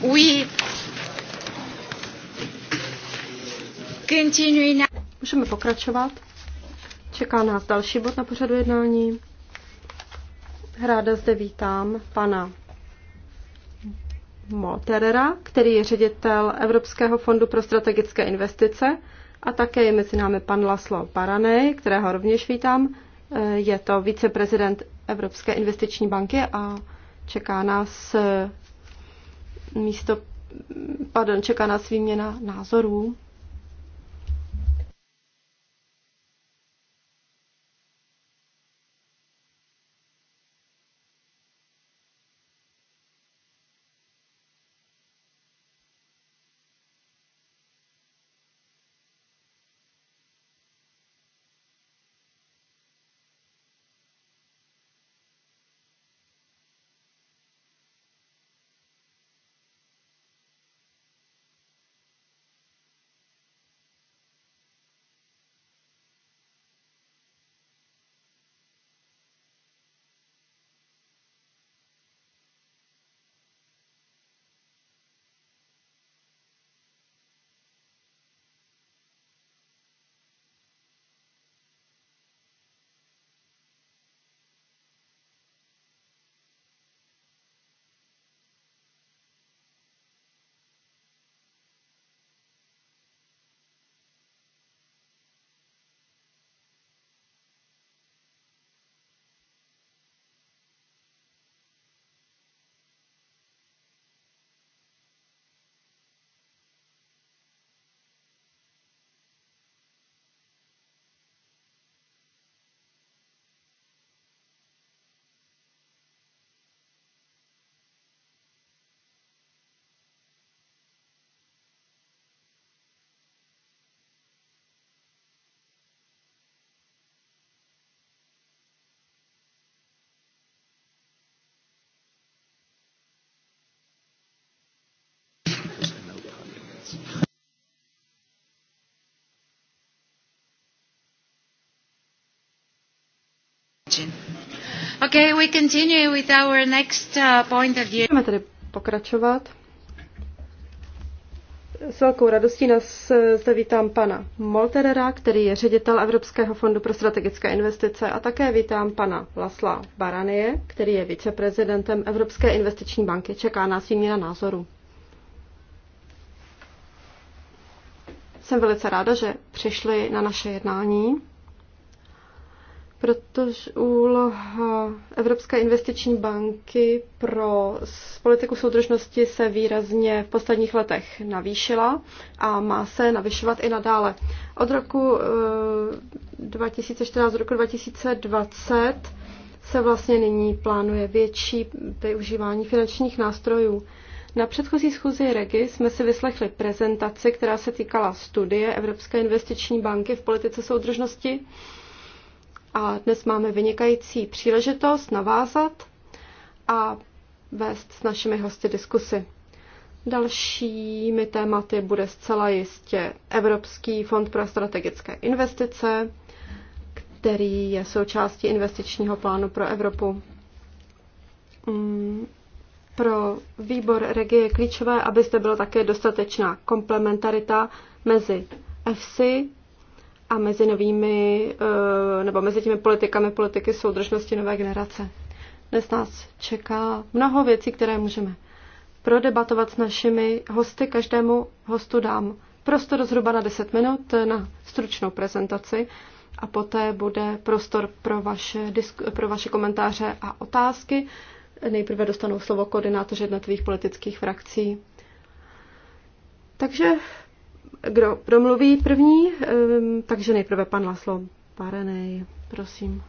Oui. continue Můžeme pokračovat. Čeká nás další bod na pořadu jednání. Ráda zde vítám pana Moterera, který je ředitel Evropského fondu pro strategické investice a také je mezi námi pan Laslo Paranej, kterého rovněž vítám. Eh, je to viceprezident Evropské investiční banky a čeká nás eh, místo, pardon, čeká nás výměna názorů. origin. Okay, we continue with our next uh, point of view. Můžeme tedy pokračovat. S velkou radostí nás eh, zde vítám pana Molterera, který je ředitel Evropského fondu pro strategické investice a také vítám pana Lasla Baranie, který je viceprezidentem Evropské investiční banky. Čeká nás výměna názoru. Jsem velice ráda, že přišli na naše jednání protože úloha Evropské investiční banky pro politiku soudržnosti se výrazně v posledních letech navýšila a má se navyšovat i nadále. Od roku 2014 eh, do roku 2020 se vlastně nyní plánuje větší využívání finančních nástrojů. Na předchozí schůzi Regi jsme si vyslechli prezentaci, která se týkala studie Evropské investiční banky v politice soudržnosti a dnes máme vynikající příležitost navázat a vést s našimi hosty diskusy. Dalšími tématy bude zcela jistě Evropský fond pro strategické investice, který je součástí investičního plánu pro Evropu. Mm, pro výbor regie je klíčové, aby zde byla také dostatečná komplementarita mezi EFSI a mezi novými, eh, nebo mezi těmi politikami politiky soudržnosti nové generace. Dnes nás čeká mnoho věcí, které můžeme prodebatovat s našimi hosty. Každému hostu dám prostor zhruba na 10 minut na stručnou prezentaci a poté bude prostor pro vaše, pro vaše komentáře a otázky. Nejprve dostanou slovo koordinátoři jednotlivých politických frakcí. Takže kdo promluví první, ehm, takže nejprve pan Laslo Parenej, prosím.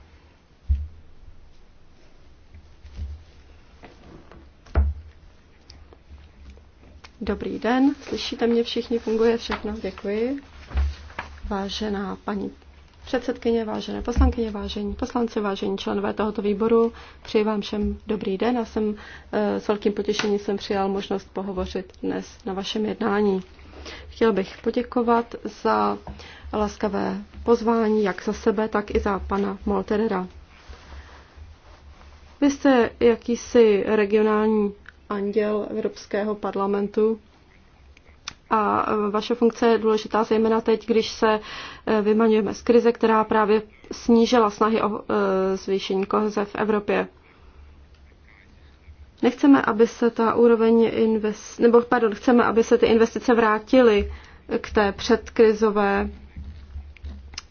Dobrý den, slyšíte mě všichni, funguje všechno, děkuji. Vážená paní předsedkyně, vážené poslankyně, vážení poslanci, vážení členové tohoto výboru, přeji vám všem dobrý den a jsem eh, s velkým potěšením jsem přijal možnost pohovořit dnes na vašem jednání. Chtěl bych poděkovat za laskavé pozvání, jak za sebe, tak i za pana Molterera. Vy jste jakýsi regionální anděl Evropského parlamentu a vaše funkce je důležitá zejména teď, když se eh, vymaňujeme z krize, která právě snížila snahy o eh, zvýšení koheze v Evropě. Nechceme, aby se ta úroveň invest, nebo pardon, chceme, aby se ty investice vrátily k té předkrizové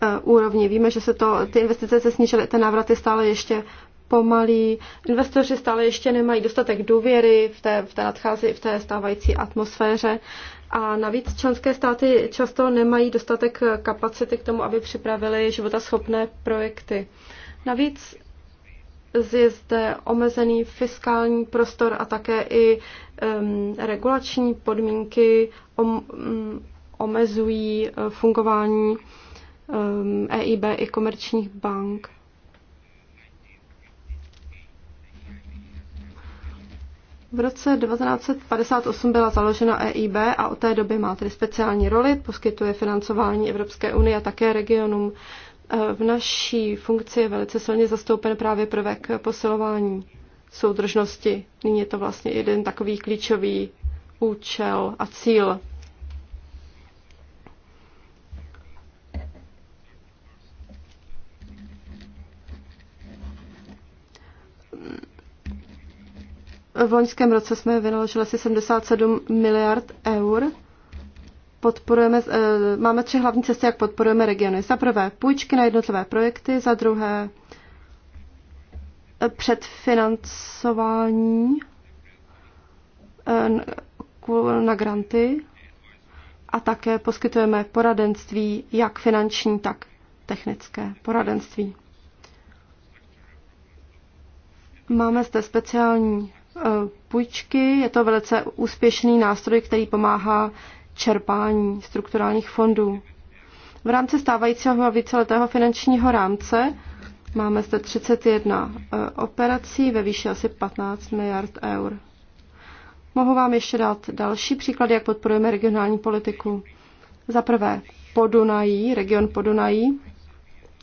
eh, úrovni. Víme, že se to, ty investice se snížily, ten návrat je stále ještě pomalý. Investoři stále ještě nemají dostatek důvěry v té, v té nadchází, v té stávající atmosféře. A navíc členské státy často nemají dostatek kapacity k tomu, aby připravili životaschopné projekty. Navíc je zde omezený fiskální prostor a také i um, regulační podmínky om, um, omezují eh, fungování um, EIB i komerčních bank. V roce 1958 byla založena EIB a od té doby má tedy speciální roli, poskytuje financování Evropské unie a také regionům. V naší funkci je velice silně zastoupen právě prvek posilování soudržnosti. Nyní je to vlastně jeden takový klíčový účel a cíl. V loňském roce jsme vynaložili asi 77 miliard eur podporujeme, eh, máme tři hlavní cesty, jak podporujeme regiony. Za prvé půjčky na jednotlivé projekty, za druhé eh, předfinancování eh, na granty a také poskytujeme poradenství, jak finanční, tak technické poradenství. Máme zde speciální půjčky. Je to velice úspěšný nástroj, který pomáhá čerpání strukturálních fondů. V rámci stávajícího víceletého finančního rámce máme zde 31 eh, operací ve výši asi 15 miliard eur. Mohu vám ještě dát další příklady, jak podporujeme regionální politiku. Za prvé Podunají, region Podunají.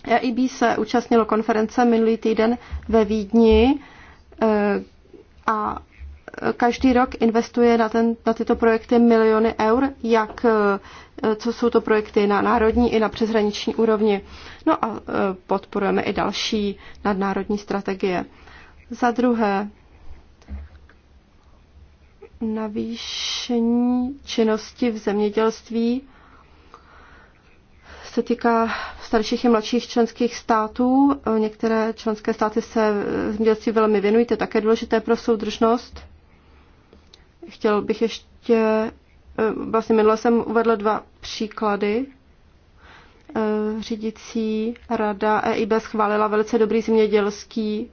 EIB se účastnilo konference minulý týden ve Vídni eh, a každý rok investuje na, ten, na tyto projekty miliony eur, jak e, co jsou to projekty na národní i na přeshraniční úrovni. No a e, podporujeme i další nadnárodní strategie. Za druhé, navýšení činnosti v zemědělství se týká starších i mladších členských států. Některé členské státy se zemědělství velmi věnují, to je také důležité pro soudržnost. Chtěl bych ještě, eh, vlastně minule jsem uvedl dva příklady. Eh, řídící rada EIB schválila velice dobrý zemědělský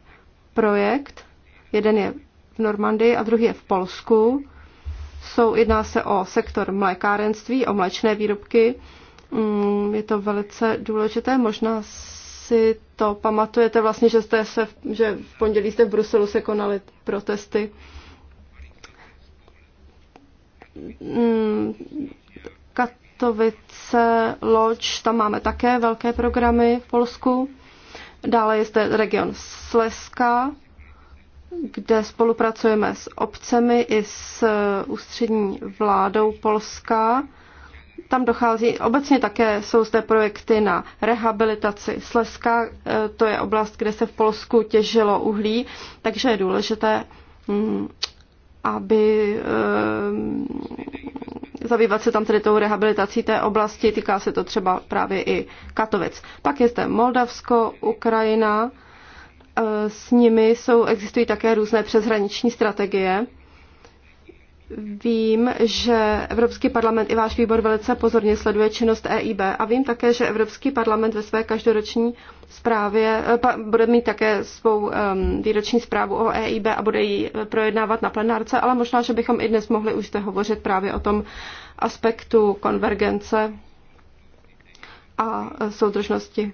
projekt. Jeden je v Normandii a druhý je v Polsku. Jsou, jedná se o sektor mlékárenství, o mléčné výrobky. Mm, je to velice důležité, možná si to pamatujete vlastně, že, jste se, že v pondělí jste v Bruselu se konaly protesty Mm, Katovice, Loč, tam máme také velké programy v Polsku. Dále je zde region Slezska, kde spolupracujeme s obcemi i s e, ústřední vládou Polska. Tam dochází, obecně také jsou zde projekty na rehabilitaci Slezska, e, to je oblast, kde se v Polsku těžilo uhlí, takže je důležité mm, aby eh, zabývat se tam tedy tou rehabilitací té oblasti, týká se to třeba právě i Katovec. Pak je zde Moldavsko, Ukrajina, eh, s nimi jsou, existují také různé přeshraniční strategie Vím, že Evropský parlament i váš výbor velice pozorně sleduje činnost EIB a vím také, že Evropský parlament ve své každoroční zprávě eh, bude mít také svou um, výroční zprávu o EIB a bude ji eh, projednávat na plenárce, ale možná, že bychom i dnes mohli už zde hovořit právě o tom aspektu konvergence a eh, soudržnosti.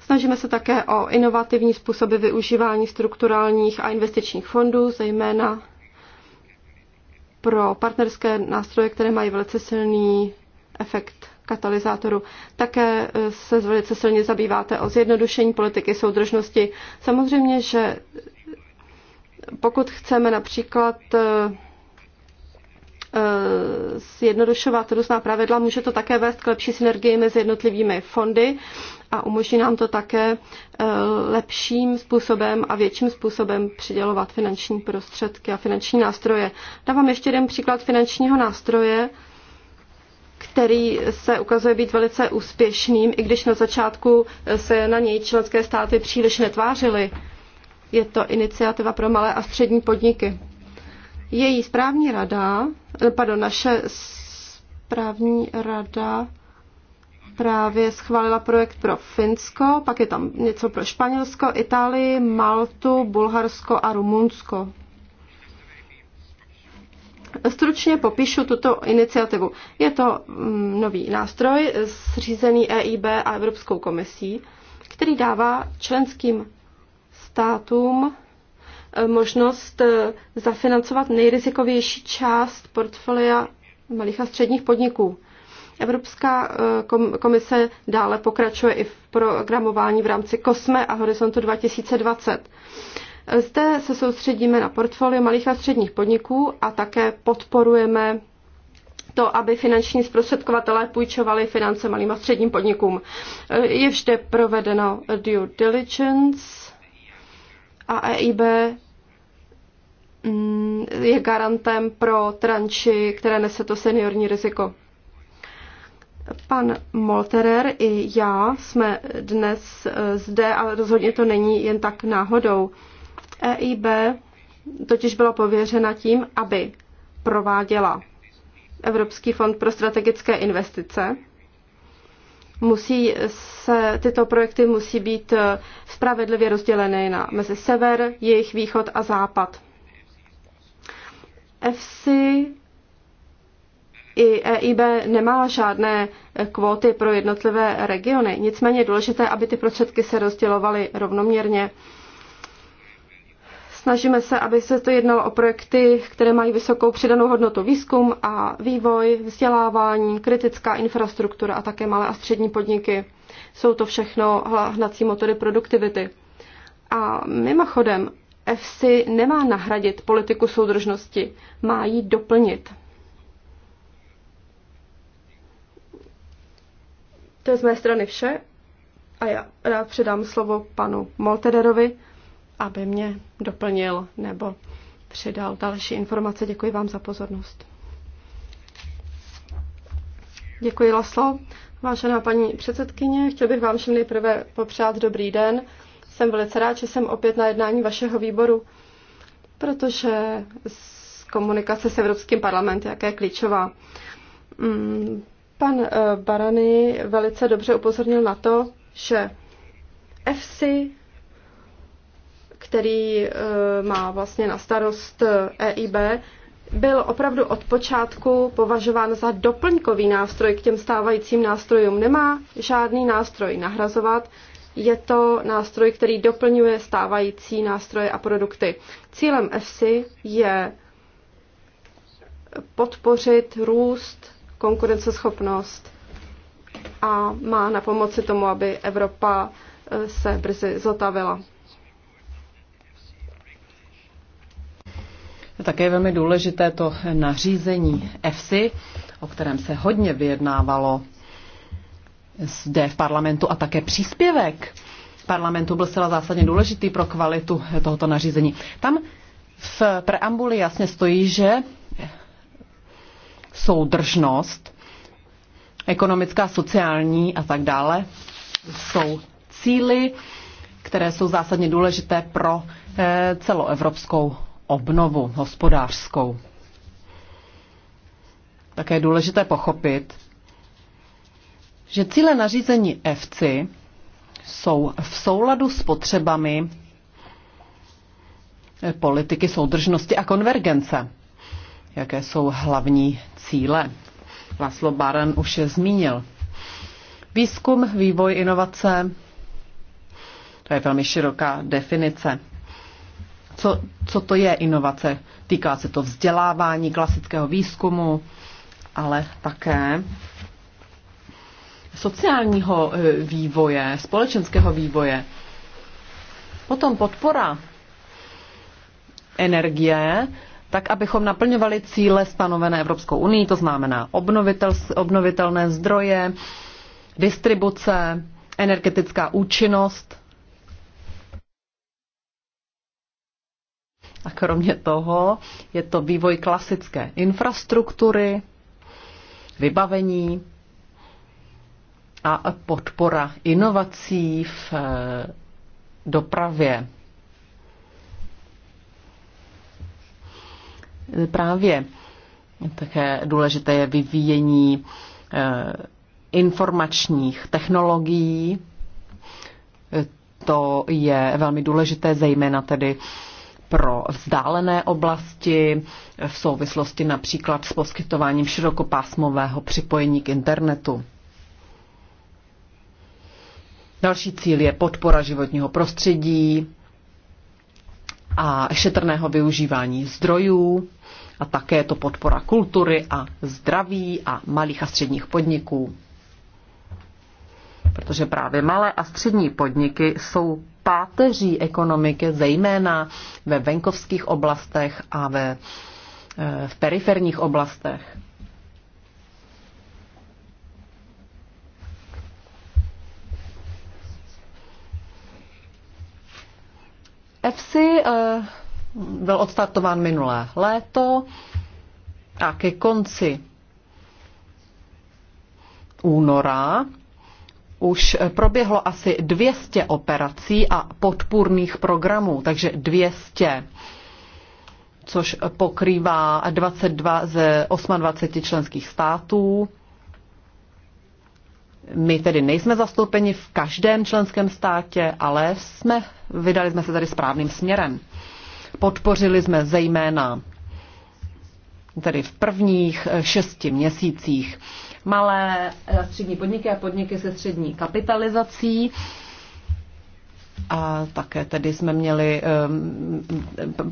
Snažíme se také o inovativní způsoby využívání strukturálních a investičních fondů, zejména pro partnerské nástroje, které mají velice silný efekt katalyzátoru. Také e, se velice silně zabýváte o zjednodušení politiky soudržnosti. Samozřejmě, že pokud chceme například e, e, zjednodušovat různá pravidla, může to také vést k lepší synergii mezi jednotlivými fondy a umožní nám to také eh, lepším způsobem a větším způsobem přidělovat finanční prostředky a finanční nástroje. Dávám ještě jeden příklad finančního nástroje, který se ukazuje být velice úspěšným, i když na začátku eh, se na něj členské státy příliš netvářily. Je to iniciativa pro malé a střední podniky. Její správní rada, eh, pardon, naše správní rada právě schválila projekt pro Finsko, pak je tam něco pro Španělsko, Itálii, Maltu, Bulharsko a Rumunsko. Stručně popíšu tuto iniciativu. Je to mm, nový nástroj zřízený EIB a Evropskou komisí, který dává členským státům eh, možnost eh, zafinancovat nejrizikovější část portfolia malých a středních podniků. Evropská eh, komise dále pokračuje i v programování v rámci COSME a Horizontu 2020. Zde se soustředíme na portfolio malých a středních podniků a také podporujeme to, aby finanční zprostředkovatelé půjčovali finance malým a středním podnikům. Eh, je vždy provedeno due diligence a EIB mm, je garantem pro tranči, které nese to seniorní riziko. Pan Molterer i já jsme dnes eh, zde ale rozhodně to není jen tak náhodou. EIB totiž byla pověřena tím, aby prováděla Evropský fond pro strategické investice. Musí se, tyto projekty musí být eh, spravedlivě rozděleny na, mezi sever, jejich východ a západ. EFSI i EIB nemá žádné kvóty pro jednotlivé regiony, nicméně je důležité, aby ty prostředky se rozdělovaly rovnoměrně. Snažíme se, aby se to jednalo o projekty, které mají vysokou přidanou hodnotu výzkum a vývoj, vzdělávání, kritická infrastruktura a také malé a střední podniky. Jsou to všechno hnací motory produktivity. A mimochodem, EFSI nemá nahradit politiku soudržnosti, má ji doplnit. To je z mé strany vše a já rád předám slovo panu Moltederovi, aby mě doplnil nebo přidal další informace. Děkuji vám za pozornost. Děkuji, Laslo. Vážená paní předsedkyně, chtěl bych vám všem nejprve popřát dobrý den. Jsem velice rád, že jsem opět na jednání vašeho výboru, protože komunikace s Evropským parlamentem jaké je klíčová. Mm, Pan eh, Barany velice dobře upozornil na to, že EFSI, který eh, má vlastně na starost EIB, eh, e byl opravdu od počátku považován za doplňkový nástroj k těm stávajícím nástrojům. Nemá žádný nástroj nahrazovat, je to nástroj, který doplňuje stávající nástroje a produkty. Cílem EFSI je podpořit růst konkurenceschopnost a má na pomoci tomu, aby Evropa eh, se brzy zotavila. Také je velmi důležité to nařízení EFSI, o kterém se hodně vyjednávalo zde v parlamentu a také příspěvek parlamentu byl zcela zásadně důležitý pro kvalitu tohoto nařízení. Tam v preambuli jasně stojí, že soudržnost, ekonomická, sociální a tak dále, jsou cíly, které jsou zásadně důležité pro eh, celoevropskou obnovu hospodářskou. Také je důležité pochopit, že cíle nařízení EFCI jsou v souladu s potřebami eh, politiky soudržnosti a konvergence jaké jsou hlavní cíle. Laslo Baran už je zmínil. Výzkum, vývoj, inovace, to je velmi široká definice. Co, co to je inovace? Týká se to vzdělávání, klasického výzkumu, ale také sociálního e, vývoje, společenského vývoje. Potom podpora energie, tak abychom naplňovali cíle stanovené Evropskou unii, to znamená obnovitel, obnovitelné zdroje, distribuce, energetická účinnost. A kromě toho je to vývoj klasické infrastruktury, vybavení a podpora inovací v eh, dopravě. právě. Také důležité je vyvíjení eh, informačních technologií. To je velmi důležité, zejména tedy pro vzdálené oblasti v souvislosti například s poskytováním širokopásmového připojení k internetu. Další cíl je podpora životního prostředí, a šetrného využívání zdrojů a také to podpora kultury a zdraví a malých a středních podniků. Protože právě malé a střední podniky jsou páteří ekonomiky, zejména ve venkovských oblastech a ve, eh, v periferních oblastech. EFSI eh, byl odstartován minulé léto a ke konci února už proběhlo asi 200 operací a podpůrných programů, takže 200 což pokrývá 22 ze 28 členských států. My tedy nejsme zastoupeni v každém členském státě, ale jsme, vydali jsme se tady správným směrem. Podpořili jsme zejména tedy v prvních eh, šesti měsících malé a eh, střední podniky a podniky se střední kapitalizací. A také tedy jsme měli ehm,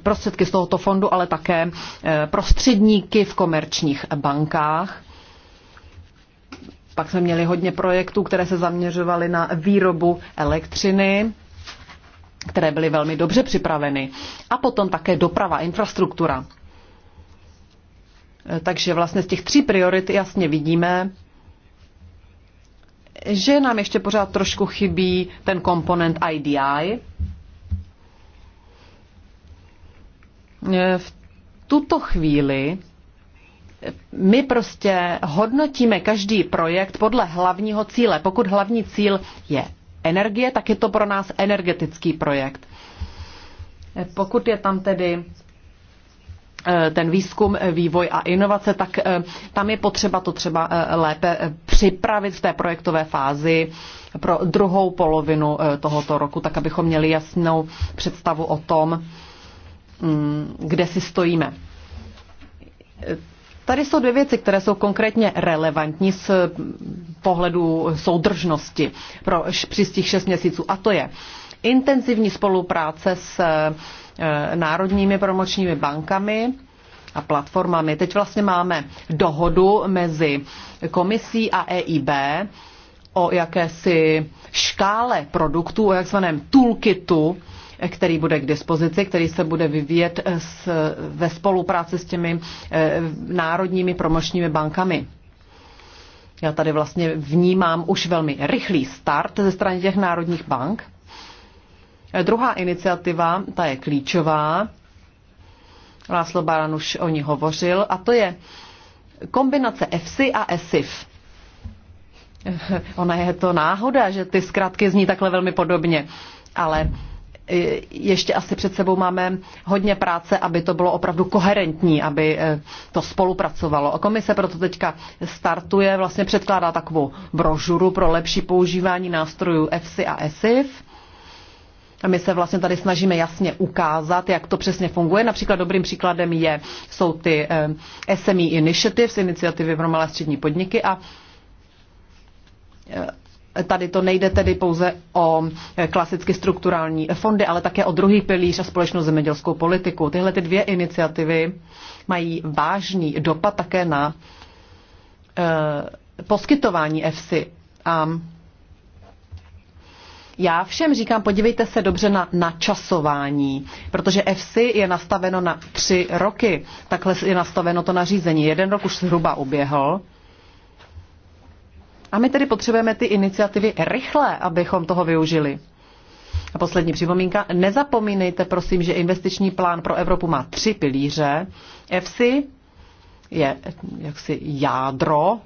prostředky z tohoto fondu, ale také eh, prostředníky v komerčních bankách. Pak jsme měli hodně projektů, které se zaměřovaly na výrobu elektřiny, které byly velmi dobře připraveny. A potom také doprava, infrastruktura. Takže vlastně z těch tří priorit jasně vidíme, že nám ještě pořád trošku chybí ten komponent IDI. V tuto chvíli my prostě hodnotíme každý projekt podle hlavního cíle. Pokud hlavní cíl je energie, tak je to pro nás energetický projekt. Pokud je tam tedy eh, ten výzkum, eh, vývoj a inovace, tak eh, tam je potřeba to třeba lépe připravit v té projektové fázi pro druhou polovinu tohoto roku, tak abychom měli jasnou představu o tom, mm, kde si stojíme Tady jsou dvě věci, které jsou konkrétně relevantní z pohledu soudržnosti pro příštích šest měsíců. A to je intenzivní spolupráce s e, národními promočními bankami a platformami. Teď vlastně máme dohodu mezi komisí a EIB o jakési škále produktů, o takzvaném toolkitu, který bude k dispozici, který se bude vyvíjet s, ve spolupráci s těmi eh, národními promočními bankami. Já tady vlastně vnímám už velmi rychlý start ze strany těch národních bank. Eh, druhá iniciativa, ta je klíčová. Láslo Baran už o ní hovořil, a to je kombinace EFSI a ESIF. Eh, ona je to náhoda, že ty zkratky zní takhle velmi podobně, ale Eh, ještě asi před sebou máme hodně práce, aby to bylo opravdu koherentní, aby eh, to spolupracovalo. A komise proto teďka startuje, vlastně předkládá takovou brožuru pro lepší používání nástrojů EFSI a ESIF. A my se vlastně tady snažíme jasně ukázat, jak to přesně funguje. Například dobrým příkladem je, jsou ty eh, SME Initiatives, iniciativy pro malé střední podniky a Tady to nejde tedy pouze o klasicky strukturální fondy, ale také o druhý pilíř a společnou zemědělskou politiku. Tyhle ty dvě iniciativy mají vážný dopad také na eh, poskytování EFSI. A já všem říkám, podívejte se dobře na načasování, protože FC je nastaveno na tři roky. Takhle je nastaveno to nařízení. Jeden rok už zhruba uběhl. A my tedy potřebujeme ty iniciativy rychle, abychom toho využili. A poslední připomínka. Nezapomínejte, prosím, že investiční plán pro Evropu má tři pilíře. EFSI je jaksi jádro.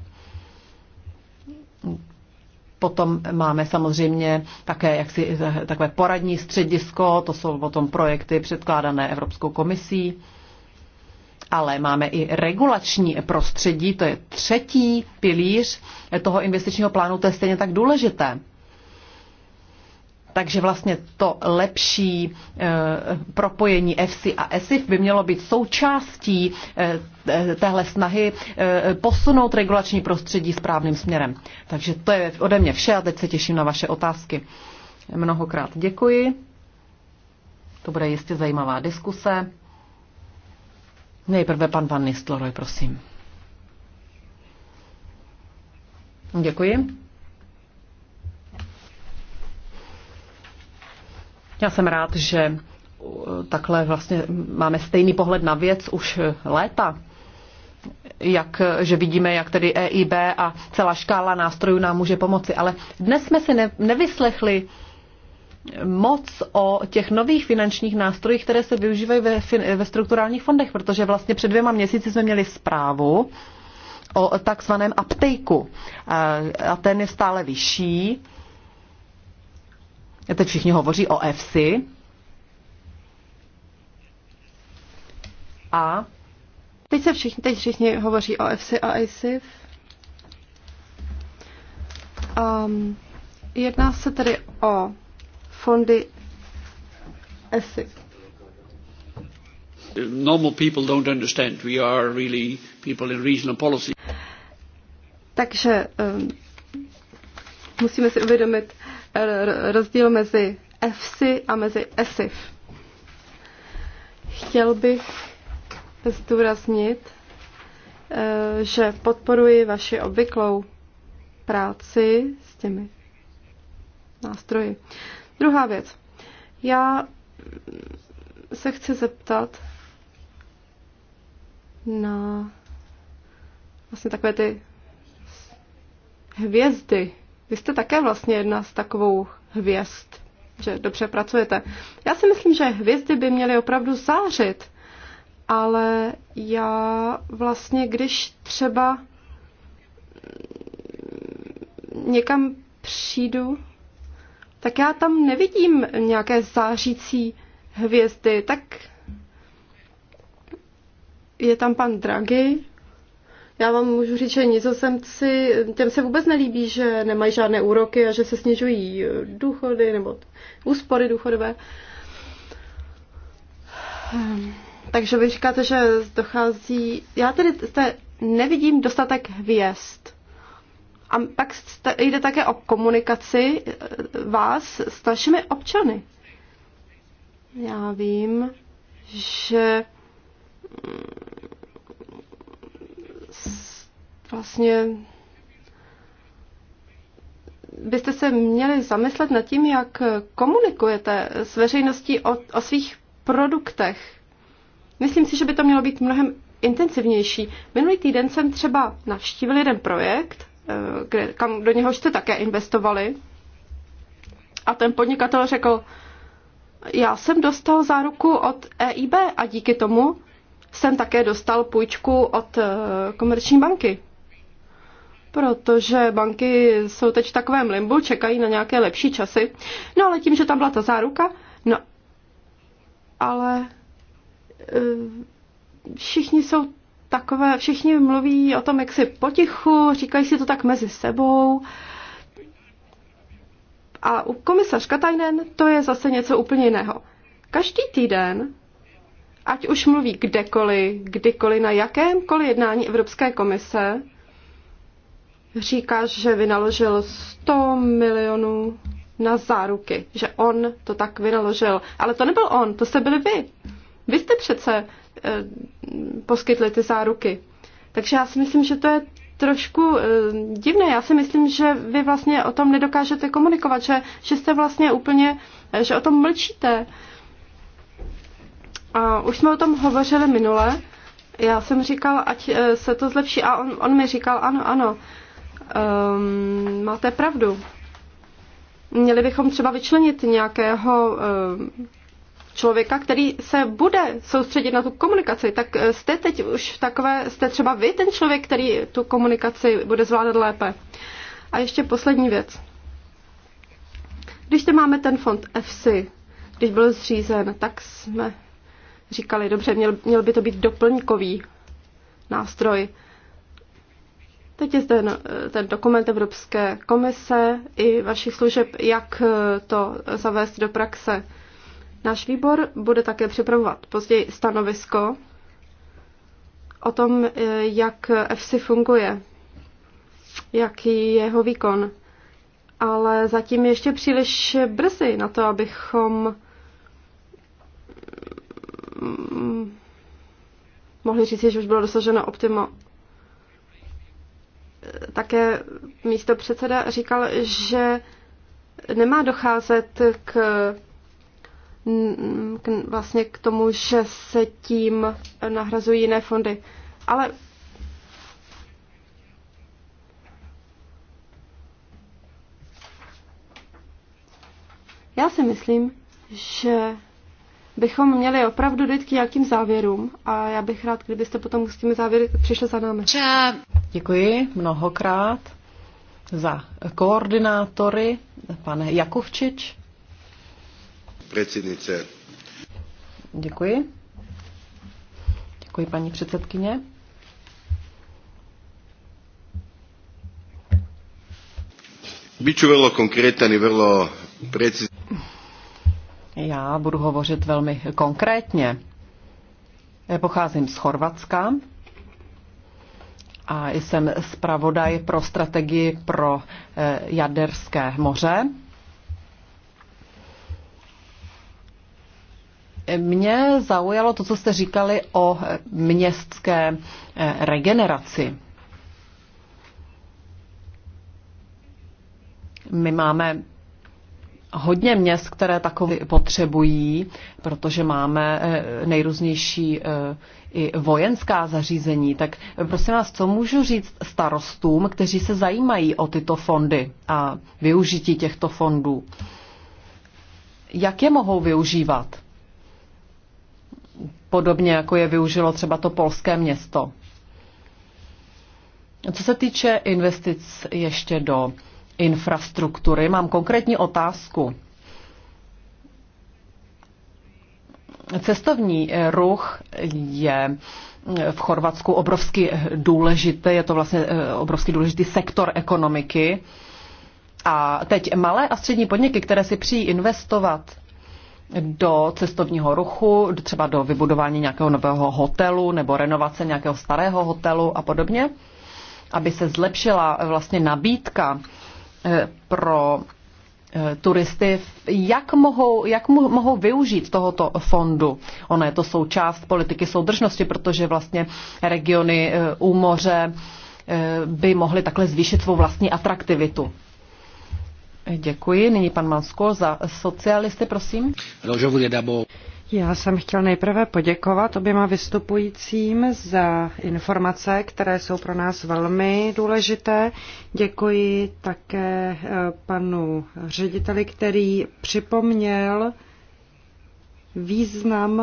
Potom máme samozřejmě také jaksi, takové poradní středisko, to jsou potom projekty předkládané Evropskou komisí ale máme i regulační prostředí, to je třetí pilíř toho investičního plánu, to je stejně tak důležité. Takže vlastně to lepší e, propojení EFSI a ESIF by mělo být součástí e, téhle snahy e, posunout regulační prostředí správným směrem. Takže to je ode mě vše a teď se těším na vaše otázky. Mnohokrát děkuji. To bude jistě zajímavá diskuse. Nejprve pan Van Nistelrooy, prosím. Děkuji. Já jsem rád, že uh, takhle vlastně máme stejný pohled na věc už léta. Jak, že vidíme, jak tedy EIB a celá škála nástrojů nám může pomoci. Ale dnes jsme si ne, nevyslechli uh, moc o těch nových finančních nástrojích, které se využívají ve, ve strukturálních fondech, protože vlastně před dvěma měsíci jsme měli zprávu o takzvaném uptakeu a ten je stále vyšší. Teď všichni hovoří o EFSI. A teď se všichni, teď všichni hovoří o EFSI a ASIF. Um, jedná se tedy o fondy ESI. Normal people don't understand. We are really people in regional policy. Takže um, musíme si uvědomit eh, rozdíl mezi EFSI a mezi ESIF. Chtěl bych zdůraznit, eh, že podporuji vaši obvyklou práci s těmi nástroji. Druhá věc. Já se chci zeptat na vlastně takové ty hvězdy. Vy jste také vlastně jedna z takovou hvězd, že dobře pracujete. Já si myslím, že hvězdy by měly opravdu zářit, ale já vlastně, když třeba někam přijdu, tak já tam nevidím nějaké zářící hvězdy. Tak je tam pan Draghi. Já vám můžu říct, že nizozemci, těm se vůbec nelíbí, že nemají žádné úroky a že se snižují důchody nebo úspory důchodové. Takže vy říkáte, že dochází... Já tedy nevidím dostatek hvězd. A pak jde také o komunikaci eh, vás s našimi občany. Já vím, že mm, vlastně byste se měli zamyslet nad tím, jak komunikujete s veřejností o, o svých produktech. Myslím si, že by to mělo být mnohem intenzivnější. Minulý týden jsem třeba navštívil jeden projekt, kde, kam, do něhož jste také investovali. A ten podnikatel řekl, já jsem dostal záruku od EIB a díky tomu jsem také dostal půjčku od eh, komerční banky. Protože banky jsou teď v takovém limbu, čekají na nějaké lepší časy. No ale tím, že tam byla ta záruka, no ale eh, všichni jsou takové, všichni mluví o tom, jak si potichu, říkají si to tak mezi sebou. A u komisař Katajnen to je zase něco úplně jiného. Každý týden, ať už mluví kdekoliv, kdykoliv, na jakémkoliv jednání Evropské komise, říká, že vynaložil 100 milionů na záruky, že on to tak vynaložil. Ale to nebyl on, to jste byli vy. Vy jste přece eh, poskytli ty záruky. Takže já si myslím, že to je trošku eh, divné. Já si myslím, že vy vlastně o tom nedokážete komunikovat, že, že jste vlastně úplně, eh, že o tom mlčíte. A už jsme o tom hovořili minule. Já jsem říkal, ať eh, se to zlepší a on, on mi říkal, ano, ano, um, máte pravdu. Měli bychom třeba vyčlenit nějakého ehm, člověka, který se bude soustředit na tu komunikaci, tak eh, jste teď už takové, jste třeba vy ten člověk, který tu komunikaci bude zvládat lépe. A ještě poslední věc. Když te máme ten fond FC, když byl zřízen, tak jsme říkali, dobře, měl, měl by to být doplňkový nástroj. Teď je zde eh, ten dokument Evropské komise i vašich služeb, jak eh, to zavést do praxe. Náš výbor bude také připravovat později stanovisko o tom, eh, jak FC funguje, jaký je jeho výkon. Ale zatím ještě příliš brzy na to, abychom mm, mohli říct, že už bylo dosaženo optima. Také místo předseda říkal, že nemá docházet k k, vlastně k tomu, že se tím nahrazují jiné fondy. Ale já si myslím, že bychom měli opravdu dojít k nějakým závěrům a já bych rád, kdybyste potom s těmi závěry přišli za námi. Děkuji mnohokrát za koordinátory, pane Jakovčič predsednice. Děkuji. Děkuji, paní předsedkyně. Biću velo konkrétně i vrlo precizní. Já budu hovořit velmi konkrétně. Já pocházím z Chorvatska a jsem zpravodaj pro strategii pro eh, Jaderské moře. Mě zaujalo to, co jste říkali o městské eh, regeneraci. My máme hodně měst, které takové potřebují, protože máme eh, nejrůznější eh, i vojenská zařízení. Tak prosím vás, co můžu říct starostům, kteří se zajímají o tyto fondy a využití těchto fondů? Jak je mohou využívat? podobně jako je využilo třeba to polské město. Co se týče investic ještě do infrastruktury, mám konkrétní otázku. Cestovní ruch je v Chorvatsku obrovsky důležitý, je to vlastně eh, obrovsky důležitý sektor ekonomiky. A teď malé a střední podniky, které si přijí investovat do cestovního ruchu, třeba do vybudování nějakého nového hotelu nebo renovace nějakého starého hotelu a podobně, aby se zlepšila vlastně nabídka eh, pro eh, turisty, jak mohou, jak mohou využít tohoto fondu. Ono je to součást politiky soudržnosti, protože vlastně regiony eh, u moře by mohly takhle zvýšit svou vlastní atraktivitu. Děkuji. Nyní pan Mansko za socialisty, prosím. No, Já jsem chtěl nejprve poděkovat oběma vystupujícím za informace, které jsou pro nás velmi důležité. Děkuji také eh, panu řediteli, který připomněl význam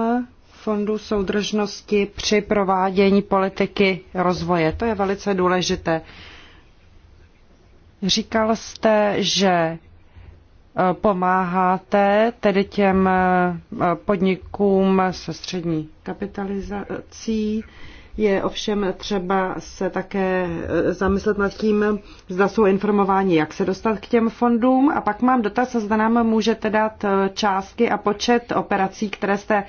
Fondu soudržnosti při provádění politiky rozvoje. To je velice důležité. Říkal jste, že e, pomáháte tedy těm e, podnikům se střední kapitalizací. Je ovšem třeba se také e, zamyslet nad tím, zda jsou informováni, jak se dostat k těm fondům. A pak mám dotaz, zda nám můžete dát částky a počet operací, které jste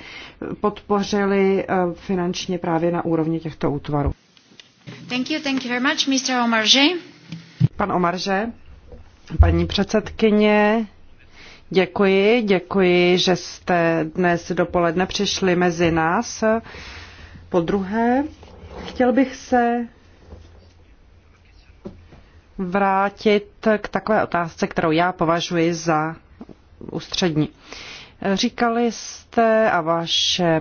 podpořili finančně právě na úrovni těchto útvarů. Thank you, thank you very much, Mr. Omarže. Pan Omarže, paní předsedkyně, děkuji, děkuji, že jste dnes dopoledne přišli mezi nás. Po druhé, chtěl bych se vrátit k takové otázce, kterou já považuji za ústřední. Říkali jste a vaše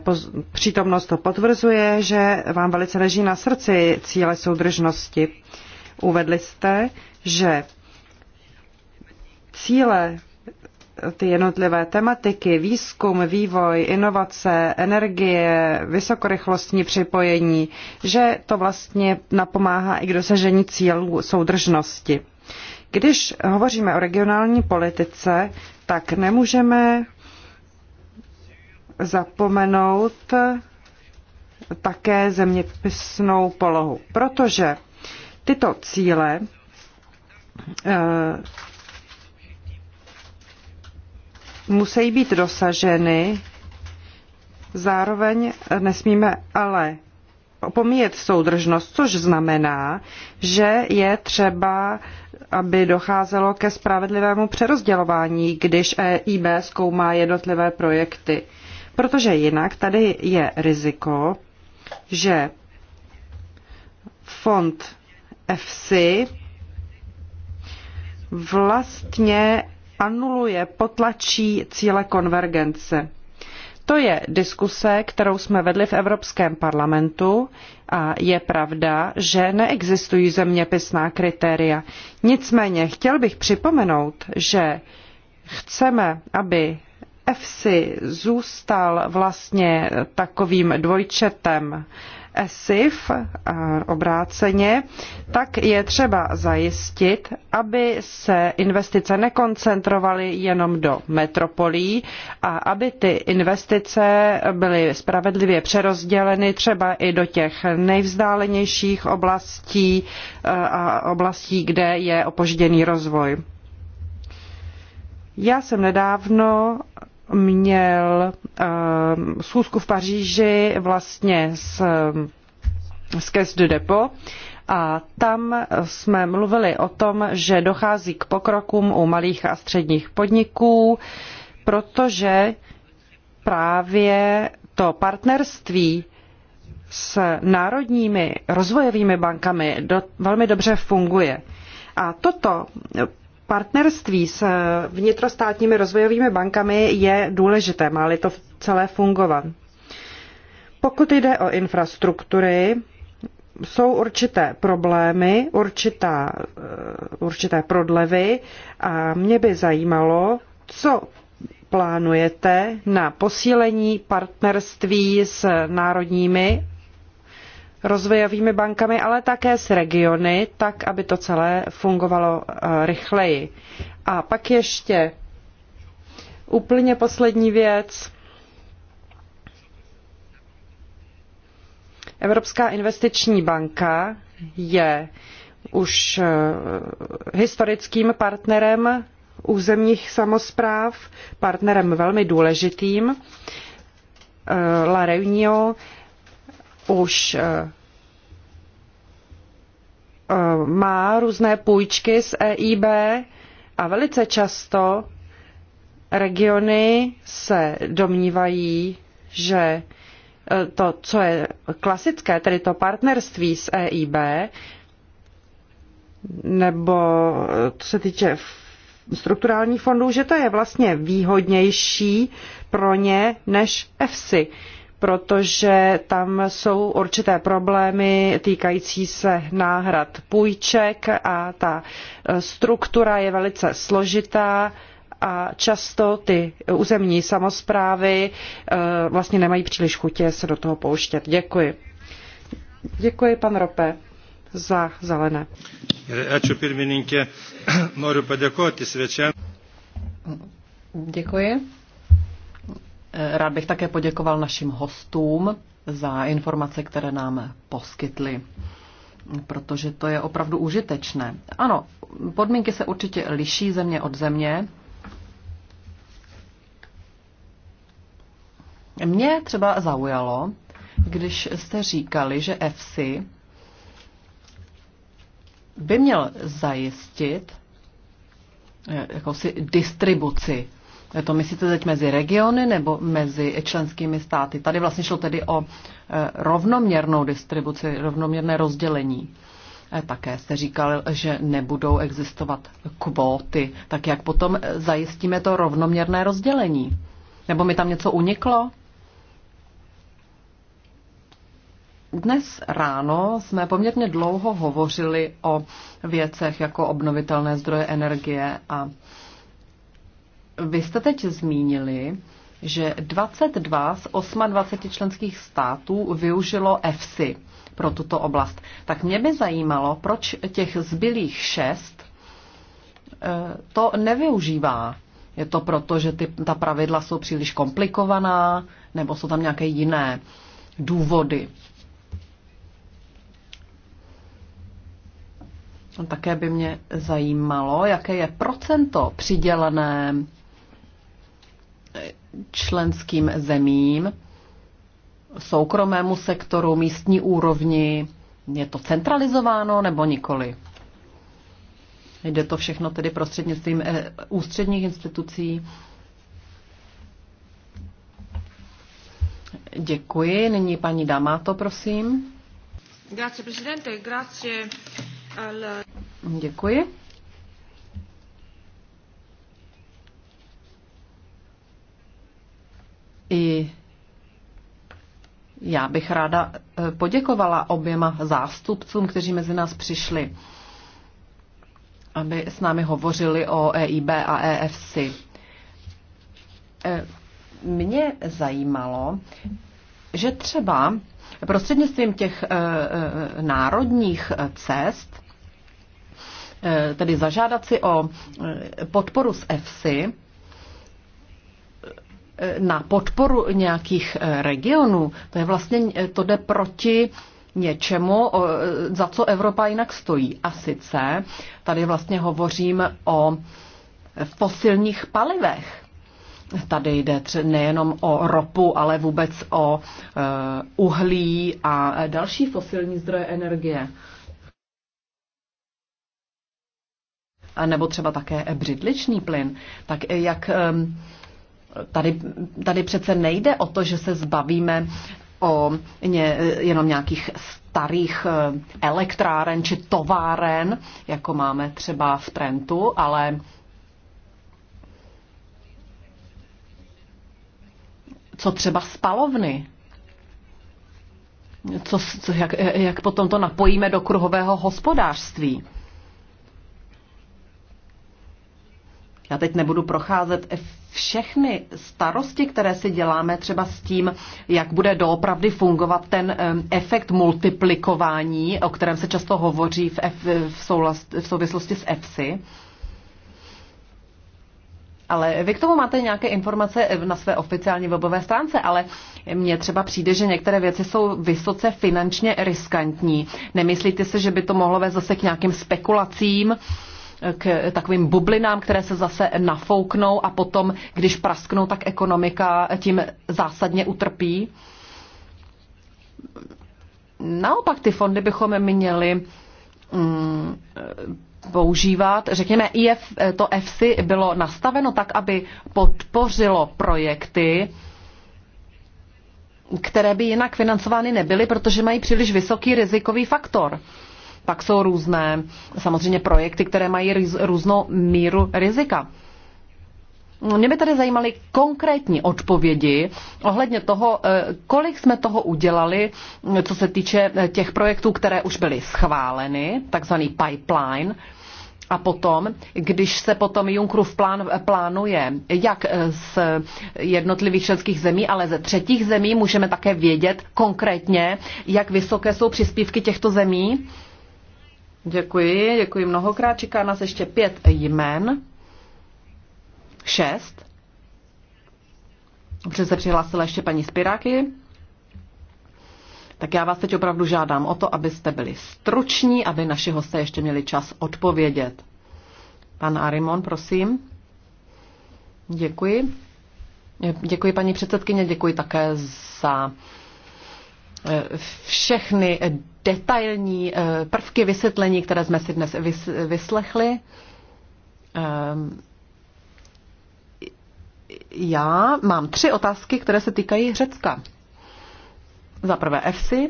přítomnost to potvrzuje, že vám velice leží na srdci cíle soudržnosti. Uh, Uvedli jste, že cíle ty jednotlivé tematiky, výzkum, vývoj, inovace, energie, vysokorychlostní připojení, že to vlastně napomáhá i k dosažení cílů soudržnosti. Když hovoříme o regionální politice, tak nemůžeme zapomenout také zeměpisnou polohu, protože Tyto cíle eh, musí být dosaženy, zároveň nesmíme ale opomíjet soudržnost, což znamená, že je třeba, aby docházelo ke spravedlivému přerozdělování, když EIB zkoumá jednotlivé projekty. Protože jinak tady je riziko, že fond EFSI vlastně anuluje, potlačí cíle konvergence. To je diskuse, kterou jsme vedli v Evropském parlamentu a je pravda, že neexistují zeměpisná kritéria. Nicméně chtěl bych připomenout, že chceme, aby EFSI zůstal vlastně takovým dvojčetem ESIF eh, obráceně, tak je třeba zajistit, aby se investice nekoncentrovaly jenom do metropolí a aby ty investice byly spravedlivě přerozděleny třeba i do těch nejvzdálenějších oblastí eh, a oblastí, kde je opožděný rozvoj. Já jsem nedávno měl uh, schůzku v Paříži vlastně s, s Caisse de Depot a tam jsme mluvili o tom, že dochází k pokrokům u malých a středních podniků, protože právě to partnerství s národními rozvojovými bankami do, velmi dobře funguje. A toto partnerství s vnitrostátními rozvojovými bankami je důležité, má-li to celé fungovat. Pokud jde o infrastruktury, jsou určité problémy, určitá, eh, určité prodlevy a mě by zajímalo, co plánujete na posílení partnerství s národními rozvojovými bankami, ale také s regiony, tak, aby to celé fungovalo eh, rychleji. A pak ještě úplně poslední věc. Evropská investiční banka je už eh, historickým partnerem územních samospráv, partnerem velmi důležitým. Eh, La Réunion už eh, eh, má různé půjčky z EIB a velice často regiony se domnívají, že eh, to, co je klasické, tedy to partnerství s EIB, nebo co se týče strukturálních fondů, že to je vlastně výhodnější pro ně než EFSI protože tam jsou určité problémy týkající se náhrad půjček a ta e, struktura je velice složitá a často ty územní samosprávy e, vlastně nemají příliš chutě se do toho pouštět. Děkuji. Děkuji, pan Rope, za zelené. Ačiū pirmininkė. Noriu padėkoti svečiam. Děkuji. Rád bych také poděkoval našim hostům za informace, které nám poskytli, protože to je opravdu užitečné. Ano, podmínky se určitě liší země od země. Mě třeba zaujalo, když jste říkali, že FC by měl zajistit eh, jakousi distribuci to myslíte teď mezi regiony nebo mezi členskými státy? Tady vlastně šlo tedy o eh, rovnoměrnou distribuci, rovnoměrné rozdělení. Eh, také jste říkal, že nebudou existovat kvóty. Tak jak potom eh, zajistíme to rovnoměrné rozdělení? Nebo mi tam něco uniklo? Dnes ráno jsme poměrně dlouho hovořili o věcech jako obnovitelné zdroje energie a vy jste teď zmínili, že 22 z 28 členských států využilo EFSI pro tuto oblast. Tak mě by zajímalo, proč těch zbylých šest eh, to nevyužívá. Je to proto, že ty, ta pravidla jsou příliš komplikovaná, nebo jsou tam nějaké jiné důvody? Také by mě zajímalo, jaké je procento přidělené členským zemím, soukromému sektoru, místní úrovni? Je to centralizováno nebo nikoli? Jde to všechno tedy prostřednictvím eh, ústředních institucí. Děkuji. Nyní paní Damato, prosím. Grazie, presidente, grazie al... Děkuji. I já bych ráda eh, poděkovala oběma zástupcům, kteří mezi nás přišli, aby s námi hovořili o EIB a EFC. Eh, mě zajímalo, že třeba prostřednictvím těch eh, národních cest, tedy zažádat si o podporu z EFSI, na podporu nějakých eh, regionů, to je vlastně, eh, to jde proti něčemu, za co Evropa jinak stojí. A sice tady vlastně hovořím o fosilních palivech. Tady jde nejenom o ropu, ale vůbec o eh, uhlí a další fosilní zdroje energie. A nebo třeba také břidličný plyn, tak jak tady, tady přece nejde o to, že se zbavíme o ně, jenom nějakých starých eh, elektráren či továren, jako máme třeba v Trentu, ale co třeba spalovny? Co, co, jak, jak potom to napojíme do kruhového hospodářství? Já teď nebudu procházet všechny starosti, které si děláme třeba s tím, jak bude doopravdy fungovat ten efekt multiplikování, o kterém se často hovoří v, F, v, soulast, v souvislosti s EFSI. Ale vy k tomu máte nějaké informace na své oficiální webové stránce, ale mně třeba přijde, že některé věci jsou vysoce finančně riskantní. Nemyslíte si, že by to mohlo vést zase k nějakým spekulacím? Uh, k takovým bublinám, které se zase nafouknou a potom, když prasknou, tak ekonomika tím zásadně utrpí. Naopak ty fondy bychom měli mm, používat. Řekněme, IF, to EFSI bylo nastaveno tak, aby podpořilo projekty, které by jinak financovány nebyly, protože mají příliš vysoký rizikový faktor. Pak jsou různé samozřejmě projekty, které mají různou míru rizika. Mě by tady zajímaly konkrétní odpovědi ohledně toho, eh, kolik jsme toho udělali, co se týče eh, těch projektů, které už byly schváleny, takzvaný pipeline, a potom, když se potom Junckerův plán eh, plánuje, jak z jednotlivých členských zemí, ale ze třetích zemí, můžeme také vědět konkrétně, jak vysoké jsou příspěvky těchto zemí Děkuji, děkuji mnohokrát. Čeká nás ještě pět jmen. Šest. Dobře se přihlásila ještě paní Spiráky. Tak já vás teď opravdu žádám o to, abyste byli struční, aby naši hosté ještě měli čas odpovědět. Pan Arimon, prosím. Děkuji. Děkuji paní předsedkyně, děkuji také za Eh, všechny detailní eh, prvky vysvětlení, které jsme si dnes vyslechli. Ehm, já mám tři otázky, které se týkají Řecka. Za prvé EFSI.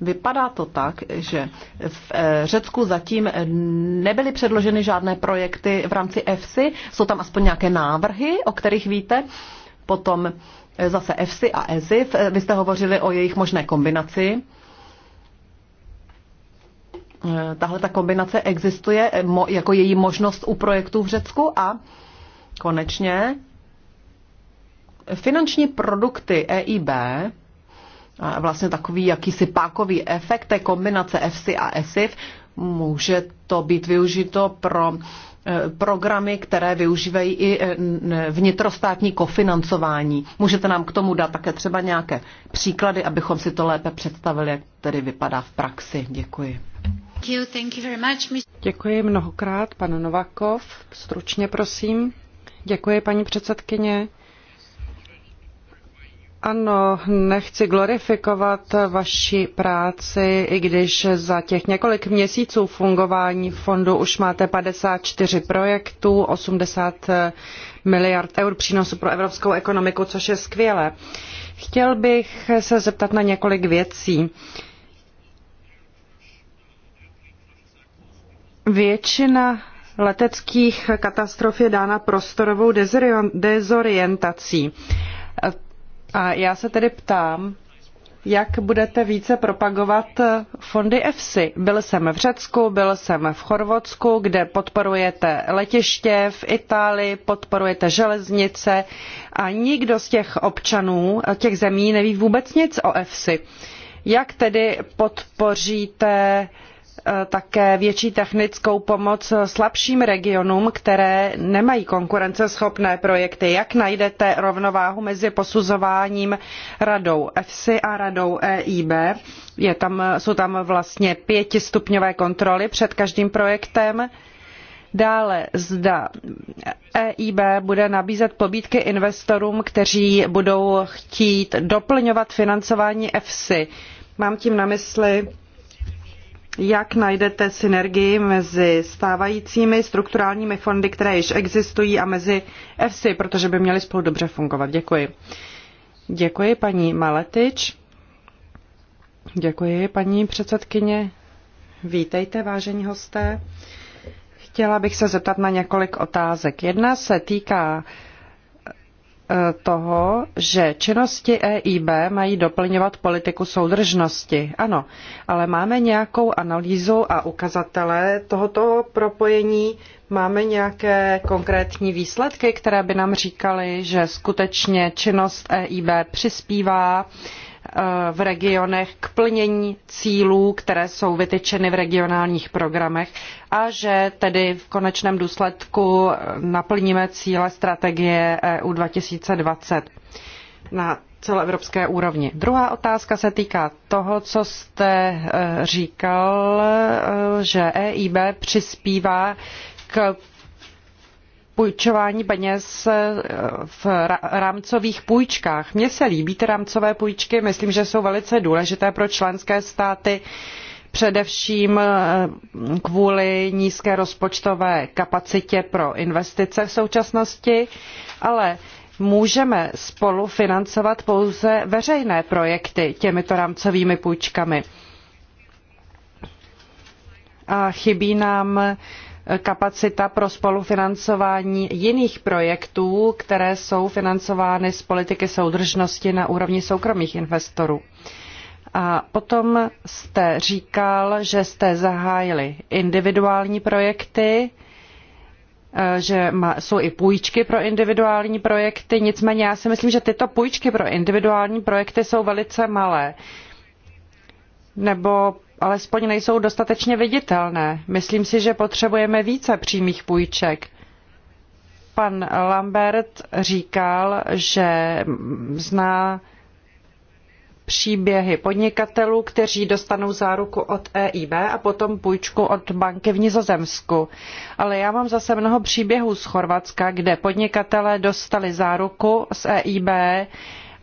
Vypadá to tak, že v eh, Řecku zatím nebyly předloženy žádné projekty v rámci EFSI. Jsou tam aspoň nějaké návrhy, o kterých víte. Potom Eh, zase EFSI a ESIF. Eh, vy jste hovořili o jejich možné kombinaci. Eh, tahle ta kombinace existuje jako její možnost u projektů v Řecku a konečně finanční produkty EIB, vlastně takový jakýsi pákový efekt té kombinace EFSI a ESIF, Může to být využito pro eh, programy, které využívají i eh, vnitrostátní kofinancování. Můžete nám k tomu dát také třeba nějaké příklady, abychom si to lépe představili, jak tedy vypadá v praxi. Děkuji. Děkuji mnohokrát, pan Novakov. Stručně prosím. Děkuji, paní předsedkyně. Ano, nechci glorifikovat vaši práci, i když za těch několik měsíců fungování fondu už máte 54 projektů, 80 eh, miliard eur přínosu pro evropskou ekonomiku, což je skvělé. Chtěl bych se zeptat na několik věcí. Většina leteckých katastrof je dána prostorovou dezorientací. A já se tedy ptám, jak budete více propagovat fondy EFSI. Byl jsem v Řecku, byl jsem v Chorvatsku, kde podporujete letiště, v Itálii podporujete železnice a nikdo z těch občanů těch zemí neví vůbec nic o EFSI. Jak tedy podpoříte uh, Eh, také větší technickou pomoc slabším regionům, které nemají konkurenceschopné projekty. Jak najdete rovnováhu mezi posuzováním radou EFSI a radou EIB? Je tam, jsou tam vlastně pětistupňové kontroly před každým projektem. Dále zda EIB bude nabízet pobídky investorům, kteří budou chtít doplňovat financování EFSI. Mám tím na mysli jak najdete synergii mezi stávajícími strukturálními fondy, které již existují, a mezi EFSI, protože by měly spolu dobře fungovat. Děkuji. Děkuji paní Maletič. Děkuji paní předsedkyně. Vítejte, vážení hosté. Chtěla bych se zeptat na několik otázek. Jedna se týká uh, Eh, toho, že činnosti EIB mají doplňovat politiku soudržnosti. Ano, ale máme nějakou analýzu a ukazatele tohoto propojení? Máme nějaké konkrétní výsledky, které by nám říkaly, že skutečně činnost EIB přispívá v regionech k plnění cílů, které jsou vytyčeny v regionálních programech a že tedy v konečném důsledku naplníme cíle strategie EU 2020 na celoevropské úrovni. Druhá otázka se týká toho, co jste eh, říkal, eh, že EIB přispívá k půjčování peněz eh, v rámcových půjčkách. Mně se líbí ty rámcové půjčky, myslím, že jsou velice důležité pro členské státy, především eh, kvůli nízké rozpočtové kapacitě pro investice v současnosti, ale můžeme spolu financovat pouze veřejné projekty těmito rámcovými půjčkami. A chybí nám kapacita pro spolufinancování jiných projektů, které jsou financovány z politiky soudržnosti na úrovni soukromých investorů. A potom jste říkal, že jste zahájili individuální projekty, eh, že jsou i půjčky pro individuální projekty, nicméně já si myslím, že tyto půjčky pro individuální projekty jsou velice malé. Nebo alespoň nejsou dostatečně viditelné. Myslím si, že potřebujeme více přímých půjček. Pan Lambert říkal, že zná příběhy podnikatelů, kteří dostanou záruku od EIB a potom půjčku od banky v Nizozemsku. Ale já mám zase mnoho příběhů z Chorvatska, kde podnikatelé dostali záruku z EIB,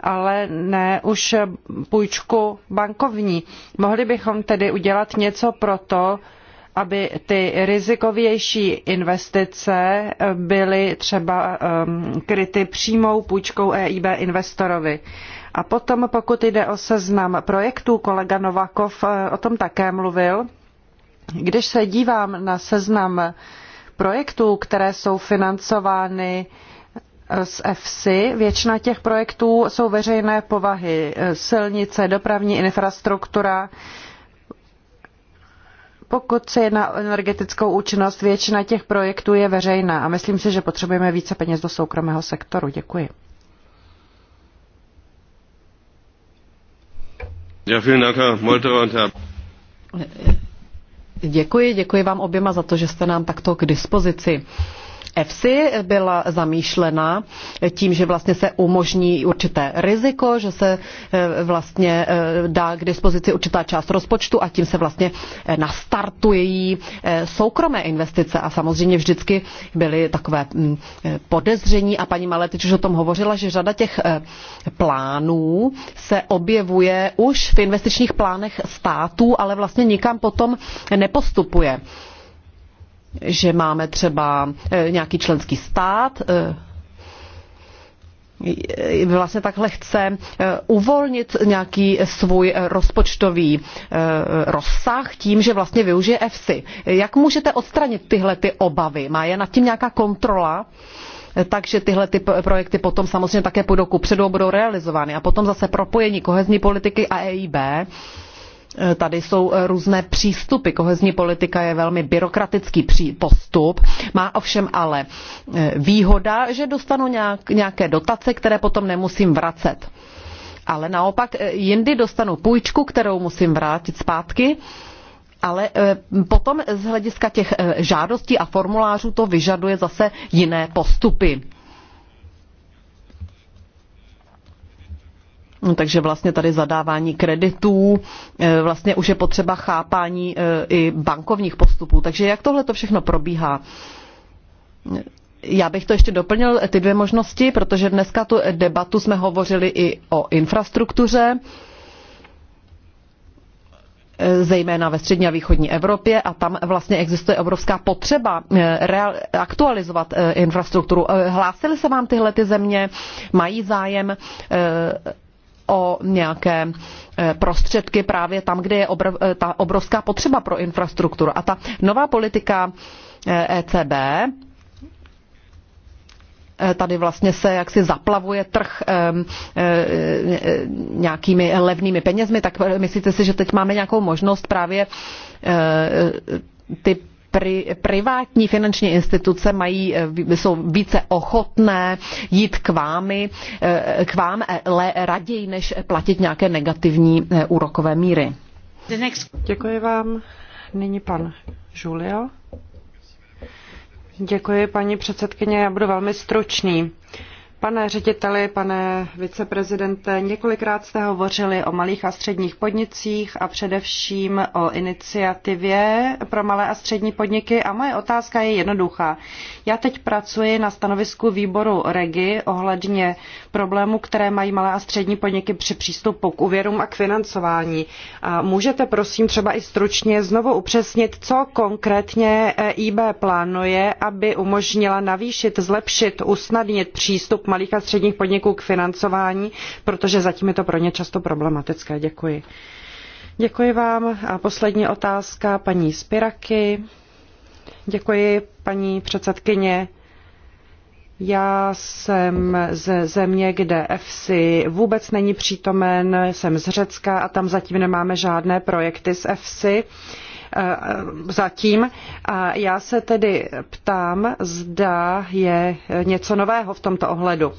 ale ne už půjčku bankovní. Mohli bychom tedy udělat něco pro to, aby ty rizikovější investice byly třeba um, kryty přímou půjčkou EIB investorovi. A potom, pokud jde o seznam projektů, kolega Novakov eh, o tom také mluvil, když se dívám na seznam projektů, které jsou financovány z EFSI. Většina těch projektů jsou veřejné povahy, silnice, dopravní infrastruktura. Pokud se jedná o energetickou účinnost, většina těch projektů je veřejná a myslím si, že potřebujeme více peněz do soukromého sektoru. Děkuji. Děkuji, děkuji vám oběma za to, že jste nám takto k dispozici. EFSI byla zamýšlena tím, že vlastně se umožní určité riziko, že se eh, vlastně eh, dá k dispozici určitá část rozpočtu a tím se vlastně eh, nastartují soukromé investice a samozřejmě vždycky byly takové mm, podezření a paní Maletič už o tom hovořila, že řada těch plánů se objevuje už v investičních plánech států, ale vlastně nikam potom nepostupuje že máme třeba eh, nějaký členský stát, eh, vlastně takhle chce eh, uvolnit nějaký svůj rozpočtový rozsah tím, že vlastně využije EFSI. Jak můžete odstranit tyhle ty obavy? Má je nad tím nějaká kontrola? takže tyhle ty projekty potom samozřejmě také půjdou kupředu a budou realizovány. A potom zase propojení kohezní politiky a EIB Tady jsou eh, různé přístupy. Kohezní politika je velmi byrokratický postup. Má ovšem ale eh, výhoda, že dostanu nějak, nějaké dotace, které potom nemusím vracet. Ale naopak eh, jindy dostanu půjčku, kterou musím vrátit zpátky. Ale potom z hlediska těch žádostí a formulářů to vyžaduje zase jiné postupy. No, takže vlastně tady zadávání kreditů, eh, vlastně už je potřeba chápání eh, i bankovních postupů. Takže jak tohle to všechno probíhá? Já bych to ještě doplnil, eh, ty dvě možnosti, protože dneska tu debatu jsme hovořili i o infrastruktuře, zejména ve střední a východní Evropě a tam vlastně existuje obrovská potřeba real, aktualizovat infrastrukturu. Hlásily se vám tyhle ty země, mají zájem o nějaké e, prostředky právě tam, kde je obrov, e, ta obrovská potřeba pro infrastrukturu. A ta nová politika ECB e tady vlastně se jaksi zaplavuje trh nějakými levnými penězmi, tak myslíte si, že teď máme nějakou možnost právě ty privátní finanční instituce mají, eh, jsou více ochotné jít k, vámi, eh, k vám eh, le, raději, než platit nějaké negativní úrokové míry. Děkuji vám. Nyní pan Julio. Děkuji, paní předsedkyně. Já budu velmi stručný. Uh, Pane řediteli, pane viceprezidente, několikrát jste hovořili o malých a středních podnicích a především o iniciativě pro malé a střední podniky a moje otázka je jednoduchá. Já teď pracuji na stanovisku výboru REGI ohledně problémů, které mají malé a střední podniky při přístupu k úvěrům a k financování. A můžete prosím třeba i stručně znovu upřesnit, co konkrétně e IB plánuje, aby umožnila navýšit, zlepšit, usnadnit přístup malých a středních podniků k financování, protože zatím je to pro ně často problematické. Děkuji. Děkuji vám. A poslední otázka paní Spiraky. Děkuji, paní předsedkyně. Já jsem ze země, kde EFSI vůbec není přítomen, jsem z Řecka a tam zatím nemáme žádné projekty z EFSI. Uh, Eh, zatím. A já se tedy ptám, zda je něco nového v tomto ohledu.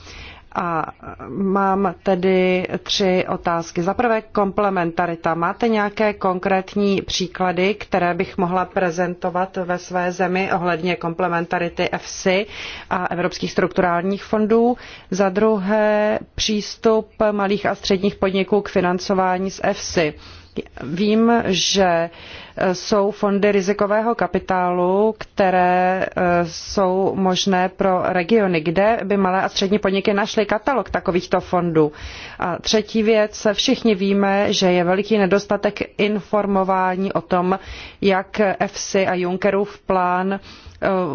A mám tedy tři otázky. Za prvé komplementarita. Máte nějaké konkrétní příklady, které bych mohla prezentovat ve své zemi ohledně komplementarity EFSI a evropských strukturálních fondů? Za druhé přístup malých a středních podniků k financování z EFSI. Vím, že jsou fondy rizikového kapitálu, které eh, jsou možné pro regiony, kde by malé a střední podniky našly katalog takovýchto fondů. A třetí věc, všichni víme, že je veliký nedostatek informování o tom, jak EFSI a Junckerův plán eh,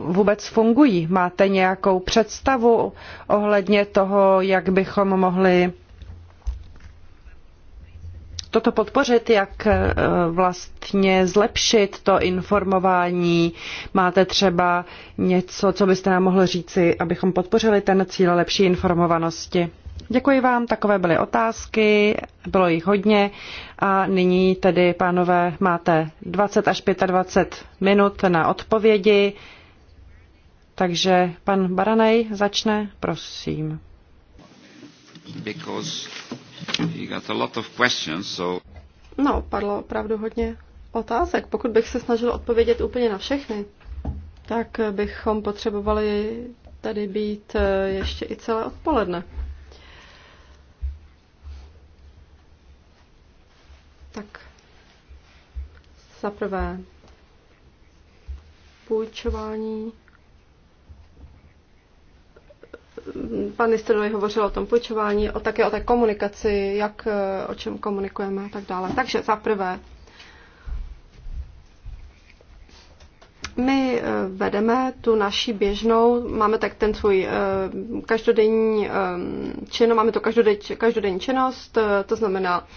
vůbec fungují. Máte nějakou představu ohledně toho, jak bychom mohli toto podpořit, jak eh, vlastně zlepšit to informování? Máte třeba něco, co byste nám mohli říci, abychom podpořili ten cíl lepší informovanosti? Děkuji vám, takové byly otázky, bylo jich hodně a nyní tedy, pánové, máte 20 až 25 minut na odpovědi, takže pan Baranej začne, prosím. Because He got a lot of questions, so... No, padlo opravdu hodně otázek. Pokud bych se snažil odpovědět úplně na všechny, tak bychom potřebovali tady být eh, ještě i celé odpoledne. Tak za prvé půjčování pan ministr hovořil o tom půjčování, o také o té komunikaci, jak, eh, o čem komunikujeme a tak dále. Takže za prvé, my eh, vedeme tu naši běžnou, máme tak ten svůj eh, každodenní činnost, máme tu každodenní, každodenní činnost, to znamená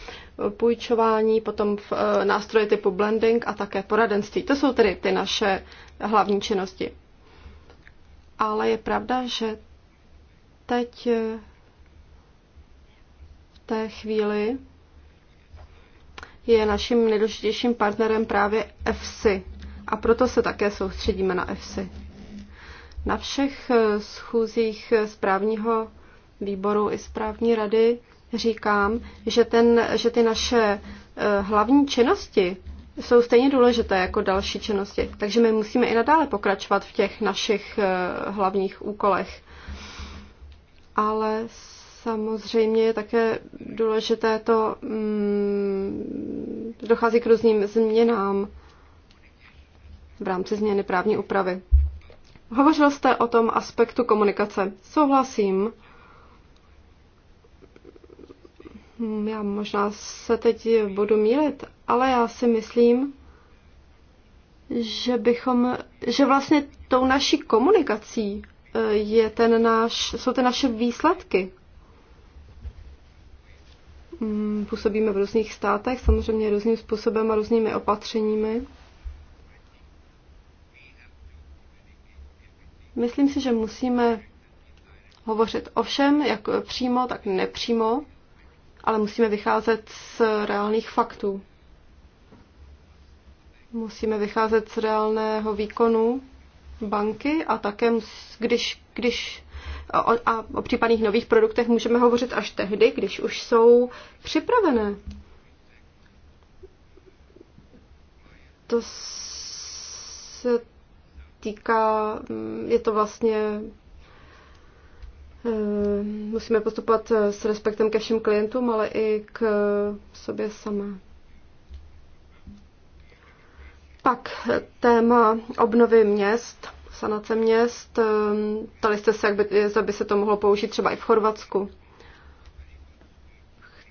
půjčování, potom v nástroje typu blending a také poradenství. To jsou tedy ty naše hlavní činnosti. Ale je pravda, že Teď eh, v té chvíli je naším nejdůležitějším partnerem právě FC a proto se také soustředíme na FC. Na všech eh, schůzích správního eh, výboru i správní rady říkám, že, ten, že ty naše hlavní činnosti jsou stejně důležité jako další činnosti. Takže my musíme i nadále pokračovat v těch našich hlavních úkolech ale samozřejmě je také důležité to, mm, dochází k různým změnám v rámci změny právní úpravy. Hovořil jste o tom aspektu komunikace. Souhlasím. Hmm, já možná se teď budu mílit, ale já si myslím, že bychom, že vlastně tou naší komunikací je ten náš, jsou ty naše výsledky. Mm, působíme v různých státech, samozřejmě různým způsobem a různými opatřeními. Myslím si, že musíme hovořit o všem, jak přímo, tak nepřímo, ale musíme vycházet z reálných faktů. Musíme vycházet z reálného výkonu banky a také, když, když o, a o případných nových produktech můžeme hovořit až tehdy, když už jsou připravené. To se týká, mm, je to vlastně, eh, musíme postupovat s respektem ke všem klientům, ale i k sobě samé. Pak téma obnovy měst, sanace měst. Ehm, ptali jste se, jak by, jestli by se to mohlo použít třeba i v Chorvatsku.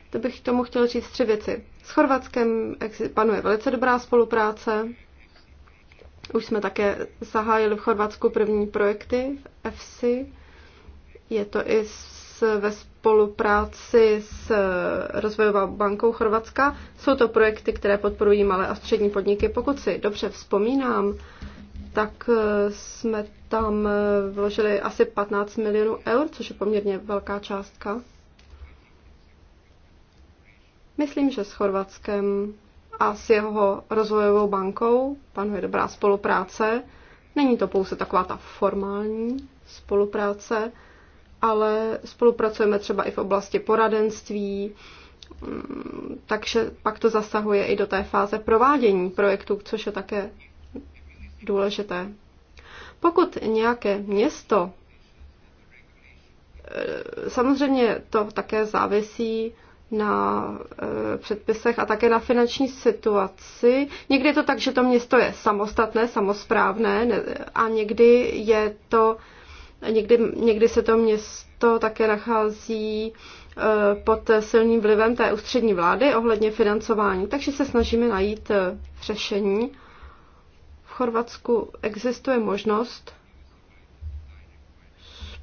To bych tomu chtěl říct tři věci. S Chorvatskem panuje velice dobrá spolupráce. Už jsme také zahájili v Chorvatsku první projekty v EFSI. Je to i s, ve, spolupráci s eh, Rozvojovou bankou Chorvatska. Jsou to projekty, které podporují malé a střední podniky. Pokud si dobře vzpomínám, tak eh, jsme tam eh, vložili asi 15 milionů eur, což je poměrně velká částka. Myslím, že s Chorvatskem a s jeho rozvojovou bankou panuje dobrá spolupráce. Není to pouze taková ta formální spolupráce, ale spolupracujeme třeba i v oblasti poradenství, mm, takže pak to zasahuje i do té fáze provádění projektu, což je také důležité. Pokud nějaké město, eh, samozřejmě to také závisí na eh, předpisech a také na finanční situaci. Někdy je to tak, že to město je samostatné, samozprávné a někdy je to Někdy, někdy se to město také nachází eh, pod silným vlivem té ústřední vlády ohledně financování, takže se snažíme najít eh, řešení. V Chorvatsku existuje možnost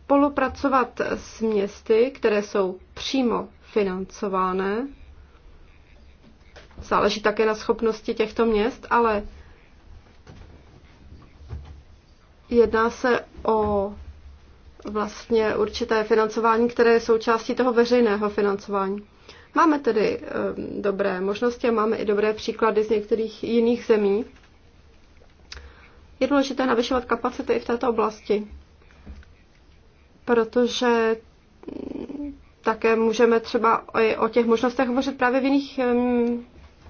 spolupracovat s městy, které jsou přímo financované. Záleží také na schopnosti těchto měst, ale jedná se o vlastně určité financování, které je součástí toho veřejného financování. Máme tedy eh, dobré možnosti a máme i dobré příklady z některých jiných zemí. Je důležité navyšovat kapacity i v této oblasti, protože mm, také můžeme třeba o těch možnostech hovořit právě v jiných mm,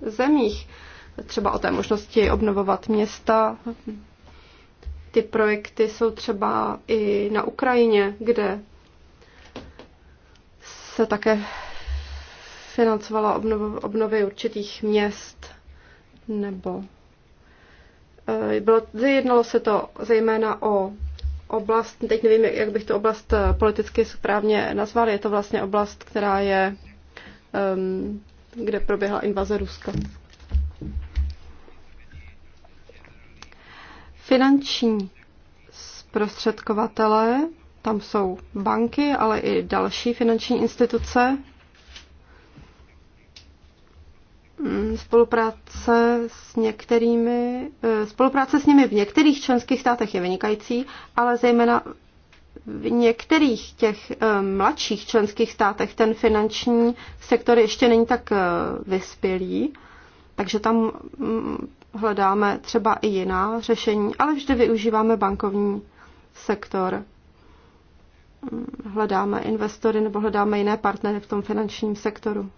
zemích. Třeba o té možnosti obnovovat města, ty projekty jsou třeba i na Ukrajině, kde se také financovala obnov, obnovy určitých měst nebo eh, bylo, jednalo se to zejména o oblast, teď nevím, jak bych tu oblast eh, politicky správně nazval, je to vlastně oblast, která je, ehm, kde proběhla invaze Ruska. Finanční zprostředkovatele, tam jsou banky, ale i další finanční instituce. Mm, spolupráce s některými, eh, spolupráce s nimi v některých členských státech je vynikající, ale zejména v některých těch eh, mladších členských státech ten finanční sektor ještě není tak eh, vyspělý, takže tam mm, hledáme třeba i jiná řešení, ale vždy využíváme bankovní sektor. Hledáme investory nebo hledáme jiné partnery v tom finančním sektoru.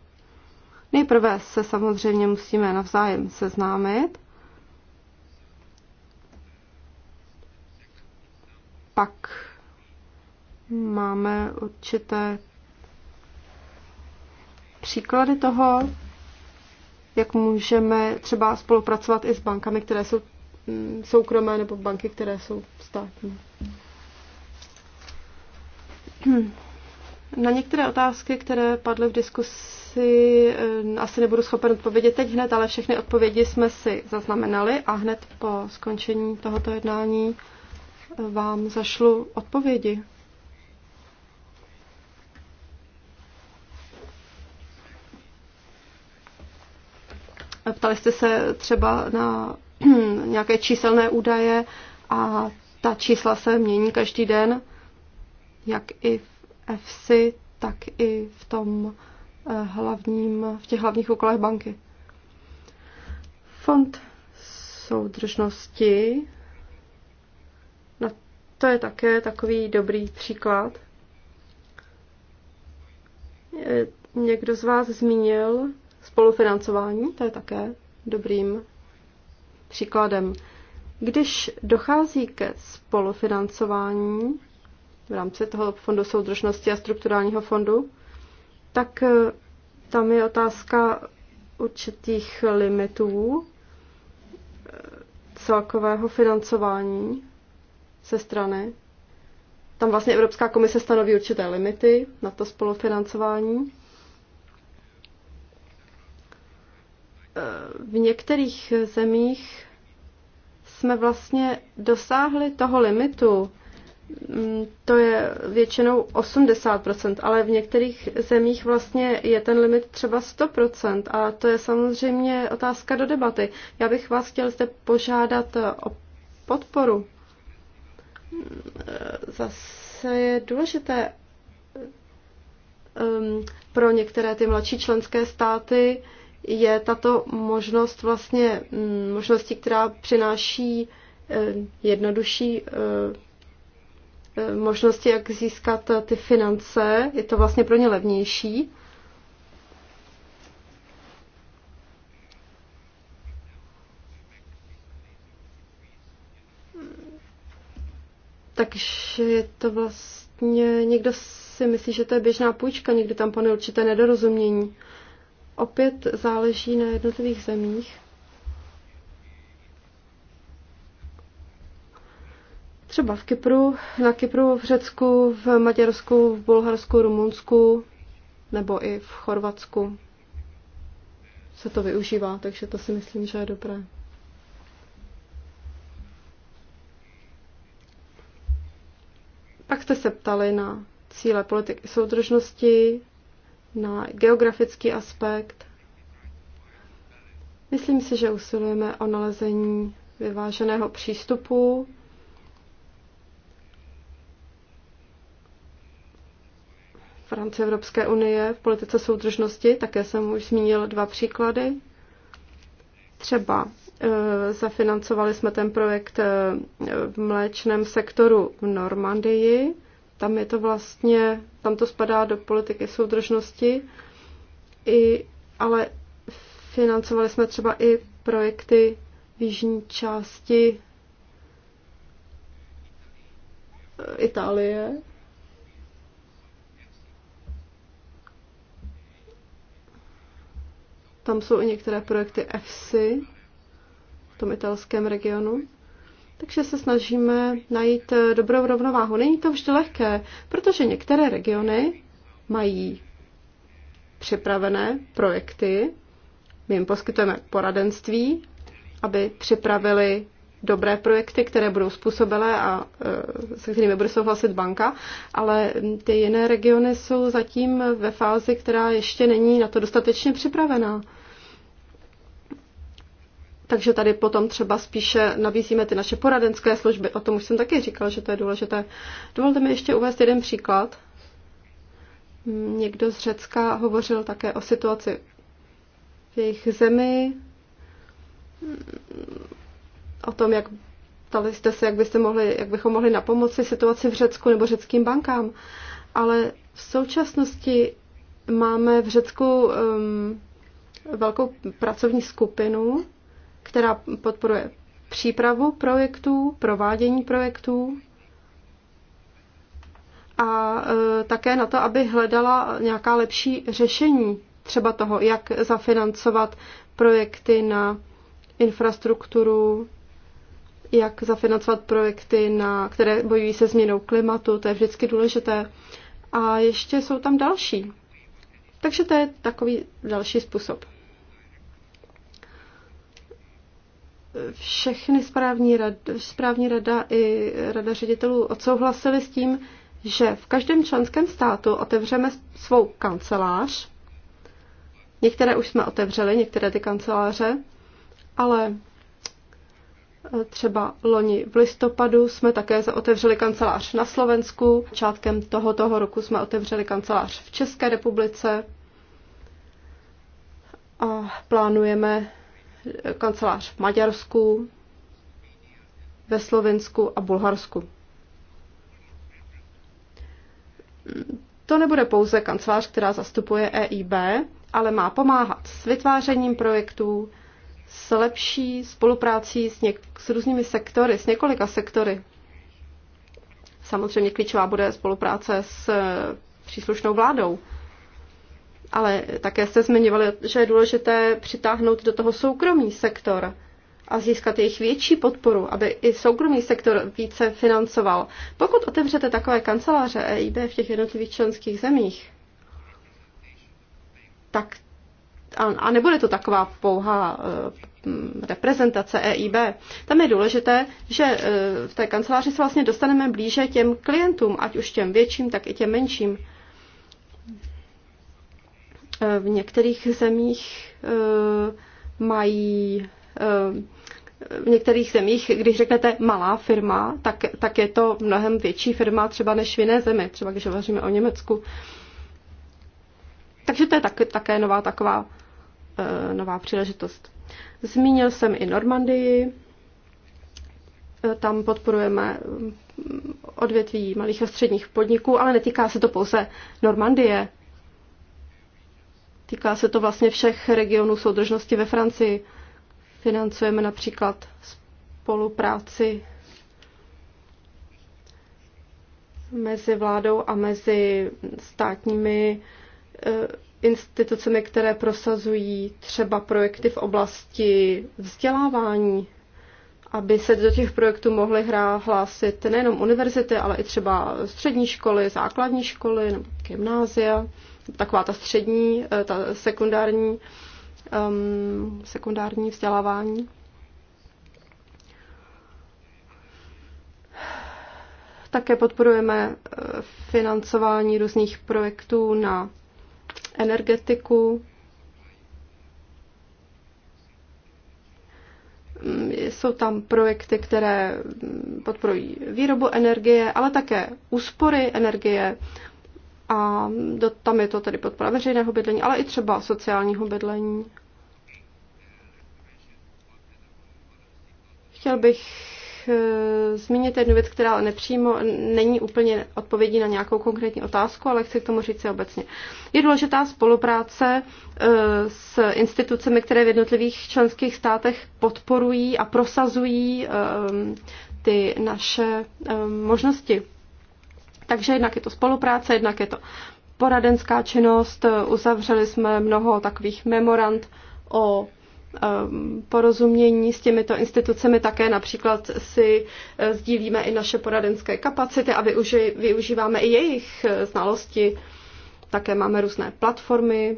Nejprve se samozřejmě musíme navzájem seznámit, pak máme určité příklady toho, jak můžeme třeba spolupracovat i s bankami, které jsou mm, soukromé nebo banky, které jsou státní. Na některé otázky, které padly v diskusi, eh, asi nebudu schopen odpovědět teď hned, ale všechny odpovědi jsme si zaznamenali a hned po skončení tohoto jednání eh, vám zašlu odpovědi. Ptali jste se třeba na *clears throat* nějaké číselné údaje a ta čísla se mění každý den, jak i v EFSI, tak i v tom eh, hlavním, v těch hlavních úkolech banky. Fond soudržnosti, no to je také takový dobrý příklad. Eh, někdo z vás zmínil Spolufinancování, to je také dobrým příkladem. Když dochází ke spolufinancování v rámci toho fondu soudržnosti a strukturálního fondu, tak eh, tam je otázka určitých limitů eh, celkového financování ze strany. Tam vlastně Evropská komise stanoví určité limity na to spolufinancování. v některých zemích jsme vlastně dosáhli toho limitu, mm, to je většinou 80%, ale v některých zemích vlastně je ten limit třeba 100% a to je samozřejmě otázka do debaty. Já bych vás chtěl zde požádat o podporu. Zase je důležité ehm, pro některé ty mladší členské státy je tato možnost vlastně mm, možností, která přináší eh, jednodušší eh, eh, možnosti, jak získat ty finance. Je to vlastně pro ně levnější. Takže je to vlastně, někdo si myslí, že to je běžná půjčka, někdy tam pane určité nedorozumění opět záleží na jednotlivých zemích. Třeba v Kypru, na Kypru, v Řecku, v Maďarsku, v Bulharsku, Rumunsku nebo i v Chorvatsku se to využívá, takže to si myslím, že je dobré. Pak jste se ptali na cíle politiky soudržnosti, na geografický aspekt. Myslím si, že usilujeme o nalezení vyváženého přístupu. V rámci Evropské unie v politice soudržnosti také jsem už zmínil dva příklady. Třeba e, zafinancovali jsme ten projekt e, v mléčném sektoru v Normandii. Tam je to vlastně, tam to spadá do politiky soudržnosti, i, ale financovali jsme třeba i projekty v jižní části Itálie. Tam jsou i některé projekty EFSI v tom italském regionu. Takže se snažíme najít eh, dobrou rovnováhu. Není to vždy lehké, protože některé regiony mají připravené projekty, my jim poskytujeme poradenství, aby připravili dobré projekty, které budou způsobilé a eh, se kterými bude souhlasit banka, ale ty jiné regiony jsou zatím ve fázi, která ještě není na to dostatečně připravená. Takže tady potom třeba spíše nabízíme ty naše poradenské služby. O tom už jsem taky říkal, že to je důležité. Dovolte mi ještě uvést jeden příklad. Někdo z Řecka hovořil také o situaci v jejich zemi, o tom, jak ptali jste se, jak, byste mohli, jak bychom mohli pomoci situaci v Řecku nebo řeckým bankám. Ale v současnosti máme v Řecku um, velkou pracovní skupinu, která podporuje přípravu projektů, provádění projektů a e, také na to, aby hledala nějaká lepší řešení třeba toho, jak zafinancovat projekty na infrastrukturu, jak zafinancovat projekty, na, které bojují se změnou klimatu, to je vždycky důležité. A ještě jsou tam další. Takže to je takový další způsob. všechny správní, rad, správní rada i rada ředitelů odsouhlasili s tím, že v každém členském státu otevřeme svou kancelář. Některé už jsme otevřeli, některé ty kanceláře, ale e, třeba loni v listopadu jsme také otevřeli kancelář na Slovensku. Začátkem tohoto roku jsme otevřeli kancelář v České republice a plánujeme kancelář v Maďarsku, ve Slovensku a Bulharsku. To nebude pouze kancelář, která zastupuje EIB, ale má pomáhat s vytvářením projektů, s lepší spoluprácí s, něk- s různými sektory, s několika sektory. Samozřejmě klíčová bude spolupráce s eh, příslušnou vládou ale také jste zmiňovali, že je důležité přitáhnout do toho soukromý sektor a získat jejich větší podporu, aby i soukromý sektor více financoval. Pokud otevřete takové kanceláře EIB v těch jednotlivých členských zemích, tak a, a nebude to taková pouhá eh, reprezentace EIB. Tam je důležité, že eh, v té kanceláři se vlastně dostaneme blíže těm klientům, ať už těm větším, tak i těm menším v některých zemích eh, mají eh, v některých zemích, když řeknete malá firma, tak, tak je to mnohem větší firma třeba než v jiné zemi, třeba když hovoříme o Německu. Takže to je tak, také nová taková eh, nová příležitost. Zmínil jsem i Normandii, tam podporujeme mm, odvětví malých a středních podniků, ale netýká se to pouze Normandie. Týká se to vlastně všech regionů soudržnosti ve Francii. Financujeme například spolupráci mezi vládou a mezi státními eh, institucemi, které prosazují třeba projekty v oblasti vzdělávání, aby se do těch projektů mohly hlásit nejenom univerzity, ale i třeba střední školy, základní školy nebo gymnázia taková ta střední, eh, ta sekundární, um, sekundární vzdělávání. Také podporujeme eh, financování různých projektů na energetiku. Mm, jsou tam projekty, které mm, podporují výrobu energie, ale také úspory energie, a do, tam je to tedy podpora veřejného bydlení, ale i třeba sociálního bydlení. Chtěl bych e, zmínit jednu věc, která nepřímo není úplně odpovědí na nějakou konkrétní otázku, ale chci k tomu říct si obecně. Je důležitá spolupráce e, s institucemi, které v jednotlivých členských státech podporují a prosazují e, ty naše e, možnosti takže jednak je to spolupráce, jednak je to poradenská činnost. Uzavřeli jsme mnoho takových memorand o porozumění s těmito institucemi také například si eh, sdílíme i naše poradenské kapacity a využi- využíváme i jejich eh, znalosti. Také máme různé platformy,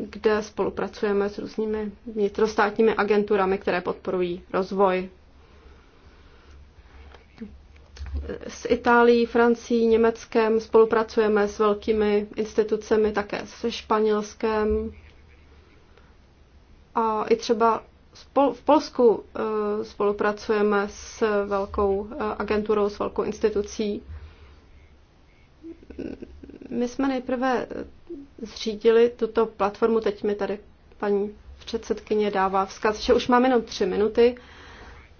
kde spolupracujeme s různými vnitrostátními agenturami, které podporují rozvoj s Itálií, Francií, Německem spolupracujeme s velkými institucemi, také se Španělskem. A i třeba v Polsku eh, spolupracujeme s velkou eh, agenturou, s velkou institucí. My jsme nejprve eh, zřídili tuto platformu, teď mi tady paní předsedkyně dává vzkaz, že už máme jenom tři minuty.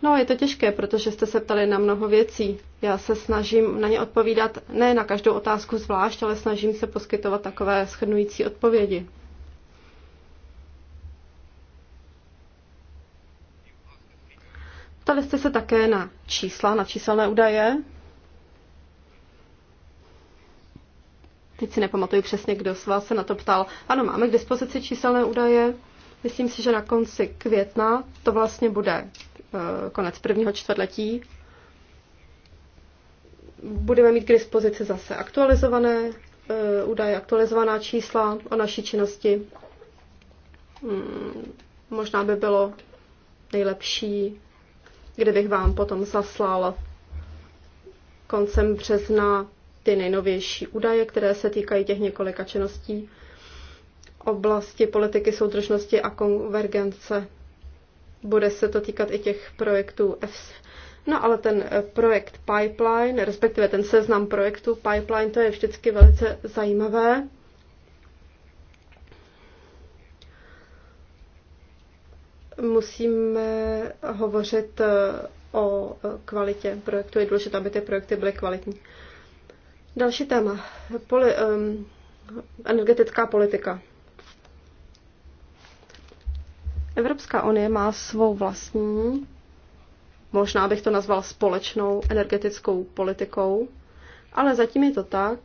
No, je to těžké, protože jste se ptali na mnoho věcí. Já se snažím na ně odpovídat ne na každou otázku zvlášť, ale snažím se poskytovat takové shrnující odpovědi. Ptali jste se také na čísla, na číselné údaje. Teď si nepamatuju přesně, kdo z vás se na to ptal. Ano, máme k dispozici číselné údaje. Myslím si, že na konci května to vlastně bude Eh, konec prvního čtvrtletí budeme mít k dispozici zase aktualizované eh, údaje, aktualizovaná čísla o naší činnosti. Hmm, možná by bylo nejlepší, kdybych vám potom zaslal koncem března ty nejnovější údaje, které se týkají těch několika činností oblasti politiky soudržnosti a konvergence bude se to týkat i těch projektů EFS. No ale ten eh, projekt Pipeline, respektive ten seznam projektů Pipeline, to je vždycky velice zajímavé. Musíme hovořit eh, o eh, kvalitě projektu. Je důležité, aby ty projekty byly kvalitní. Další téma. Poli, um, energetická politika. Evropská unie má svou vlastní, možná bych to nazval společnou energetickou politikou, ale zatím je to tak,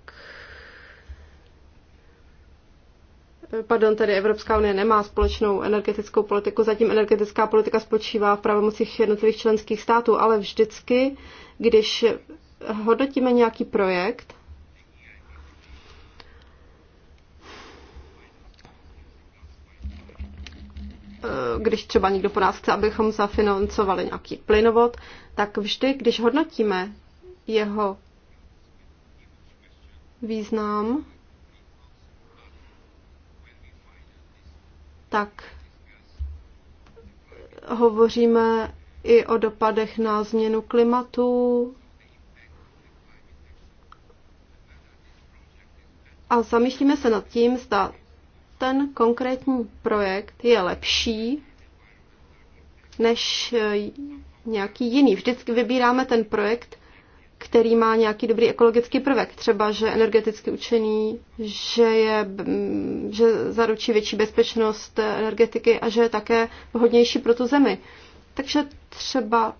pardon, tedy Evropská unie nemá společnou energetickou politiku, zatím energetická politika spočívá v pravomocích jednotlivých členských států, ale vždycky, když hodnotíme nějaký projekt, Eh, když třeba někdo po nás chce, abychom zafinancovali nějaký plynovod, tak vždy, když hodnotíme jeho význam, tak hovoříme i o dopadech na změnu klimatu a zamýšlíme se nad tím, zda ten konkrétní projekt je lepší než e, nějaký jiný. Vždycky vybíráme ten projekt, který má nějaký dobrý ekologický prvek, třeba že je energeticky učený, že, je, mm, že zaručí větší bezpečnost energetiky a že je také vhodnější pro tu zemi. Takže třeba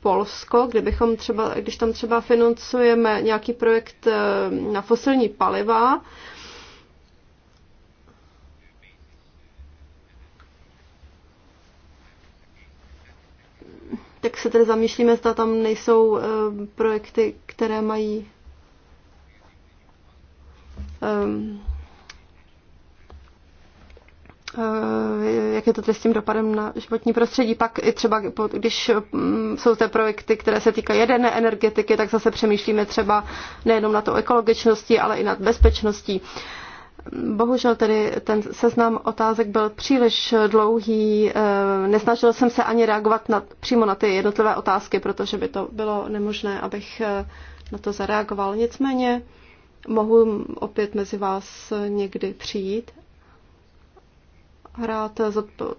Polsko, kdybychom třeba, když tam třeba financujeme nějaký projekt e, na fosilní paliva, tak se tedy zamýšlíme, zda tam nejsou eh, projekty, které mají ehm, eh, jak je to tedy s tím dopadem na životní prostředí. Pak i třeba, když mm, jsou to projekty, které se týkají jedné energetiky, tak zase přemýšlíme třeba nejenom na to ekologičnosti, ale i nad bezpečností. Bohužel tedy ten seznam otázek byl příliš dlouhý, eh, nesnažil jsem se ani reagovat na, přímo na ty jednotlivé otázky, protože by to bylo nemožné, abych eh, na to zareagoval. Nicméně mohu opět mezi vás někdy přijít. Rád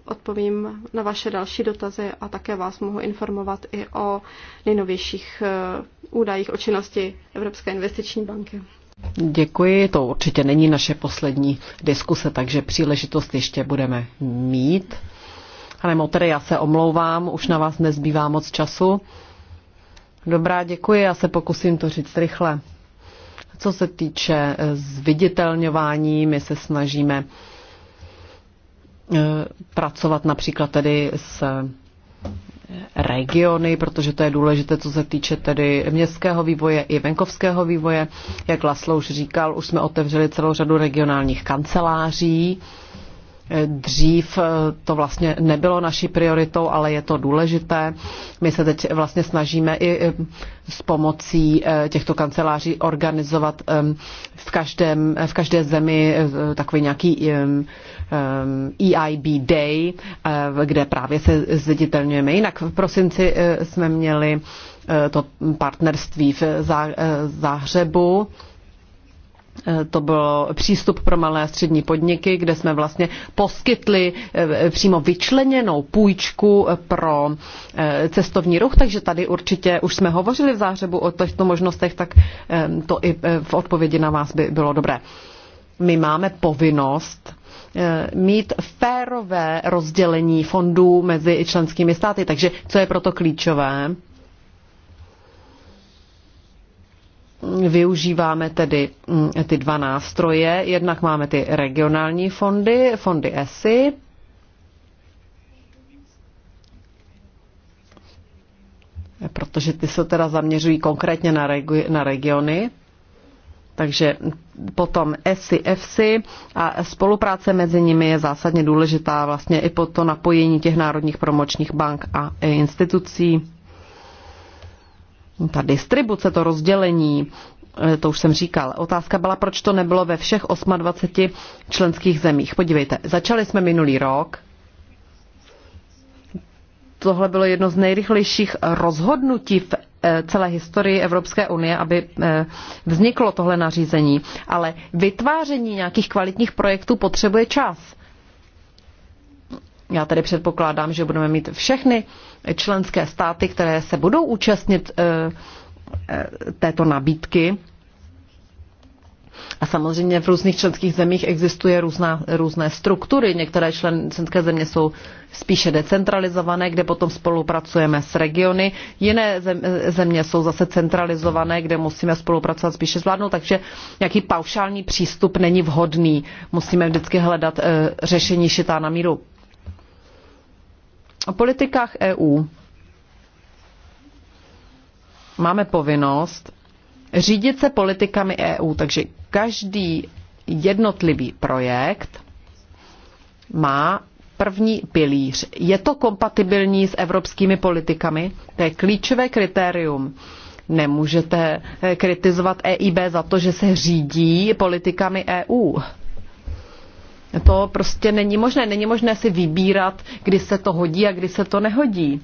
odpovím na vaše další dotazy a také vás mohu informovat i o nejnovějších eh, údajích o činnosti Evropské investiční banky. Děkuji, to určitě není naše poslední diskuse, takže příležitost ještě budeme mít. Pane Motere, já se omlouvám, už na vás nezbývá moc času. Dobrá, děkuji, já se pokusím to říct rychle. Co se týče eh, zviditelňování, my se snažíme eh, pracovat například tedy s regiony, protože to je důležité, co se týče tedy městského vývoje i venkovského vývoje. Jak Laslo už říkal, už jsme otevřeli celou řadu regionálních kanceláří Dřív eh, to vlastně nebylo naší prioritou, ale je to důležité. My se teď vlastně snažíme i eh, s pomocí eh, těchto kanceláří organizovat v, každém, v každé zemi takový nějaký EIB e Day, kde právě se zviditelňujeme. Jinak v prosinci jsme měli to partnerství v Záhřebu. Zá, Eh, to byl přístup pro malé a střední podniky, kde jsme vlastně poskytli eh, přímo vyčleněnou půjčku eh, pro cestovní ruch, takže tady určitě už jsme hovořili v zářebu o těchto možnostech, tak to i v odpovědi na vás by bylo dobré. My máme povinnost mít férové rozdělení fondů mezi členskými státy, takže co je proto klíčové? Využíváme tedy mm, ty dva nástroje. Jednak máme ty regionální fondy, fondy ESI. Protože ty se teda zaměřují konkrétně na, regu- na regiony. Takže potom ESI, EFSI a spolupráce mezi nimi je zásadně důležitá vlastně i po to napojení těch národních promočních bank a institucí ta distribuce, to rozdělení, eh, to už jsem říkal. Otázka byla, proč to nebylo ve všech 28 členských zemích. Podívejte, začali jsme minulý rok. Tohle bylo jedno z nejrychlejších rozhodnutí v eh, celé historii Evropské unie, aby eh, vzniklo tohle nařízení. Ale vytváření nějakých kvalitních projektů potřebuje čas. Já tedy předpokládám, že budeme mít všechny členské státy, které se budou účastnit eh, eh, této nabídky. A samozřejmě v různých členských zemích existuje různá, různé struktury. Některé členské země jsou spíše decentralizované, kde potom spolupracujeme s regiony. Jiné země jsou zase centralizované, kde musíme spolupracovat spíše s vládnou, takže nějaký paušální přístup není vhodný. Musíme vždycky hledat eh, řešení šitá na míru o politikách EU máme povinnost řídit se politikami EU, takže každý jednotlivý projekt má první pilíř. Je to kompatibilní s evropskými politikami? To je klíčové kritérium. Nemůžete eh, kritizovat EIB za to, že se řídí politikami EU. To prostě není možné. Není možné si vybírat, kdy se to hodí a kdy se to nehodí.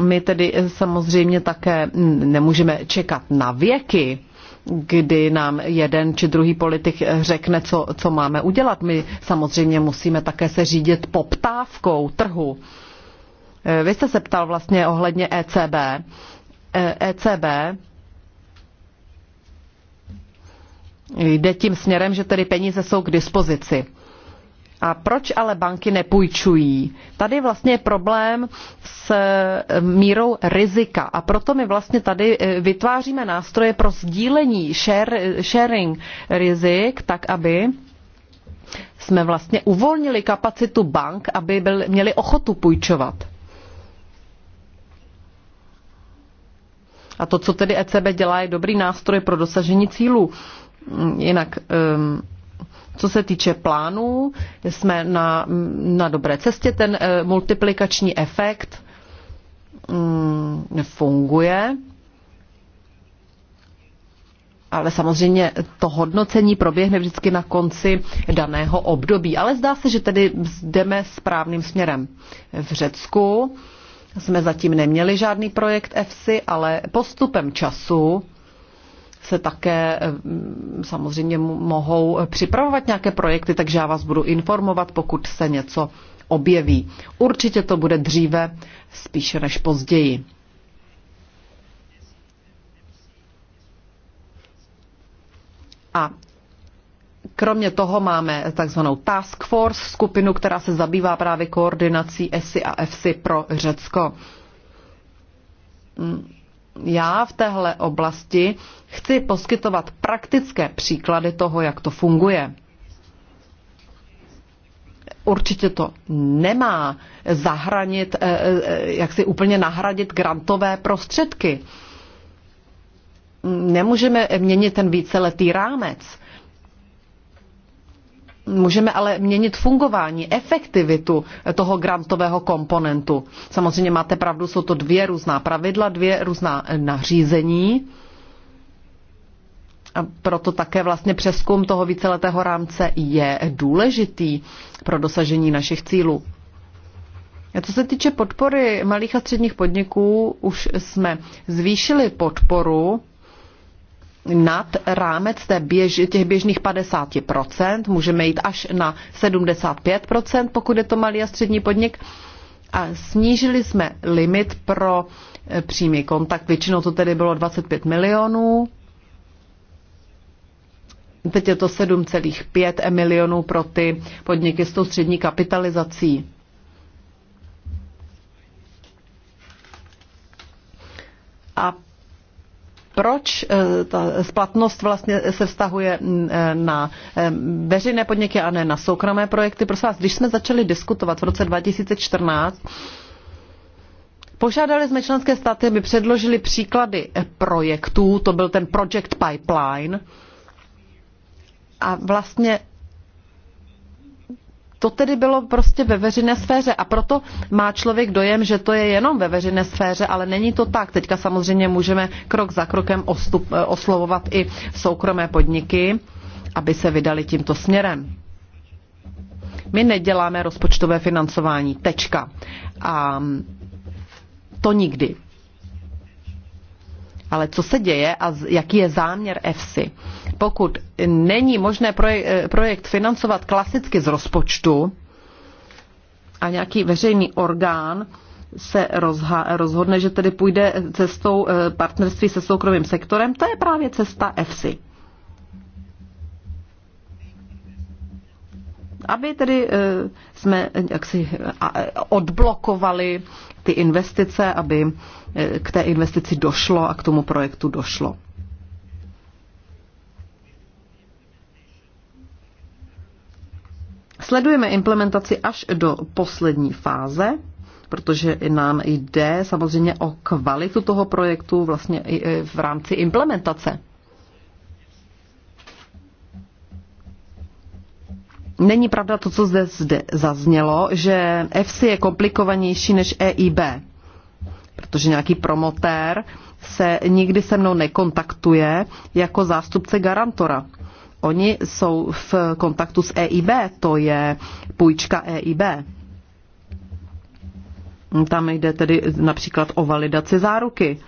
My tedy eh, samozřejmě také nemůžeme čekat na věky, kdy nám jeden či druhý politik eh, řekne, co, co máme udělat. My samozřejmě musíme také se řídit poptávkou trhu. Eh, vy jste se ptal vlastně ohledně ECB. ECB e jde tím směrem, že tedy peníze jsou k dispozici. A proč ale banky nepůjčují? Tady vlastně je problém s e, mírou rizika a proto my vlastně tady e, vytváříme nástroje pro sdílení, share, sharing rizik, tak aby jsme vlastně uvolnili kapacitu bank, aby byl, měli ochotu půjčovat. A to, co tedy ECB dělá, je dobrý nástroj pro dosažení cílů. Jinak, co se týče plánů, jsme na, na dobré cestě. Ten eh, multiplikační efekt mm, funguje. Ale samozřejmě to hodnocení proběhne vždycky na konci daného období. Ale zdá se, že tedy jdeme správným směrem. V Řecku jsme zatím neměli žádný projekt EFSI, ale postupem času se také eh, mm, samozřejmě mohou připravovat nějaké projekty, takže já vás budu informovat, pokud se něco objeví. Určitě to bude dříve, spíše než později. A kromě toho máme takzvanou task force, skupinu, která se zabývá právě koordinací ESI a EFSI pro Řecko. Mm já v téhle oblasti chci poskytovat praktické příklady toho, jak to funguje. Určitě to nemá zahranit, eh, eh, jak si úplně nahradit grantové prostředky. Nemůžeme měnit ten víceletý rámec, Můžeme ale měnit fungování, efektivitu toho grantového komponentu. Samozřejmě máte pravdu, jsou to dvě různá pravidla, dvě různá eh, nařízení. A proto také vlastně přeskum toho víceletého rámce je důležitý pro dosažení našich cílů. A co se týče podpory malých a středních podniků, už jsme zvýšili podporu nad rámec té běž, těch běžných 50%, můžeme jít až na 75%, pokud je to malý a střední podnik. A snížili jsme limit pro eh, přímý kontakt, většinou to tedy bylo 25 milionů, teď je to 7,5 milionů pro ty podniky s tou střední kapitalizací. A proč eh, ta splatnost vlastně se vztahuje mm, eh, na eh, veřejné podniky a ne na soukromé projekty. Prosím vás, když jsme začali diskutovat v roce 2014, Požádali jsme členské státy, aby předložili příklady projektů, to byl ten Project Pipeline. A vlastně to tedy bylo prostě ve veřejné sféře a proto má člověk dojem, že to je jenom ve veřejné sféře, ale není to tak. Teďka samozřejmě můžeme krok za krokem ostup, eh, oslovovat i soukromé podniky, aby se vydali tímto směrem. My neděláme rozpočtové financování. Tečka. A to nikdy. Ale co se děje a jaký je záměr EFSI? Pokud není možné eh, projekt financovat klasicky z rozpočtu a nějaký veřejný orgán se rozhodne, že tedy půjde cestou eh, partnerství se soukromým sektorem, to je právě cesta EFSI. aby tedy eh, jsme jaksi odblokovali ty investice, aby k té investici došlo a k tomu projektu došlo. Sledujeme implementaci až do poslední fáze, protože nám jde samozřejmě o kvalitu toho projektu vlastně i v rámci implementace. Není pravda to, co zde, zde zaznělo, že FC je komplikovanější než EIB protože nějaký promotér se nikdy se mnou nekontaktuje jako zástupce garantora. Oni jsou v kontaktu s EIB, to je půjčka EIB. Tam jde tedy například o validaci záruky.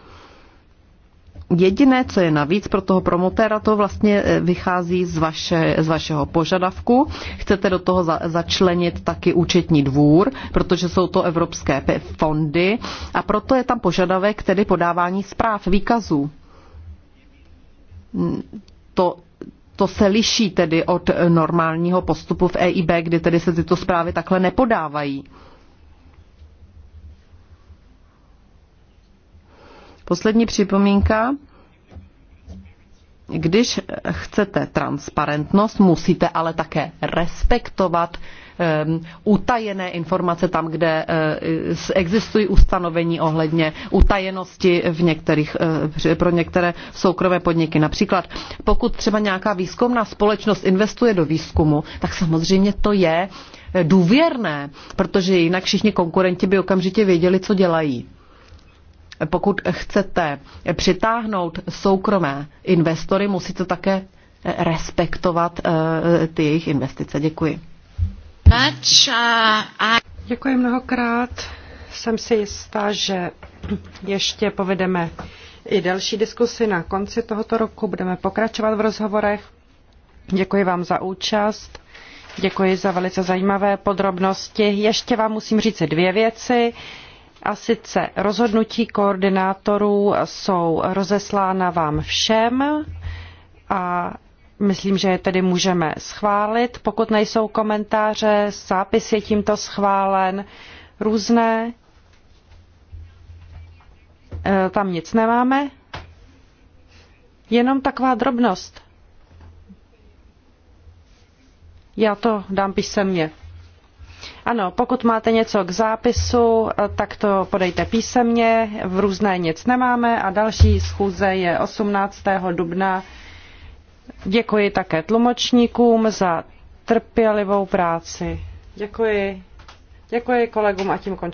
Jediné, co je navíc pro toho promotéra, to vlastně e, vychází z, vaše, z vašeho požadavku. Chcete do toho za, začlenit taky účetní dvůr, protože jsou to evropské fondy a proto je tam požadavek tedy podávání zpráv, výkazů. To, to se liší tedy od normálního postupu v EIB, kdy tedy se tyto zprávy takhle nepodávají. Poslední připomínka. Když chcete transparentnost, musíte ale také respektovat um, utajené informace tam, kde uh, existují ustanovení ohledně utajenosti v některých, uh, pro některé soukromé podniky. Například pokud třeba nějaká výzkumná společnost investuje do výzkumu, tak samozřejmě to je eh, důvěrné, protože jinak všichni konkurenti by okamžitě věděli, co dělají pokud chcete přitáhnout soukromé investory, musíte také respektovat eh, ty jejich investice. Děkuji. Děkuji mnohokrát. Jsem si jistá, že ještě povedeme i další diskusy na konci tohoto roku. Budeme pokračovat v rozhovorech. Děkuji vám za účast. Děkuji za velice zajímavé podrobnosti. Ještě vám musím říct dvě věci. A sice rozhodnutí koordinátorů jsou rozeslána vám všem a myslím, že je tedy můžeme schválit. Pokud nejsou komentáře, zápis je tímto schválen. Různé. E, tam nic nemáme. Jenom taková drobnost. Já to dám písemně. Ano, pokud máte něco k zápisu, tak to podejte písemně. V různé nic nemáme a další schůze je 18. dubna. Děkuji také tlumočníkům za trpělivou práci. Děkuji. Děkuji kolegům a tím končím.